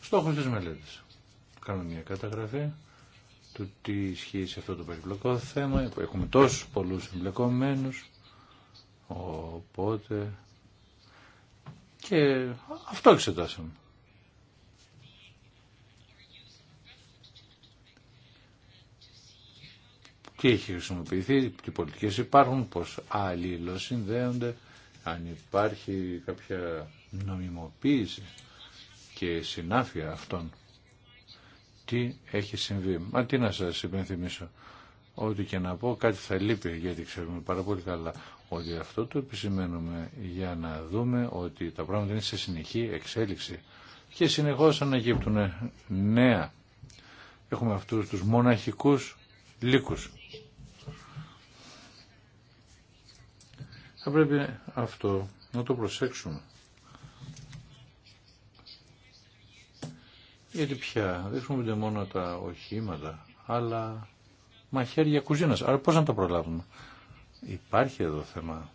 Στόχος της μελέτης. Κάνουμε μια καταγραφή του τι ισχύει σε αυτό το περιπλοκό θέμα, που έχουμε τόσους πολλούς εμπλεκομένους, οπότε και αυτό εξετάσαμε. τι έχει χρησιμοποιηθεί, τι πολιτικές υπάρχουν, πώς αλληλοσυνδέονται, αν υπάρχει κάποια νομιμοποίηση και συνάφεια αυτών. Τι έχει συμβεί. Μα τι να σας υπενθυμίσω. Ό,τι και να πω κάτι θα λείπει γιατί ξέρουμε πάρα πολύ καλά ότι αυτό το επισημαίνουμε για να δούμε ότι τα πράγματα είναι σε συνεχή εξέλιξη και συνεχώς αναγύπτουν νέα. Έχουμε αυτούς τους μοναχικούς λύκους Θα πρέπει αυτό να το προσέξουμε. Γιατί πια δεν χρησιμοποιούνται μόνο τα οχήματα, αλλά μαχαίρια κουζίνας. Άρα πώς να τα προλάβουμε. Υπάρχει εδώ θέμα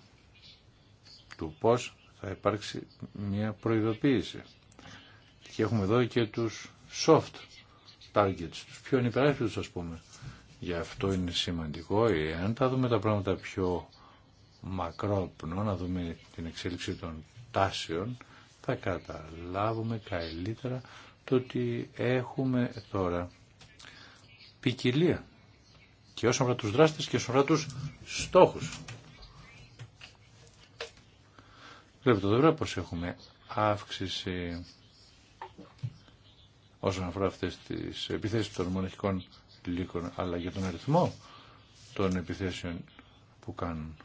του πώς θα υπάρξει μια προειδοποίηση. Και έχουμε εδώ και τους soft targets, τους πιο ανυπεράσπιτους ας πούμε. Γι' αυτό είναι σημαντικό, εάν τα δούμε τα πράγματα πιο μακρόπνο, να δούμε την εξέλιξη των τάσεων, θα καταλάβουμε καλύτερα το ότι έχουμε τώρα ποικιλία και όσον αφορά τους δράστες και όσον αφορά τους στόχους. Βλέπετε εδώ πως έχουμε αύξηση όσον αφορά αυτές τις επιθέσεις των μοναχικών λύκων, αλλά για τον αριθμό των επιθέσεων που κάνουν.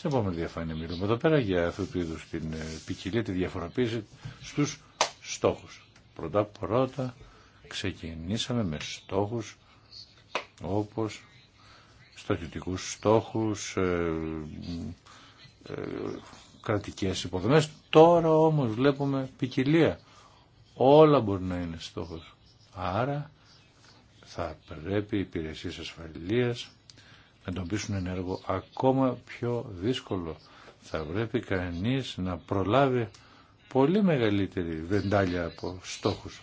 Στην επόμενη διαφάνεια μιλούμε εδώ πέρα για αυτού του είδου την ε, ποικιλία, τη διαφοροποίηση στους στόχους. Πρώτα πρώτα ξεκινήσαμε με στόχους όπως στρατιωτικού στόχους, ε, ε, κρατικές υποδομές. Τώρα όμως βλέπουμε ποικιλία. Όλα μπορεί να είναι στόχος. Άρα θα πρέπει οι υπηρεσίες ασφαλείας εντοπίσουν ένα έργο ακόμα πιο δύσκολο. Θα πρέπει κανείς να προλάβει πολύ μεγαλύτερη βεντάλια από στόχους.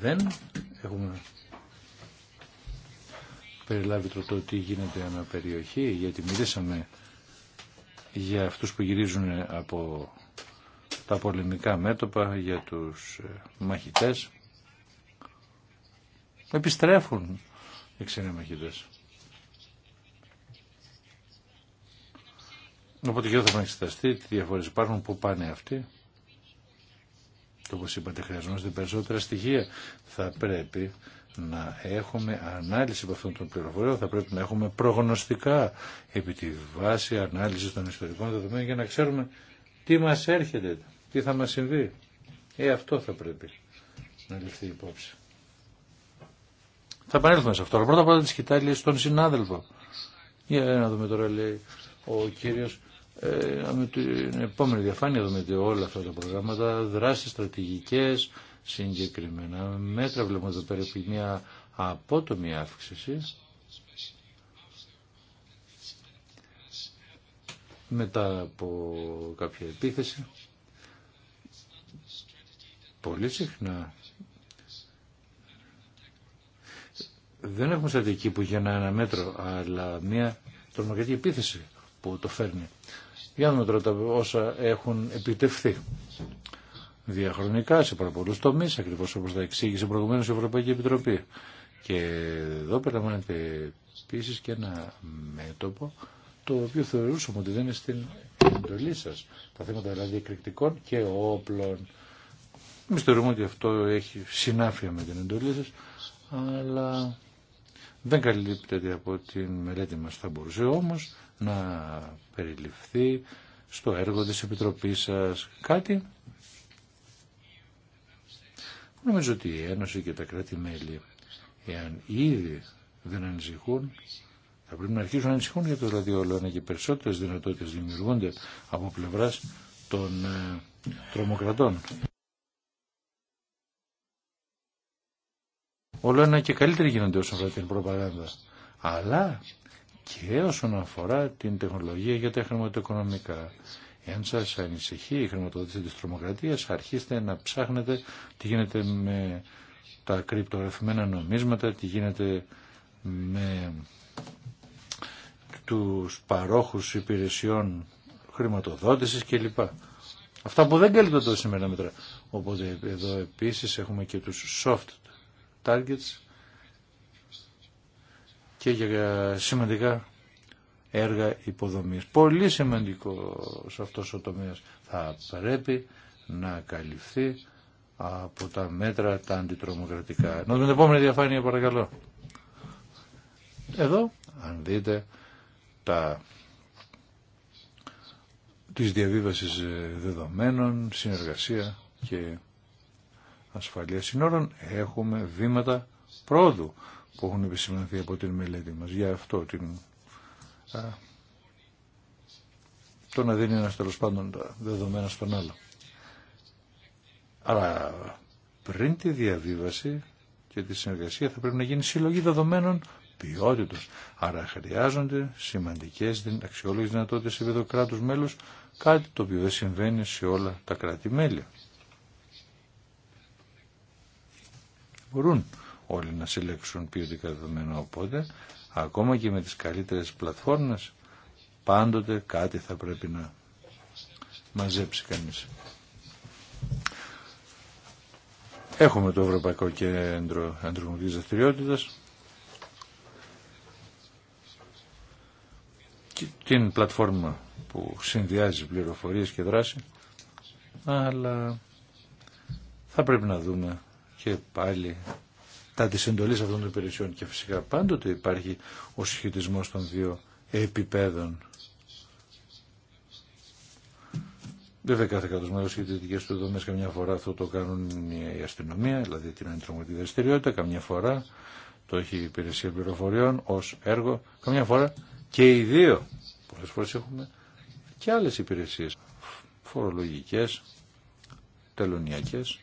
Δεν έχουμε περιλάβει το, τι γίνεται ανά περιοχή, γιατί μιλήσαμε για αυτούς που γυρίζουν από τα πολεμικά μέτωπα, για τους ε, μαχητές επιστρέφουν οι ξένοι μαχητές. Οπότε και εδώ θα πρέπει να εξεταστεί τι διαφορές υπάρχουν, πού πάνε αυτοί. Και όπως είπατε χρειαζόμαστε περισσότερα στοιχεία. Θα πρέπει να έχουμε ανάλυση από αυτόν των πληροφοριών, θα πρέπει να έχουμε προγνωστικά επί τη βάση ανάλυση των ιστορικών δεδομένων για να ξέρουμε τι μας έρχεται, τι θα μας συμβεί. Ε, αυτό θα πρέπει να ληφθεί υπόψη. Θα επανέλθουμε σε αυτό. Αλλά πρώτα απ' όλα τη λέει στον συνάδελφο. Για να δούμε τώρα, λέει ο κύριο. Ε, με την επόμενη διαφάνεια δούμε όλα αυτά τα προγράμματα, δράσεις στρατηγικές, συγκεκριμένα μέτρα βλέπουμε εδώ πέρα μια απότομη αύξηση μετά από κάποια επίθεση πολύ συχνά δεν έχουμε στρατηγική που για ένα μέτρο, αλλά μια τρομοκρατική επίθεση που το φέρνει. Για να δούμε τώρα όσα έχουν επιτευχθεί. Διαχρονικά σε πάρα πολλού τομεί, ακριβώ όπω τα εξήγησε προηγουμένω η Ευρωπαϊκή Επιτροπή. Και εδώ περιλαμβάνεται επίση και ένα μέτωπο το οποίο θεωρούσαμε ότι δεν είναι στην εντολή σα. Τα θέματα δηλαδή εκρηκτικών και όπλων. Εμεί θεωρούμε ότι αυτό έχει συνάφεια με την εντολή σα, αλλά δεν καλύπτεται από την μελέτη μας. Θα μπορούσε όμως να περιληφθεί στο έργο της Επιτροπής σας κάτι. Νομίζω ότι η Ένωση και τα κράτη-μέλη, εάν ήδη δεν ανησυχούν, θα πρέπει να αρχίσουν να ανησυχούν για το ραδιόλο, και περισσότερες δυνατότητες δημιουργούνται από πλευράς των ε, τρομοκρατών. όλο ένα και καλύτερη γίνονται όσον αφορά την προπαγάνδα. Αλλά και όσον αφορά την τεχνολογία για τα χρηματοοικονομικά. Εάν σα ανησυχεί η χρηματοδότηση τη τρομοκρατία, αρχίστε να ψάχνετε τι γίνεται με τα κρυπτογραφημένα νομίσματα, τι γίνεται με τους παρόχους υπηρεσιών χρηματοδότησης κλπ. Αυτά που δεν καλύπτονται σήμερα μέτρα. Οπότε εδώ επίσης έχουμε και τους soft targets και για σημαντικά έργα υποδομής. Πολύ σημαντικό σε αυτός ο τομέας θα πρέπει να καλυφθεί από τα μέτρα τα αντιτρομοκρατικά. Να την επόμενη διαφάνεια παρακαλώ. Εδώ, αν δείτε τα της διαβίβασης δεδομένων, συνεργασία και ασφαλείας συνόρων έχουμε βήματα πρόοδου που έχουν επισημανθεί από την μελέτη μας για αυτό την, α, το να δίνει ένα τέλο πάντων τα δεδομένα στον άλλο. Αλλά πριν τη διαβίβαση και τη συνεργασία θα πρέπει να γίνει συλλογή δεδομένων ποιότητος. Άρα χρειάζονται σημαντικές αξιόλογες δυνατότητες επί το κράτους μέλους, κάτι το οποίο δεν συμβαίνει σε όλα τα κράτη-μέλη. μπορούν όλοι να συλλέξουν ποιοτικά δεδομένα. Οπότε, ακόμα και με τις καλύτερες πλατφόρμες, πάντοτε κάτι θα πρέπει να μαζέψει κανείς. Έχουμε το Ευρωπαϊκό Κέντρο Αντρογνωτικής Δραστηριότητα. και την πλατφόρμα που συνδυάζει πληροφορίες και δράση αλλά θα πρέπει να δούμε και πάλι τα της εντολής αυτών των υπηρεσιών και φυσικά πάντοτε υπάρχει ο συσχετισμός των δύο επιπέδων. Βέβαια κάθε κράτος μέλος του δομές καμιά φορά αυτό το κάνουν η αστυνομία, δηλαδή την αντιτρομοκρατική δραστηριότητα, καμιά φορά το έχει η υπηρεσία πληροφοριών ως έργο, καμιά φορά και οι δύο. Πολλές φορές έχουμε και άλλες υπηρεσίες φορολογικές, τελωνιακές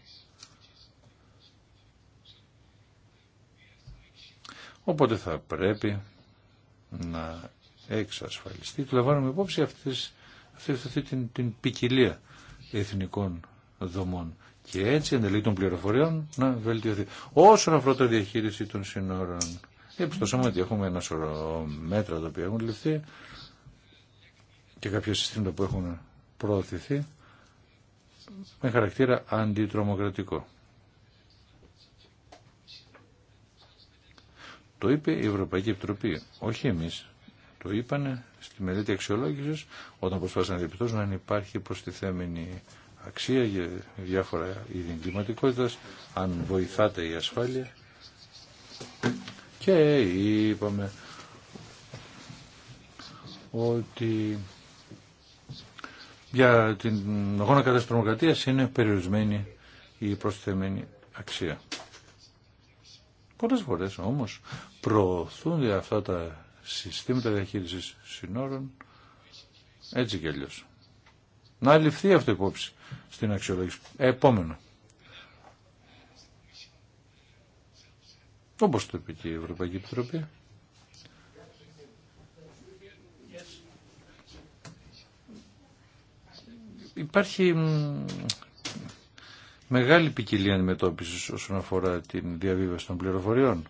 Οπότε θα πρέπει να εξασφαλιστεί, του λαμβάνουμε υπόψη αυτής, αυτή την, την ποικιλία εθνικών δομών. Και έτσι εντελεί των πληροφοριών να βελτιωθεί. Όσον αφορά τη διαχείριση των σύνορων, διαπιστώσαμε ότι έχουμε ένα σωρό μέτρα τα οποία έχουν ληφθεί και κάποια συστήματα που έχουν προωθηθεί με χαρακτήρα αντιτρομοκρατικό. Το είπε η Ευρωπαϊκή Επιτροπή, όχι εμεί. Το είπανε στη μελέτη αξιολόγηση όταν προσπάθησαν να διαπιστώσουν αν υπάρχει προστιθέμενη αξία για διάφορα είδη εγκληματικότητα, αν βοηθάται η ασφάλεια. Και είπαμε ότι για την αγώνα κατά της είναι περιορισμένη η προστιθέμενη αξία. Πολλέ φορές όμως προωθούνται αυτά τα συστήματα διαχείρισης συνόρων έτσι κι αλλιώς. Να ληφθεί αυτό υπόψη στην αξιολόγηση. Επόμενο. Όπως το είπε και η Ευρωπαϊκή Επιτροπή. Υπάρχει μεγάλη ποικιλία αντιμετώπιση όσον αφορά την διαβίβαση των πληροφοριών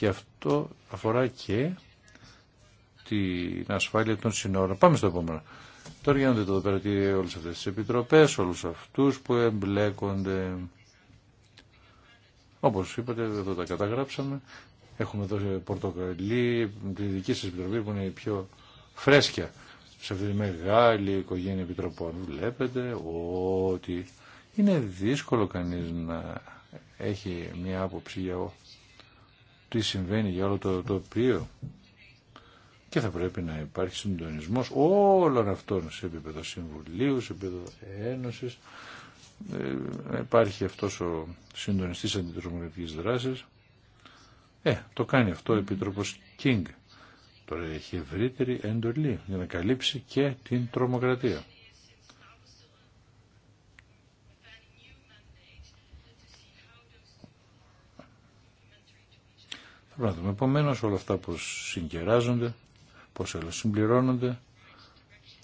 και αυτό αφορά και την ασφάλεια των συνόρων. Πάμε στο επόμενο. Τώρα για να δείτε εδώ πέρα τι όλες αυτές τις επιτροπές, όλους αυτούς που εμπλέκονται. Όπως είπατε, εδώ τα καταγράψαμε. Έχουμε εδώ πορτοκαλί, τη δική σας επιτροπή που είναι η πιο φρέσκια σε αυτή τη μεγάλη οικογένεια επιτροπών. Βλέπετε ότι είναι δύσκολο κανείς να έχει μια άποψη για τι συμβαίνει για όλο το τοπίο και θα πρέπει να υπάρχει συντονισμός όλων αυτών σε επίπεδο συμβουλίου, σε επίπεδο ένωσης. Ε, υπάρχει αυτός ο συντονιστής αντιτρομοκρατικής δράσης. Ε, το κάνει αυτό ο Επίτροπος Κίνγκ. Τώρα έχει ευρύτερη εντολή για να καλύψει και την τρομοκρατία. να δούμε επομένω όλα αυτά πώ συγκεράζονται, πώ συμπληρώνονται,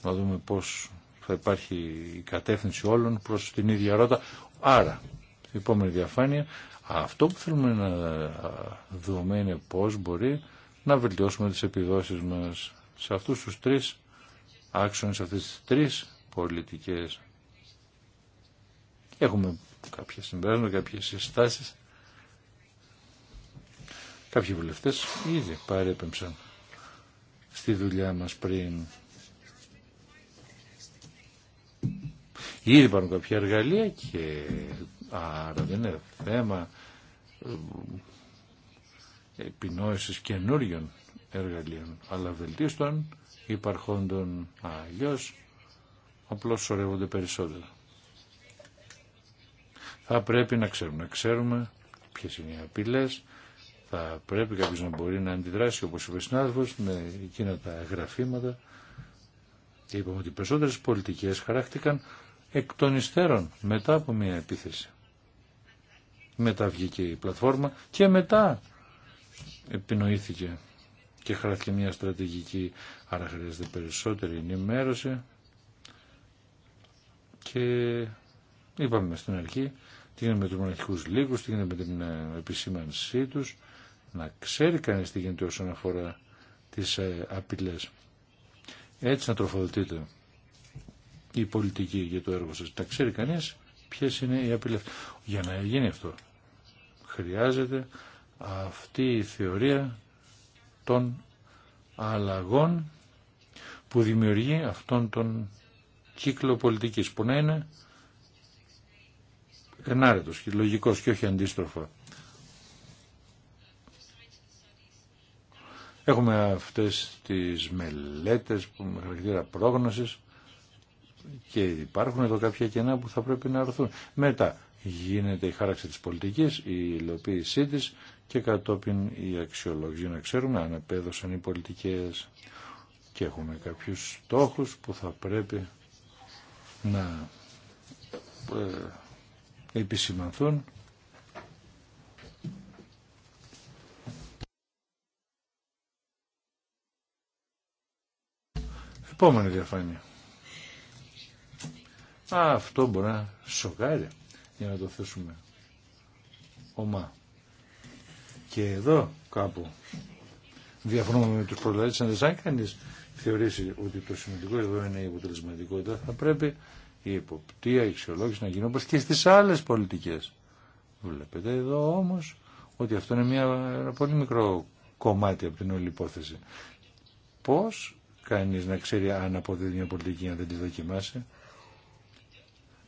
να δούμε πώς θα υπάρχει η κατεύθυνση όλων προς την ίδια ρότα. Άρα, η επόμενη διαφάνεια, αυτό που θέλουμε να δούμε είναι πώς μπορεί να βελτιώσουμε τις επιδόσεις μας σε αυτούς τους τρεις άξονες, σε αυτές τις τρεις πολιτικές. Έχουμε κάποια συμπέρασματα, κάποιες συστάσει. Κάποιοι βουλευτές ήδη παρέπεμψαν στη δουλειά μας πριν. Ήδη υπάρχουν κάποια εργαλεία και άρα δεν είναι θέμα ε, επινόησης καινούριων εργαλείων, αλλά βελτίστων υπαρχόντων αλλιώ απλώς σωρεύονται περισσότερα. Θα πρέπει να ξέρουμε, να ξέρουμε ποιες είναι οι απειλές, θα πρέπει κάποιος να μπορεί να αντιδράσει όπως είπε ο συνάδελφος με εκείνα τα γραφήματα και είπαμε ότι οι περισσότερες πολιτικές χαράχτηκαν εκ των υστέρων μετά από μια επίθεση. Μετά βγήκε η πλατφόρμα και μετά επινοήθηκε και χαράχτηκε μια στρατηγική άρα χρειάζεται περισσότερη ενημέρωση και είπαμε στην αρχή τι γίνεται με τους μοναχικούς τι γίνεται με την επισήμανσή τους να ξέρει κανείς τι γίνεται όσον αφορά τις ε, απειλές. Έτσι να τροφοδοτείται η πολιτική για το έργο σας. Να ξέρει κανείς ποιες είναι οι απειλές. Για να γίνει αυτό χρειάζεται αυτή η θεωρία των αλλαγών που δημιουργεί αυτόν τον κύκλο πολιτικής που να είναι ενάρετος και λογικός και όχι αντίστροφο Έχουμε αυτές τις μελέτες που με χαρακτήρα πρόγνωσης και υπάρχουν εδώ κάποια κενά που θα πρέπει να αρθούν. Μετά γίνεται η χάραξη της πολιτικής, η υλοποίησή της και κατόπιν η αξιολόγηση. Να ξέρουμε αν επέδωσαν οι πολιτικές και έχουμε κάποιους στόχους που θα πρέπει να ε, επισημανθούν Επόμενη διαφάνεια. Α, αυτό μπορεί να σοκάρει για να το θέσουμε ομά. Και εδώ κάπου διαφωνούμε με τους προλαλήτες Αν κανείς θεωρήσει ότι το σημαντικό εδώ είναι η αποτελεσματικότητα, θα πρέπει η υποπτία η αξιολόγηση να γίνει όπως και στις άλλες πολιτικές. Βλέπετε εδώ όμως ότι αυτό είναι μια, ένα πολύ μικρό κομμάτι από την όλη υπόθεση. Πώς κανείς να ξέρει αν αποδίδει μια πολιτική, αν δεν τη δοκιμάσει.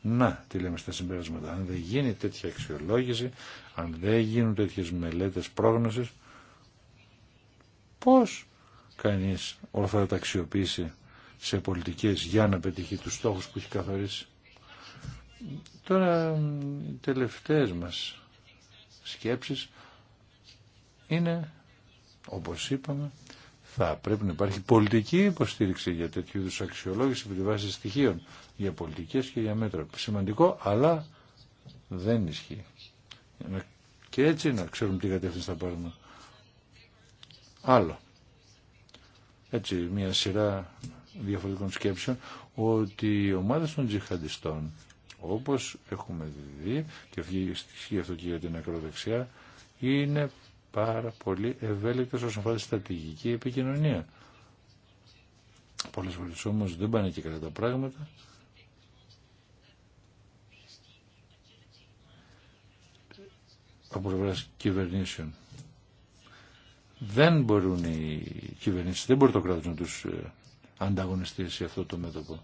Να, τι λέμε στα συμπέρασματα. Αν δεν γίνει τέτοια αξιολόγηση, αν δεν γίνουν τέτοιες μελέτες πρόγνωσης, πώς κανείς ορθά τα αξιοποιήσει σε πολιτικές για να πετύχει τους στόχους που έχει καθορίσει. Τώρα, οι τελευταίες μας σκέψεις είναι, όπως είπαμε, θα πρέπει να υπάρχει πολιτική υποστήριξη για τέτοιου είδου αξιολόγηση επί τη βάση στοιχείων για πολιτικές και για μέτρα. Σημαντικό, αλλά δεν ισχύει. Και έτσι να ξέρουμε τι κατεύθυνση θα πάρουμε. Άλλο. Έτσι, μια σειρά διαφορετικών σκέψεων ότι οι ομάδες των τζιχαντιστών όπως έχουμε δει και φύγει αυτό και για την ακροδεξιά είναι πάρα πολύ ευέλικτος όσον αφορά τη στρατηγική επικοινωνία. Πολλές φορές όμως δεν πάνε και καλά τα πράγματα. από πλευρά κυβερνήσεων. Δεν μπορούν οι κυβερνήσει, δεν μπορεί το κράτο να του ε, ανταγωνιστεί σε αυτό το μέτωπο.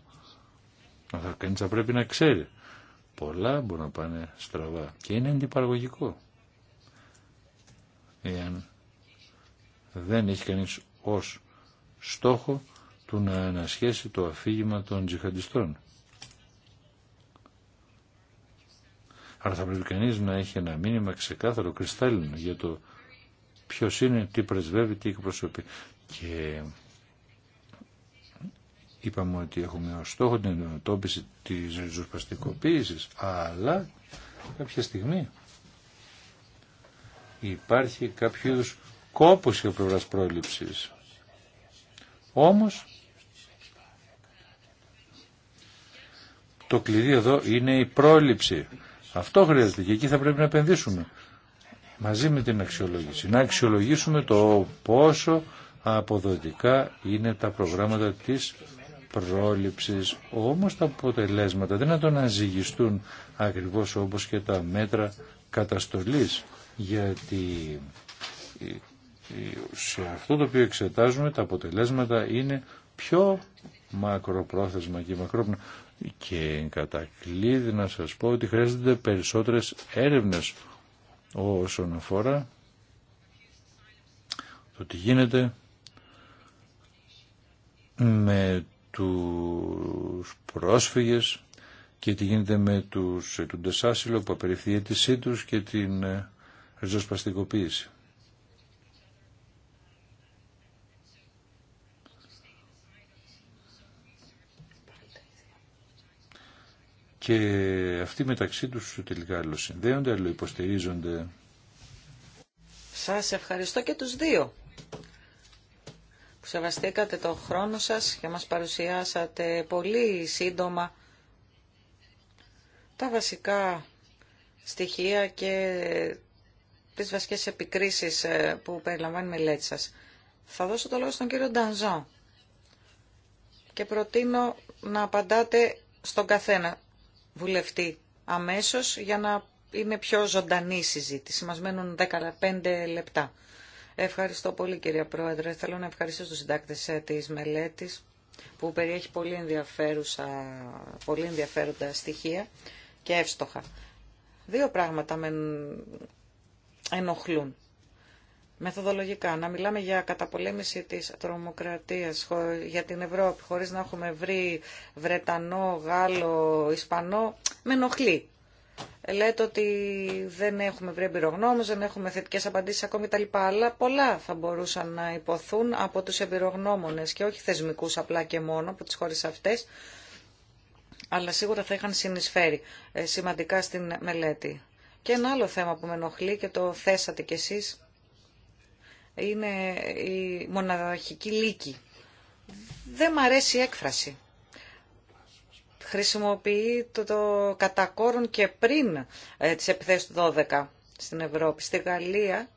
Αλλά κανεί θα πρέπει να ξέρει. Πολλά μπορούν να πάνε στραβά και είναι αντιπαραγωγικό εάν δεν έχει κανείς ως στόχο του να ανασχέσει το αφήγημα των τζιχαντιστών. Άρα θα πρέπει κανεί να έχει ένα μήνυμα ξεκάθαρο, κρυστάλλινο για το ποιος είναι, τι πρεσβεύει, τι εκπροσωπεί. Και είπαμε ότι έχουμε ως στόχο την αντιμετώπιση της ριζοσπαστικοποίησης, αλλά κάποια στιγμή υπάρχει κάποιο είδου κόπος για πλευρά πρόληψης. Όμως, το κλειδί εδώ είναι η πρόληψη. Αυτό χρειάζεται και εκεί θα πρέπει να επενδύσουμε. Μαζί με την αξιολόγηση. Να αξιολογήσουμε το πόσο αποδοτικά είναι τα προγράμματα της πρόληψης. Όμως τα αποτελέσματα δεν είναι το να ζυγιστούν ακριβώς όπως και τα μέτρα καταστολής γιατί σε αυτό το οποίο εξετάζουμε τα αποτελέσματα είναι πιο μακροπρόθεσμα και μακρόπνα. Και κατακλείδη να σας πω ότι χρειάζονται περισσότερες έρευνες όσον αφορά το τι γίνεται με τους πρόσφυγες και τι γίνεται με τους ετούντες που απεριφθεί η αίτησή τους και την ριζοσπαστικοποίηση. Και αυτοί μεταξύ τους τελικά αλληλοσυνδέονται, αλλοϊποστηρίζονται. Σας ευχαριστώ και τους δύο που σεβαστήκατε το χρόνο σας και μας παρουσιάσατε πολύ σύντομα τα βασικά στοιχεία και τις βασικές επικρίσεις ε, που περιλαμβάνει η μελέτη σας. Θα δώσω το λόγο στον κύριο Ντανζό και προτείνω να απαντάτε στον καθένα βουλευτή αμέσως για να είναι πιο ζωντανή η συζήτηση. Μας μένουν 15 λεπτά. Ευχαριστώ πολύ κυρία Πρόεδρε. Θέλω να ευχαριστήσω τους συντάκτες ε, της μελέτης που περιέχει πολύ, ενδιαφέρουσα, πολύ ενδιαφέροντα στοιχεία και εύστοχα. Δύο πράγματα με ενοχλούν. Μεθοδολογικά, να μιλάμε για καταπολέμηση της τρομοκρατίας για την Ευρώπη χωρίς να έχουμε βρει Βρετανό, Γάλλο, Ισπανό, με ενοχλεί. Λέτε ότι δεν έχουμε βρει εμπειρογνώμους, δεν έχουμε θετικές απαντήσεις ακόμη τα λοιπά, αλλά πολλά θα μπορούσαν να υποθούν από τους εμπειρογνώμονες και όχι θεσμικούς απλά και μόνο από τις χώρες αυτές, αλλά σίγουρα θα είχαν συνεισφέρει ε, σημαντικά στην μελέτη. Και ένα άλλο θέμα που με ενοχλεί και το θέσατε κι εσείς είναι η μοναδοχική λύκη. Δεν μ' αρέσει η έκφραση. Χρησιμοποιεί το, το κατακόρον και πριν ε, τις επιθέσεις του 12 στην Ευρώπη. Στη Γαλλία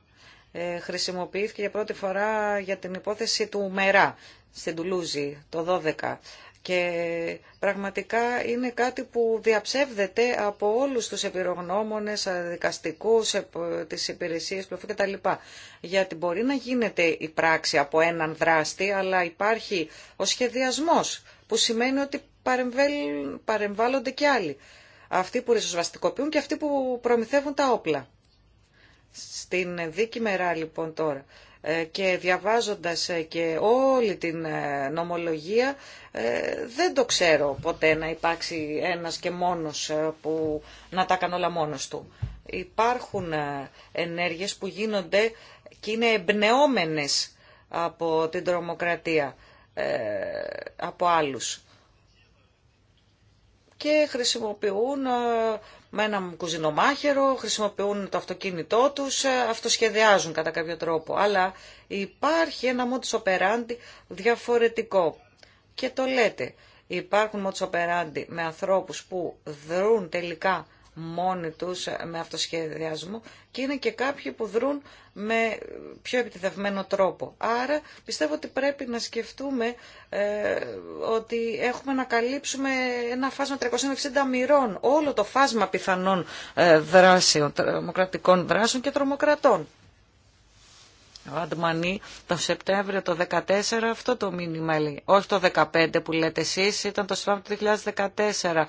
ε, χρησιμοποιήθηκε για πρώτη φορά για την υπόθεση του Μερά στην Τουλούζη το 12 και πραγματικά είναι κάτι που διαψεύδεται από όλους τους επιρρογνώμονες, ε, δικαστικούς, ε, τις υπηρεσίες, πλοφή κτλ. Γιατί μπορεί να γίνεται η πράξη από έναν δράστη, αλλά υπάρχει ο σχεδιασμός, που σημαίνει ότι παρεμβάλλονται και άλλοι. Αυτοί που ριζοσβαστικοποιούν και αυτοί που προμηθεύουν τα όπλα. Στην δίκη μερά λοιπόν τώρα. Ε, και διαβάζοντας ε, και όλη την ε, νομολογία δεν το ξέρω ποτέ να υπάρξει ένας και μόνος που να τα κάνει όλα μόνος του. Υπάρχουν ενέργειες που γίνονται και είναι εμπνεόμενες από την τρομοκρατία, από άλλους και χρησιμοποιούν ε, με ένα κουζινομάχαιρο, χρησιμοποιούν το αυτοκίνητό τους, ε, αυτοσχεδιάζουν κατά κάποιο τρόπο. Αλλά υπάρχει ένα modus operandi διαφορετικό. Και το λέτε, υπάρχουν modus operandi με ανθρώπους που δρούν τελικά μόνοι τους ε, με αυτοσχεδιασμό και είναι και κάποιοι που δρούν με πιο επιτεδευμένο τρόπο. Άρα πιστεύω ότι πρέπει να σκεφτούμε ε, ότι έχουμε να καλύψουμε ένα φάσμα 360 μοιρών, όλο το φάσμα πιθανών ε, δράσεων, τρομοκρατικών δράσεων και τρομοκρατών. Ο Αντμανί το Σεπτέμβριο το 2014 αυτό το μήνυμα λέει. Όχι το 2015 που λέτε εσείς, ήταν το Σεπτέμβριο του 2014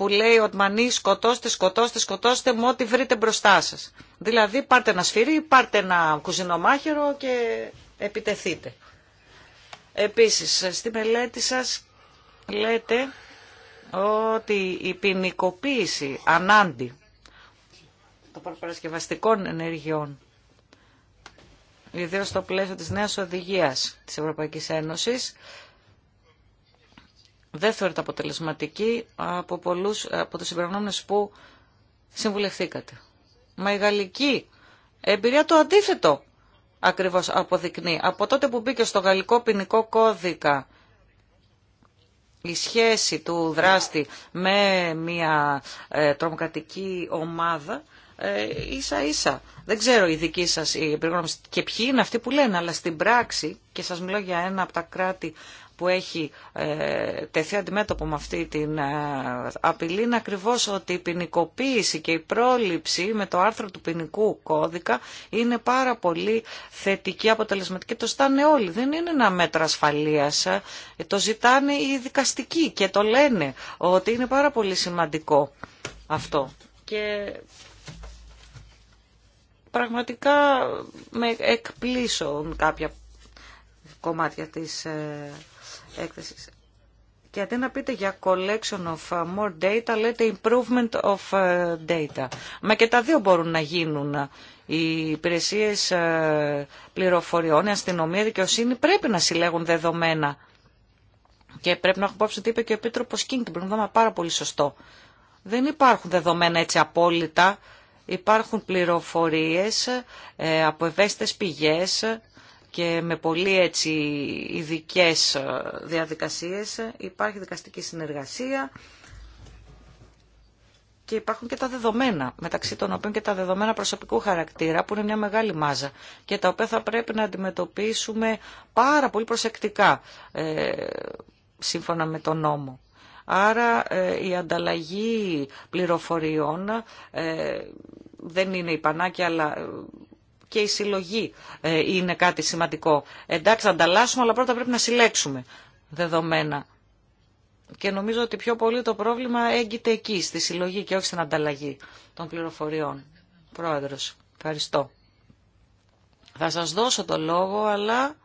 που λέει μανί σκοτώστε, σκοτώστε, σκοτώστε με ό,τι βρείτε μπροστά σας». Δηλαδή πάρτε ένα σφυρί, πάρτε ένα κουζινομάχαιρο και επιτεθείτε. Επίσης, στη μελέτη σα. λέτε ότι η ποινικοποίηση ανάντι των προπαρασκευαστικών ενεργειών ιδίως στο πλαίσιο της νέας οδηγίας της Ευρωπαϊκής Ένωσης, δεν θεωρείται αποτελεσματική από, πολλούς, από τους συμπεριλαμβανόμενους που συμβουλευθήκατε. Μα η γαλλική εμπειρία το αντίθετο ακριβώς αποδεικνύει. Από τότε που μπήκε στο γαλλικό ποινικό κώδικα η σχέση του δράστη με μια ε, τρομοκρατική ομάδα ε, ίσα ίσα. Δεν ξέρω οι δικοί σας οι και ποιοι είναι αυτοί που λένε, αλλά στην πράξη, και σας μιλώ για ένα από τα κράτη που έχει ε, τεθεί αντιμέτωπο με αυτή την ε, απειλή είναι ακριβώς ότι η ποινικοποίηση και η πρόληψη με το άρθρο του ποινικού κώδικα είναι πάρα πολύ θετική, αποτελεσματική. Το ζητάνε όλοι. Δεν είναι ένα μέτρο ασφαλείας. Ε, το ζητάνε οι δικαστικοί και το λένε ότι είναι πάρα πολύ σημαντικό αυτό. Και πραγματικά με εκπλήσουν κάποια κομμάτια της και αντί να πείτε για collection of uh, more data, λέτε improvement of uh, data. Μα και τα δύο μπορούν να γίνουν. Οι υπηρεσίε uh, πληροφοριών, η αστυνομία, η δικαιοσύνη πρέπει να συλλέγουν δεδομένα. Και πρέπει να έχουν υπόψη ότι είπε και ο Επίτροπο Κίνγκ την προηγούμενη πάρα πολύ σωστό. Δεν υπάρχουν δεδομένα έτσι απόλυτα. Υπάρχουν πληροφορίες ε, από ευαίσθητες πηγές και με πολύ έτσι ειδικέ ε, διαδικασίες. Υπάρχει δικαστική συνεργασία και υπάρχουν και τα δεδομένα, μεταξύ των οποίων και τα δεδομένα προσωπικού χαρακτήρα, που είναι μια μεγάλη μάζα και τα οποία θα πρέπει να αντιμετωπίσουμε πάρα πολύ προσεκτικά, ε, σύμφωνα με τον νόμο. Άρα ε, η ανταλλαγή πληροφοριών δεν είναι η πανάκια, αλλά και η συλλογή ε, είναι κάτι σημαντικό. Εντάξει, θα ανταλλάσσουμε, αλλά πρώτα πρέπει να συλλέξουμε δεδομένα. Και νομίζω ότι πιο πολύ το πρόβλημα έγκυται εκεί, στη συλλογή και όχι στην ανταλλαγή των πληροφοριών. Πρόεδρος, ευχαριστώ. Θα σας δώσω το λόγο, αλλά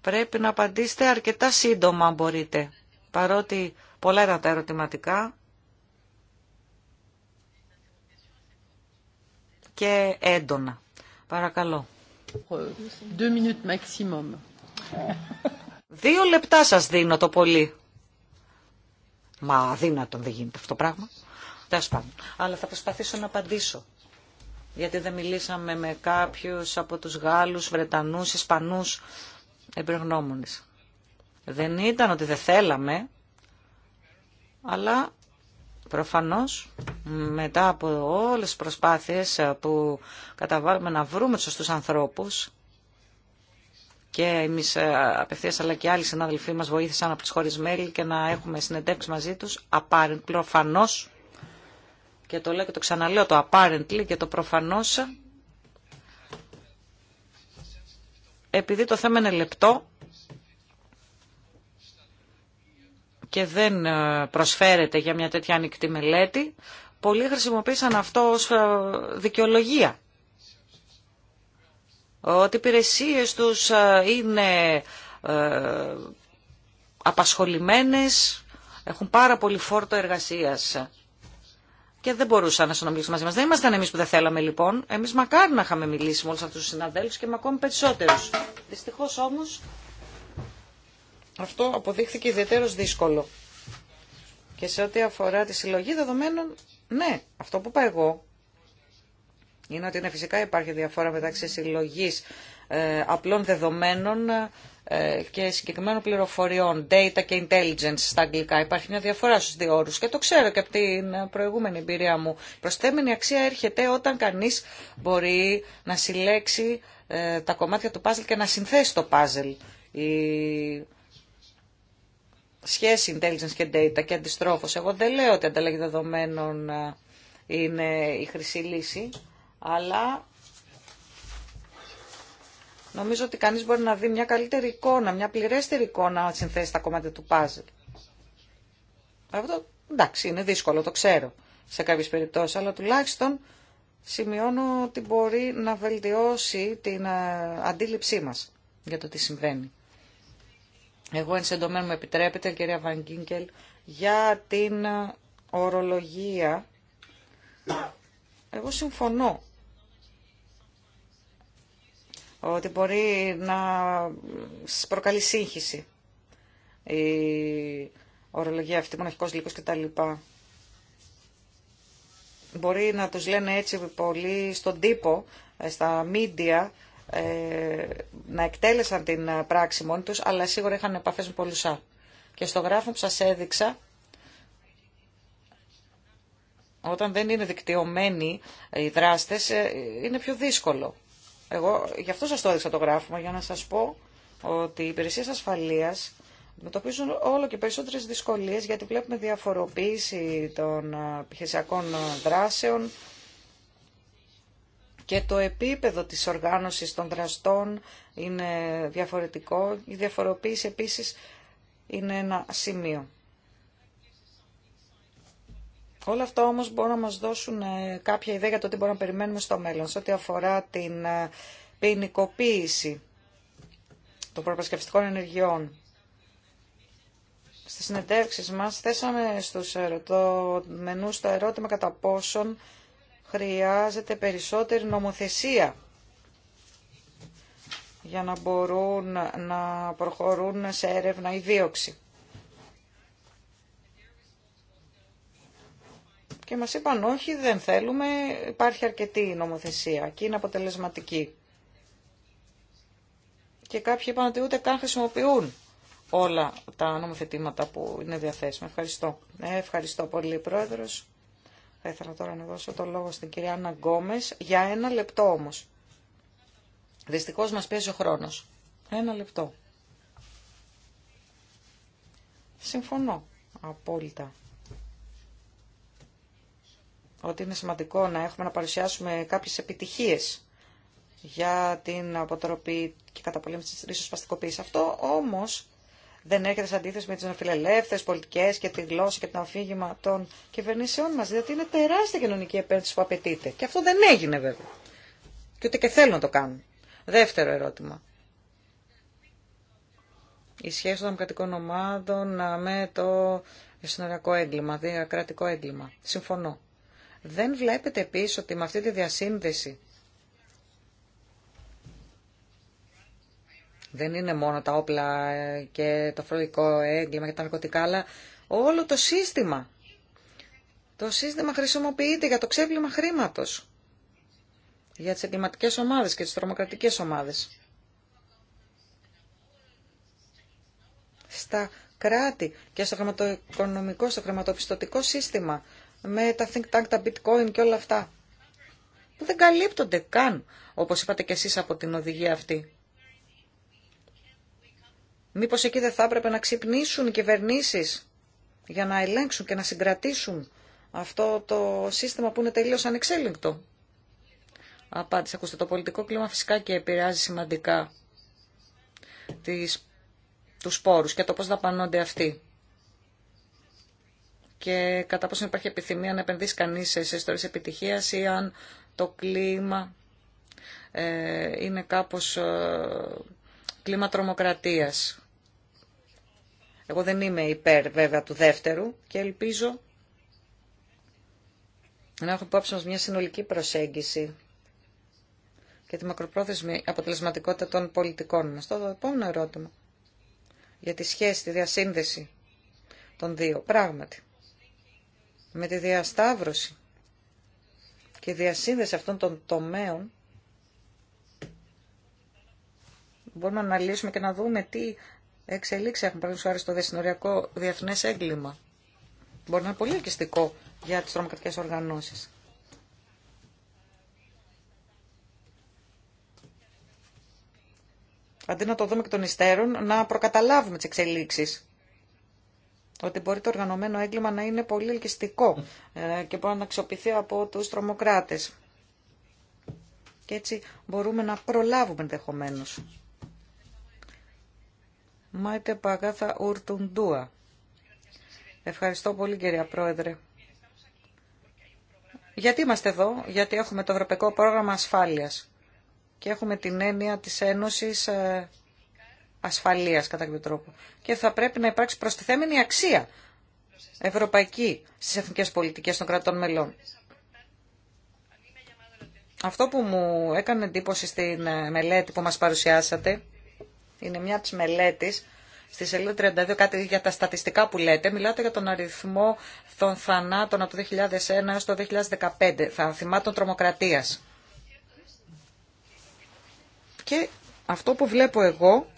πρέπει να απαντήσετε αρκετά σύντομα αν μπορείτε. Παρότι πολλά ήταν τα ερωτηματικά και έντονα. Παρακαλώ. Δύο λεπτά σας δίνω το πολύ. Μα αδύνατον δεν γίνεται αυτό το πράγμα. Τέλος Αλλά θα προσπαθήσω να απαντήσω. Γιατί δεν μιλήσαμε με κάποιους από τους Γάλλους, Βρετανούς, Ισπανούς εμπρεγνώμονες. Δεν ήταν ότι δεν θέλαμε, αλλά Προφανώς μετά από όλες τις προσπάθειες ε, που καταβάλουμε να βρούμε τους σωστούς ανθρώπους και εμείς ε, απευθείας αλλά και άλλοι συνάδελφοί μας βοήθησαν από τις χώρες μέλη και να έχουμε συνεντεύξει μαζί τους, απάρεν προφανώς και το λέω και το ξαναλέω το apparently και το προφανώς επειδή το θέμα είναι λεπτό και δεν ε, προσφέρεται για μια τέτοια ανοιχτή μελέτη, πολλοί χρησιμοποίησαν αυτό ως ε, δικαιολογία. Ότι οι υπηρεσίε τους ε, είναι απασχολημένες, έχουν πάρα πολύ φόρτο εργασίας και δεν μπορούσαν να συνομιλήσουν μαζί μα. Δεν ήμασταν εμείς που δεν θέλαμε λοιπόν. Εμείς μακάρι να είχαμε μιλήσει με όλου αυτού του συναδέλφου και με ακόμη περισσότερου. Δυστυχώ όμω αυτό αποδείχθηκε ιδιαίτερος δύσκολο. Και σε ό,τι αφορά τη συλλογή δεδομένων, ναι, αυτό που είπα εγώ είναι ότι φυσικά υπάρχει διαφορά μεταξύ συλλογής ε, απλών δεδομένων ε, και συγκεκριμένων πληροφοριών, data και intelligence στα αγγλικά. Υπάρχει μια διαφορά στους δύο όρους και το ξέρω και από την προηγούμενη εμπειρία μου. Προσθέμενη αξία έρχεται όταν κανείς μπορεί να συλλέξει ε, τα κομμάτια του puzzle και να συνθέσει το puzzle. Η σχέση intelligence και data και αντιστρόφως. Εγώ δεν λέω ότι ανταλλαγή δεδομένων ε, είναι η χρυσή λύση, αλλά νομίζω ότι κανείς μπορεί να δει μια καλύτερη εικόνα, μια πληρέστερη εικόνα να συνθέσει τα κομμάτια του puzzle. Αυτό εντάξει είναι δύσκολο, το ξέρω σε κάποιες περιπτώσεις, αλλά τουλάχιστον σημειώνω ότι μπορεί να βελτιώσει την ε, αντίληψή μας για το τι συμβαίνει. Εγώ εν συντομένου με επιτρέπετε, κυρία Βαγκίνκελ, για την ε, ορολογία. Εγώ συμφωνώ ότι μπορεί να προκαλεί σύγχυση η ορολογία αυτή, μοναχικός λύκος λοιπά Μπορεί να τους λένε έτσι πολύ στον τύπο, ε, στα μίντια, ε, να εκτέλεσαν την ε, πράξη μόνοι τους, αλλά σίγουρα είχαν επαφές με πολλούς άλλους. Και στο γράφημα που σας έδειξα, όταν δεν είναι δικτυωμένοι οι δράστες, ε, είναι πιο δύσκολο. Εγώ γι' αυτό σας το έδειξα το γράφημα, για να σας πω ότι οι υπηρεσίε ασφαλείας αντιμετωπίζουν όλο και περισσότερες δυσκολίες γιατί βλέπουμε διαφοροποίηση των επιχειρησιακών δράσεων, και το επίπεδο της οργάνωσης των δραστών είναι διαφορετικό. Η διαφοροποίηση επίσης είναι ένα σημείο. Όλα αυτά όμως μπορούν να μας δώσουν ε, κάποια ιδέα για το τι μπορούμε να περιμένουμε στο μέλλον, σε ό,τι αφορά την ε, ποινικοποίηση των προπασκευαστικών ενεργειών. Στις συνεντεύξεις μας θέσαμε στους μενού το ερώτημα κατά πόσον χρειάζεται περισσότερη νομοθεσία για να μπορούν να προχωρούν σε έρευνα ή δίωξη. Και μας είπαν όχι, δεν θέλουμε, υπάρχει αρκετή νομοθεσία και είναι αποτελεσματική. Και κάποιοι είπαν ότι ούτε καν χρησιμοποιούν όλα τα νομοθετήματα που είναι διαθέσιμα. Ευχαριστώ. Ε, ευχαριστώ πολύ, Πρόεδρος. Θα ήθελα τώρα να δώσω το λόγο στην κυρία Άννα Γκόμες, για ένα λεπτό όμως. Δυστυχώς μας πιέζει ο χρόνος. Ένα λεπτό. Συμφωνώ απόλυτα ότι είναι σημαντικό να έχουμε να παρουσιάσουμε κάποιες επιτυχίες για την αποτροπή και καταπολέμηση της ρίσος παστικοποίησης. Αυτό όμως δεν έρχεται σε αντίθεση με τι νοφιλελεύθερε πολιτικές και τη γλώσσα και το αφήγημα των κυβερνήσεών μας, διότι είναι τεράστια κοινωνική επένδυση που απαιτείται. Και αυτό δεν έγινε βέβαια. Και ούτε και θέλουν να το κάνουν. Δεύτερο ερώτημα. Η σχέση των δημοκρατικών ομάδων με το συνοριακό έγκλημα, διακρατικό έγκλημα. Συμφωνώ. Δεν βλέπετε επίση ότι με αυτή τη διασύνδεση Δεν είναι μόνο τα όπλα και το φρολικό έγκλημα και τα ναρκωτικά, αλλά όλο το σύστημα. Το σύστημα χρησιμοποιείται για το ξέπλυμα χρήματος. Για τις εγκληματικές ομάδες και τις τρομοκρατικές ομάδες. Στα κράτη και στο χρηματοοικονομικό, στο χρηματοπιστωτικό σύστημα με τα think tank, τα bitcoin και όλα αυτά που δεν καλύπτονται καν, όπως είπατε κι εσείς από την οδηγία αυτή. Μήπως εκεί δεν θα έπρεπε να ξυπνήσουν οι κυβερνήσεις για να ελέγξουν και να συγκρατήσουν αυτό το σύστημα που είναι τελείως ανεξέλεγκτο. Απάντηση, ακούστε, το πολιτικό κλίμα φυσικά και επηρεάζει σημαντικά τις, τους πόρους και το πώς δαπανώνται αυτοί. Και κατά πόσο υπάρχει επιθυμία να επενδύσει κανείς σε ιστορίες επιτυχίας ή αν το κλίμα ε, είναι κάπως ε, κλίμα τρομοκρατίας. Εγώ δεν είμαι υπέρ βέβαια του δεύτερου και ελπίζω να έχω υπόψη μας μια συνολική προσέγγιση και τη μακροπρόθεσμη αποτελεσματικότητα των πολιτικών μας. Το επόμενο ερώτημα για τη σχέση, τη διασύνδεση των δύο. Πράγματι, με τη διασταύρωση και διασύνδεση αυτών των τομέων μπορούμε να αναλύσουμε και να δούμε τι εξελίξει έχουν παραδείγματο χάρη στο δεσυνοριακό διεθνέ έγκλημα. Μπορεί να είναι πολύ ελκυστικό για τι τρομοκρατικέ οργανώσει. Αντί να το δούμε και των υστέρων, να προκαταλάβουμε τι εξελίξει. Ότι μπορεί το οργανωμένο έγκλημα να είναι πολύ ελκυστικό ε, και μπορεί να αξιοποιηθεί από του τρομοκράτε. Και έτσι μπορούμε να προλάβουμε ενδεχομένω Μάιτε Παγάθα Ουρτουντούα. Ευχαριστώ πολύ κυρία Πρόεδρε. Γιατί είμαστε εδώ, γιατί έχουμε το Ευρωπαϊκό Πρόγραμμα Ασφάλειας και έχουμε την έννοια της Ένωσης ε, Ασφαλείας κατά κάποιο τρόπο. Και θα πρέπει να υπάρξει προστιθέμενη αξία ευρωπαϊκή στις εθνικές πολιτικές των κρατών μελών. Αυτό που μου έκανε εντύπωση στην ε, μελέτη που μας παρουσιάσατε είναι μια της μελέτης, στη σελίδα 32 κάτι για τα στατιστικά που λέτε, μιλάτε για τον αριθμό των θανάτων από το 2001 έως το 2015, θα θυμάτων τρομοκρατίας. Και αυτό που βλέπω εγώ,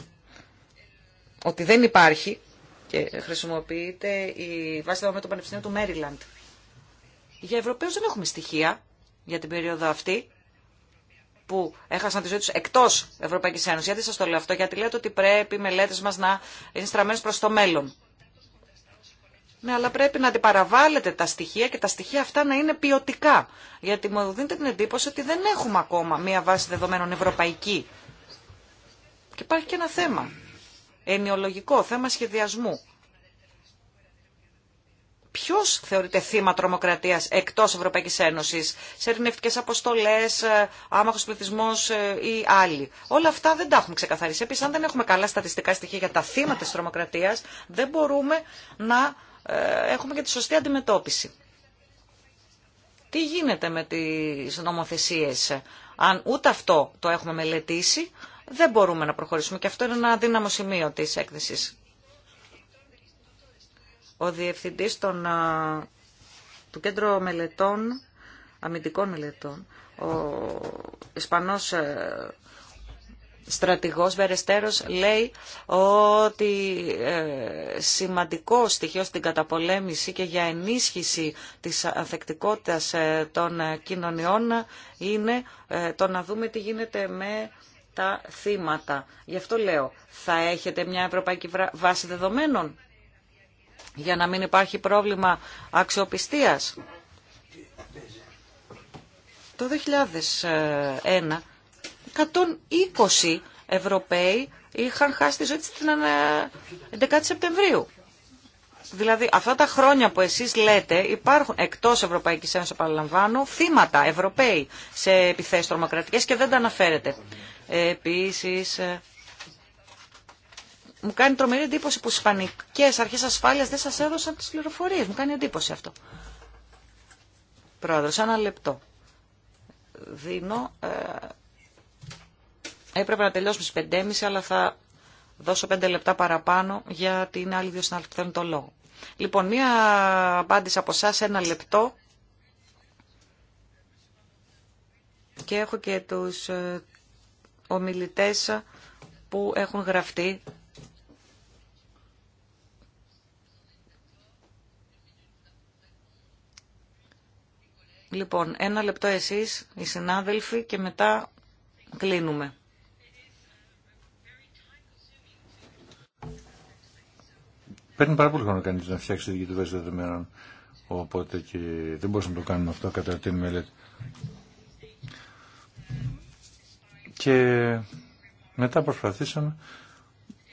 ότι δεν υπάρχει, και χρησιμοποιείται η βάση δεδομένων του Πανεπιστημίου του Μέριλαντ. Για Ευρωπαίους δεν έχουμε στοιχεία για την περίοδο αυτή που έχασαν τη ζωή του εκτός Ευρωπαϊκής Ένωση. Γιατί σα το λέω αυτό, γιατί λέτε ότι πρέπει οι μελέτε μα να είναι στραμμένες προς το μέλλον. Ναι, αλλά πρέπει να αντιπαραβάλλετε τα στοιχεία και τα στοιχεία αυτά να είναι ποιοτικά. Γιατί μου δίνετε την εντύπωση ότι δεν έχουμε ακόμα μία βάση δεδομένων ευρωπαϊκή. Και υπάρχει και ένα θέμα. Ενιολογικό θέμα σχεδιασμού. Ποιο θεωρείται θύμα τρομοκρατία εκτό Ευρωπαϊκή Ένωση, σε ειρηνευτικές αποστολέ, ε, άμαχος πληθυσμό ε, ή άλλοι. Όλα αυτά δεν τα έχουμε ξεκαθαρίσει. Επίση, αν δεν έχουμε καλά στατιστικά στοιχεία για τα θύματα τη τρομοκρατία, δεν μπορούμε να ε, έχουμε και τη σωστή αντιμετώπιση. Τι γίνεται με τι νομοθεσίε, αν ούτε αυτό το έχουμε μελετήσει, δεν μπορούμε να προχωρήσουμε. Και αυτό είναι ένα δύναμο σημείο της έκθεσης ο διευθυντής των, του Κέντρου Μελετών, Αμυντικών Μελετών, ο Ισπανός ε, στρατηγός Βερεστέρος λέει ότι ε, σημαντικό στοιχείο στην καταπολέμηση και για ενίσχυση της ε, των κοινωνιών είναι ε, το να δούμε τι γίνεται με τα θύματα. Γι' αυτό λέω, θα έχετε μια ευρωπαϊκή βάση δεδομένων για να μην υπάρχει πρόβλημα αξιοπιστίας. Το 2001, 120 Ευρωπαίοι είχαν χάσει τη ζωή της την 11 ε, Σεπτεμβρίου. Δηλαδή αυτά τα χρόνια που εσείς λέτε υπάρχουν εκτός Ευρωπαϊκής Ένωσης, επαναλαμβάνω, θύματα Ευρωπαίοι σε επιθέσεις τρομοκρατικές και δεν τα αναφέρετε. Επίσης ε, μου κάνει τρομερή εντύπωση που οι Ισπανικέ αρχέ ασφάλεια δεν σα έδωσαν τι πληροφορίε. Μου κάνει εντύπωση αυτό. Πρόεδρο, ένα λεπτό. Δίνω... Ε, έπρεπε να τελειώσουμε στι 5.30, αλλά θα δώσω 5 λεπτά παραπάνω για την άλλη δύο συνάδελφοι που θέλουν το λόγο. Λοιπόν, μία απάντηση από εσά ένα λεπτό. Και έχω και τους ε, ομιλητές που έχουν γραφτεί Λοιπόν, ένα λεπτό εσείς, οι συνάδελφοι, και μετά κλείνουμε. Παίρνει πάρα πολύ χρόνο κανείς να φτιάξει τη δική του βέση δεδομένων, οπότε και δεν μπορούσαμε να το κάνουμε αυτό κατά την μελέτη. Και μετά προσπαθήσαμε,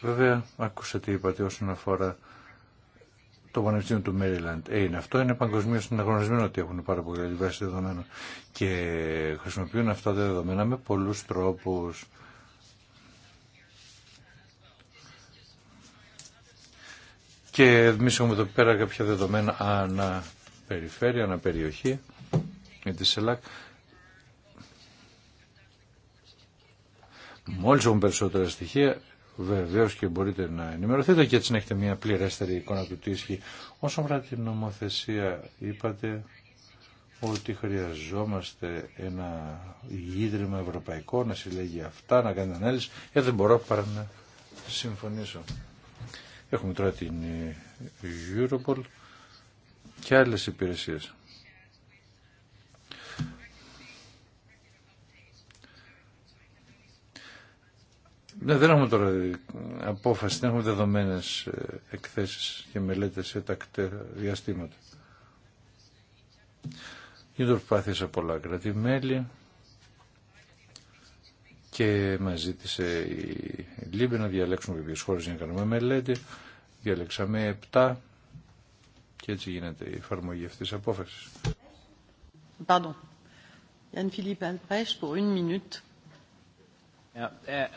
βέβαια, άκουσα τι είπατε όσον αφορά το Πανεπιστήμιο του Maryland. Ε, είναι αυτό είναι παγκοσμίω αναγνωρισμένο ότι έχουν πάρα πολύ καλή βάση και χρησιμοποιούν αυτά τα δεδομένα με πολλούς τρόπους. Και εμεί έχουμε εδώ πέρα κάποια δεδομένα ανά αναπεριοχή, ανά τη ΣΕΛΑΚ. Μόλις έχουμε περισσότερα στοιχεία, Βεβαίω και μπορείτε να ενημερωθείτε και έτσι να έχετε μια πληρέστερη εικόνα του τι ισχύει. Όσον αφορά την νομοθεσία, είπατε ότι χρειαζόμαστε ένα ίδρυμα ευρωπαϊκό να συλλέγει αυτά, να κάνει ανάλυση. Ε, δεν μπορώ παρά να συμφωνήσω. Έχουμε τώρα την Europol και άλλες υπηρεσίες. Ναι, δεν έχουμε τώρα απόφαση, δεν έχουμε δεδομένες ε, εκθέσεις και μελέτες σε τακτέ διαστήματα. Γίνονται προσπάθειες από πολλά κρατή-μέλη και μας ζήτησε η Λίμπη να διαλέξουμε ποιες χώρες για να κάνουμε μελέτη. Διαλέξαμε 7 και έτσι γίνεται η εφαρμογή αυτής της απόφασης. Pardon. Yann Philippe pour une minute. Äh,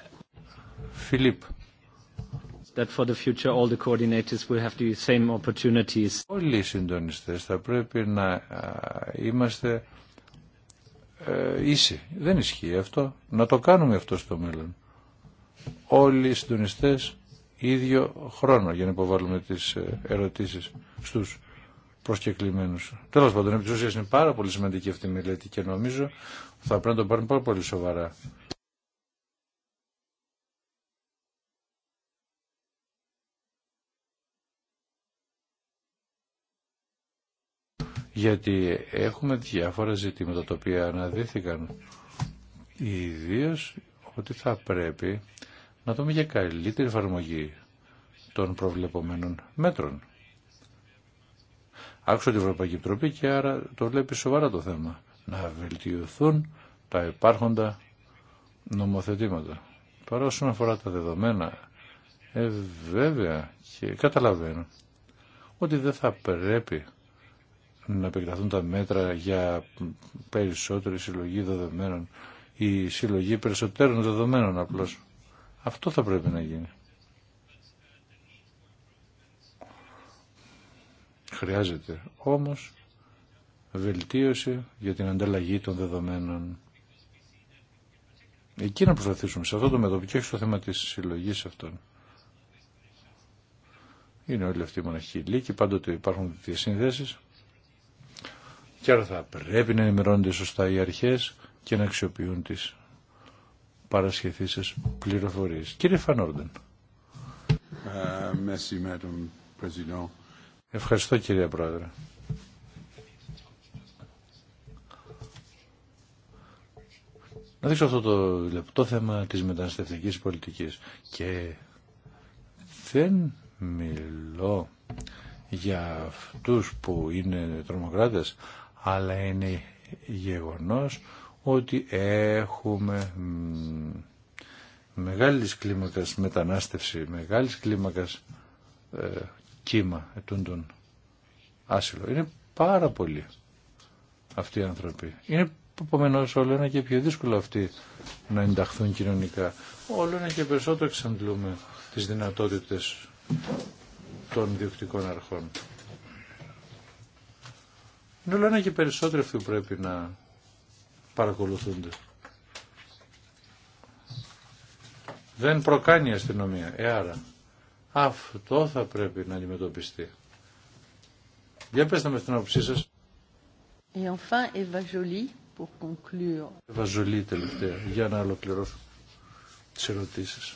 Φιλίπ. That for the future all the coordinators will have the same opportunities. Όλοι οι συντονιστές θα πρέπει να είμαστε ε, ίσοι. Δεν ισχύει αυτό. Να το κάνουμε αυτό στο μέλλον. Όλοι οι συντονιστές ίδιο χρόνο για να υποβάλουμε τις ε, ερωτήσεις στους προσκεκλημένους. Τέλος πάντων, επί είναι πάρα πολύ σημαντική αυτή η μελέτη και νομίζω θα πρέπει να το πάρουμε πάρα πολύ σοβαρά. γιατί έχουμε διάφορα ζητήματα τα οποία αναδύθηκαν ιδίω ότι θα πρέπει να δούμε για καλύτερη εφαρμογή των προβλεπωμένων μέτρων. Άκουσα την Ευρωπαϊκή Επιτροπή και άρα το βλέπει σοβαρά το θέμα. Να βελτιωθούν τα υπάρχοντα νομοθετήματα. Παρά όσον αφορά τα δεδομένα, ε, βέβαια και καταλαβαίνω ότι δεν θα πρέπει να επεκταθούν τα μέτρα για περισσότερη συλλογή δεδομένων ή συλλογή περισσότερων δεδομένων απλώς. Αυτό θα πρέπει να γίνει. Χρειάζεται όμως βελτίωση για την ανταλλαγή των δεδομένων. Εκεί να προσπαθήσουμε, σε αυτό το μέτωπο και όχι στο θέμα της συλλογής αυτών. Είναι όλοι αυτοί οι μοναχοί λύκοι, πάντοτε υπάρχουν διασυνδέσεις. Και άρα θα πρέπει να ενημερώνονται σωστά οι αρχές και να αξιοποιούν τις παρασχεθήσεις πληροφορίες. Κύριε Φανόρντεν. Ε, Ευχαριστώ κύριε Πρόεδρε. Να δείξω αυτό το λεπτό θέμα της μεταναστευτικής πολιτικής. Και δεν μιλώ για αυτούς που είναι τρομοκράτες, αλλά είναι γεγονός ότι έχουμε μεγάλης κλίμακας μετανάστευση, μεγάλης κλίμακας ε, κύμα ετούν των άσυλο. Είναι πάρα πολλοί αυτοί οι άνθρωποι. Είναι επομένω όλο ένα και πιο δύσκολο αυτοί να ενταχθούν κοινωνικά. Όλο ένα και περισσότερο εξαντλούμε τις δυνατότητες των διοκτικών αρχών. Είναι όλο ένα και περισσότερο αυτοί που πρέπει να παρακολουθούνται. Δεν προκάνει η αστυνομία. Ε, άρα, αυτό θα πρέπει να αντιμετωπιστεί. Για πέστε με την άποψή σας. Et enfin, Eva Jolie, pour conclure. Eva Jolie, τελευταία, για να ολοκληρώσω τις ερωτήσεις.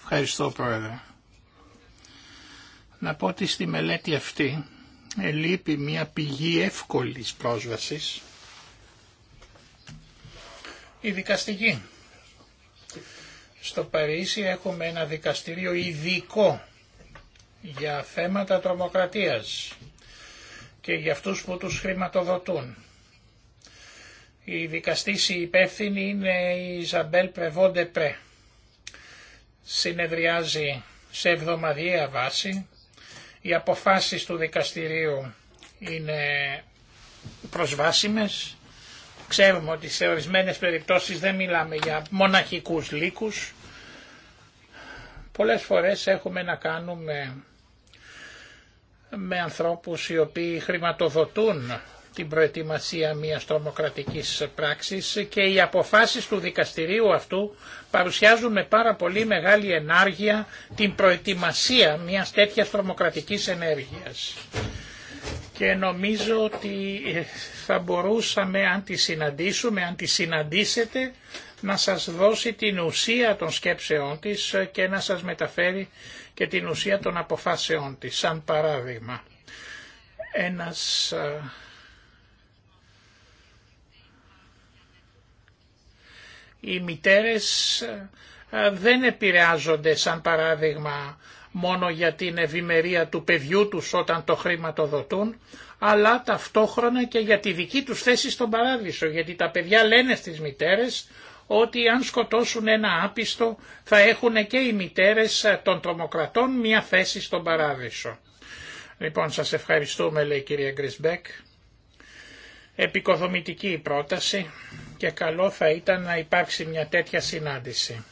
Ευχαριστώ, Πρόεδρε. Να πω ότι στη μελέτη αυτή Ελείπει μια πηγή εύκολης πρόσβασης, η δικαστική. Στο Παρίσι έχουμε ένα δικαστήριο ειδικό για θέματα τρομοκρατίας και για αυτούς που τους χρηματοδοτούν. Η δικαστή υπεύθυνη είναι η Ζαμπέλ Πρεβόντε Πρέ. Συνεδριάζει σε εβδομαδιαία βάση οι αποφάσεις του δικαστηρίου είναι προσβάσιμες. Ξέρουμε ότι σε ορισμένες περιπτώσεις δεν μιλάμε για μοναχικούς λύκους. Πολλές φορές έχουμε να κάνουμε με ανθρώπους οι οποίοι χρηματοδοτούν την προετοιμασία μιας τρομοκρατικής πράξης και οι αποφάσεις του δικαστηρίου αυτού παρουσιάζουν με πάρα πολύ μεγάλη ενάργεια την προετοιμασία μιας τέτοιας τρομοκρατικής ενέργειας. Και νομίζω ότι ε, θα μπορούσαμε αν τη συναντήσουμε, αν τη συναντήσετε, να σας δώσει την ουσία των σκέψεών της και να σας μεταφέρει και την ουσία των αποφάσεών της, σαν παράδειγμα. Ένας ε, οι μητέρες ε, δεν επηρεάζονται σαν παράδειγμα μόνο για την ευημερία του παιδιού τους όταν το χρηματοδοτούν, αλλά ταυτόχρονα και για τη δική τους θέση στον παράδεισο, γιατί τα παιδιά λένε στις μητέρες ότι αν σκοτώσουν ένα άπιστο θα έχουν και οι μητέρες των τρομοκρατών μια θέση στον παράδεισο. Λοιπόν, σας ευχαριστούμε, λέει η κυρία Γκρισμπέκ. Επικοδομητική η πρόταση και καλό θα ήταν να υπάρξει μια τέτοια συνάντηση.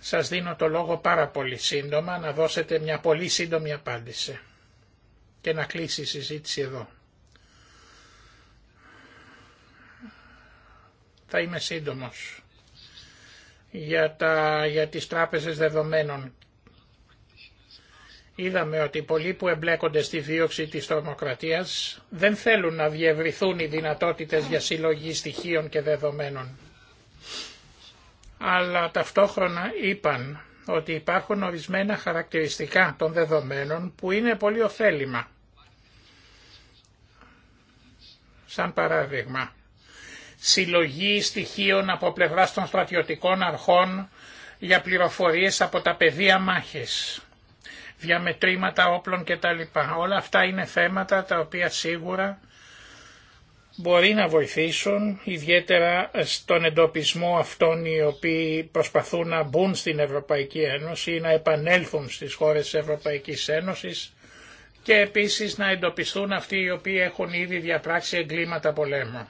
Σας δίνω το λόγο πάρα πολύ σύντομα να δώσετε μια πολύ σύντομη απάντηση και να κλείσει η συζήτηση εδώ. Θα είμαι σύντομος για, τα, για τις τράπεζες δεδομένων Είδαμε ότι πολλοί που εμπλέκονται στη δίωξη της τρομοκρατίας δεν θέλουν να διευρυθούν οι δυνατότητες για συλλογή στοιχείων και δεδομένων. Αλλά ταυτόχρονα είπαν ότι υπάρχουν ορισμένα χαρακτηριστικά των δεδομένων που είναι πολύ ωφέλιμα. Σαν παράδειγμα, συλλογή στοιχείων από πλευράς των στρατιωτικών αρχών για πληροφορίες από τα πεδία μάχης διαμετρήματα όπλων κτλ. Όλα αυτά είναι θέματα τα οποία σίγουρα μπορεί να βοηθήσουν ιδιαίτερα στον εντοπισμό αυτών οι οποίοι προσπαθούν να μπουν στην Ευρωπαϊκή Ένωση ή να επανέλθουν στις χώρες της Ευρωπαϊκής Ένωσης και επίσης να εντοπιστούν αυτοί οι οποίοι έχουν ήδη διαπράξει εγκλήματα πολέμου.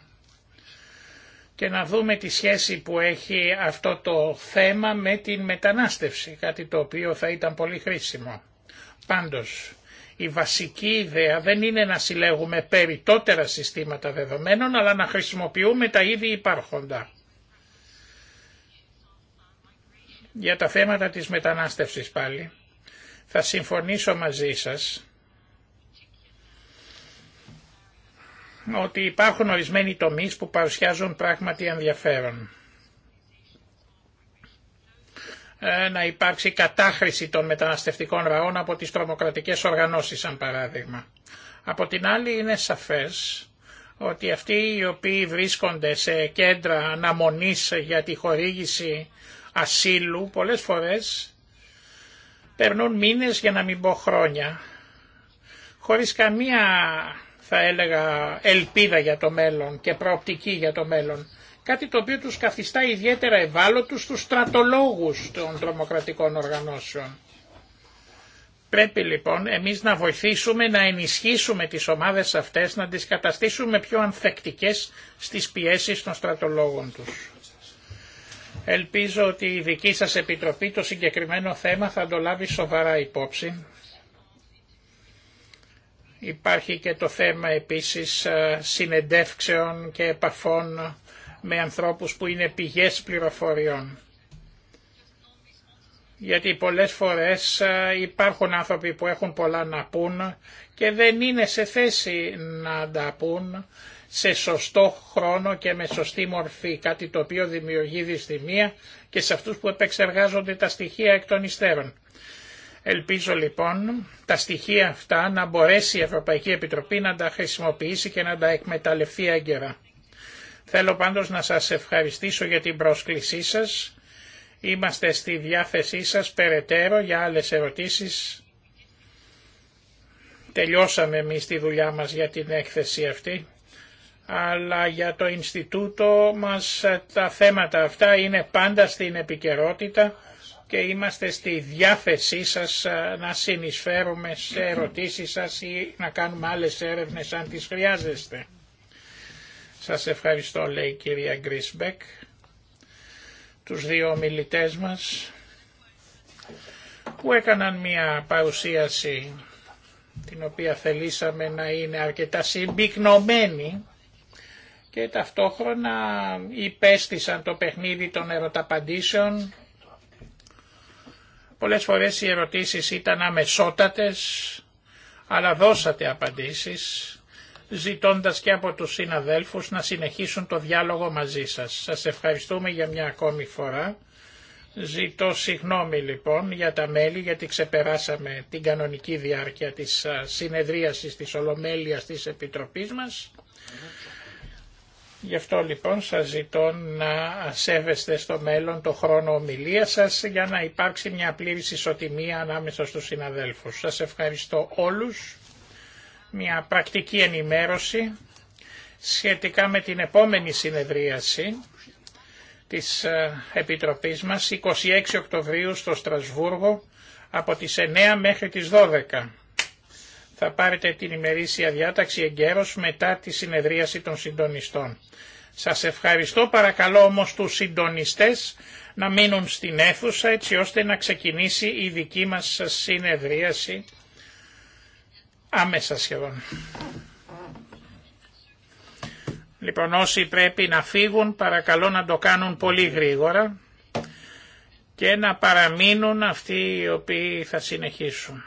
Και να δούμε τη σχέση που έχει αυτό το θέμα με την μετανάστευση, κάτι το οποίο θα ήταν πολύ χρήσιμο. Πάντως, η βασική ιδέα δεν είναι να συλλέγουμε περιτότερα συστήματα δεδομένων, αλλά να χρησιμοποιούμε τα ήδη υπάρχοντα. Για τα θέματα της μετανάστευσης πάλι, θα συμφωνήσω μαζί σας ότι υπάρχουν ορισμένοι τομείς που παρουσιάζουν πράγματι ενδιαφέρον. Ε, να υπάρξει κατάχρηση των μεταναστευτικών ραών από τις τρομοκρατικές οργανώσεις, σαν παράδειγμα. Από την άλλη είναι σαφές ότι αυτοί οι οποίοι βρίσκονται σε κέντρα αναμονής για τη χορήγηση ασύλου πολλές φορές περνούν μήνες για να μην πω χρόνια χωρίς καμία θα έλεγα ελπίδα για το μέλλον και προοπτική για το μέλλον κάτι το οποίο τους καθιστά ιδιαίτερα ευάλωτους στους στρατολόγους των τρομοκρατικών οργανώσεων. Πρέπει λοιπόν εμείς να βοηθήσουμε να ενισχύσουμε τις ομάδες αυτές, να τις καταστήσουμε πιο ανθεκτικές στις πιέσεις των στρατολόγων τους. Ελπίζω ότι η δική σας επιτροπή το συγκεκριμένο θέμα θα το λάβει σοβαρά υπόψη. Υπάρχει και το θέμα επίσης ε, συνεντεύξεων και επαφών με ανθρώπους που είναι πηγές πληροφοριών. Γιατί πολλές φορές ε, υπάρχουν άνθρωποι που έχουν πολλά να πούν και δεν είναι σε θέση να τα πούν σε σωστό χρόνο και με σωστή μορφή, κάτι το οποίο δημιουργεί δυστημία και σε αυτούς που επεξεργάζονται τα στοιχεία εκ των υστέρων. Ελπίζω λοιπόν τα στοιχεία αυτά να μπορέσει η Ευρωπαϊκή Επιτροπή να τα χρησιμοποιήσει και να τα εκμεταλλευτεί έγκαιρα. Θέλω πάντως να σας ευχαριστήσω για την πρόσκλησή σας. Είμαστε στη διάθεσή σας περαιτέρω για άλλες ερωτήσεις. Τελειώσαμε εμείς τη δουλειά μας για την έκθεση αυτή, αλλά για το Ινστιτούτο μας τα θέματα αυτά είναι πάντα στην επικαιρότητα και είμαστε στη διάθεσή σας ε, να συνεισφέρουμε σε ερωτήσεις σας ή να κάνουμε άλλες έρευνες αν τις χρειάζεστε. Σας ευχαριστώ λέει η κυρία Γκρισμπεκ, τους δύο ομιλητές μας που έκαναν μια παρουσίαση την οποία θελήσαμε να είναι αρκετά συμπυκνωμένη και ταυτόχρονα υπέστησαν το παιχνίδι των ερωταπαντήσεων. Πολλές φορές οι ερωτήσεις ήταν αμεσότατες, αλλά δώσατε απαντήσεις ζητώντας και από τους συναδέλφους να συνεχίσουν το διάλογο μαζί σας. Σας ευχαριστούμε για μια ακόμη φορά. Ζητώ συγγνώμη λοιπόν για τα μέλη γιατί ξεπεράσαμε την κανονική διάρκεια της συνεδρίασης της Ολομέλειας της Επιτροπής μας. Γι' αυτό λοιπόν σας ζητώ να σέβεστε στο μέλλον το χρόνο ομιλία σας για να υπάρξει μια πλήρης ισοτιμία ανάμεσα στους συναδέλφους. Σας ευχαριστώ όλους μια πρακτική ενημέρωση σχετικά με την επόμενη συνεδρίαση της ε, Επιτροπής μας 26 Οκτωβρίου στο Στρασβούργο από τις 9 μέχρι τις 12. Θα πάρετε την ημερήσια διάταξη εγκαίρως μετά τη συνεδρίαση των συντονιστών. Σας ευχαριστώ παρακαλώ όμως τους συντονιστές να μείνουν στην αίθουσα έτσι ώστε να ξεκινήσει η δική μας συνεδρίαση Άμεσα σχεδόν. Λοιπόν, όσοι πρέπει να φύγουν, παρακαλώ να το κάνουν πολύ γρήγορα και να παραμείνουν αυτοί οι οποίοι θα συνεχίσουν.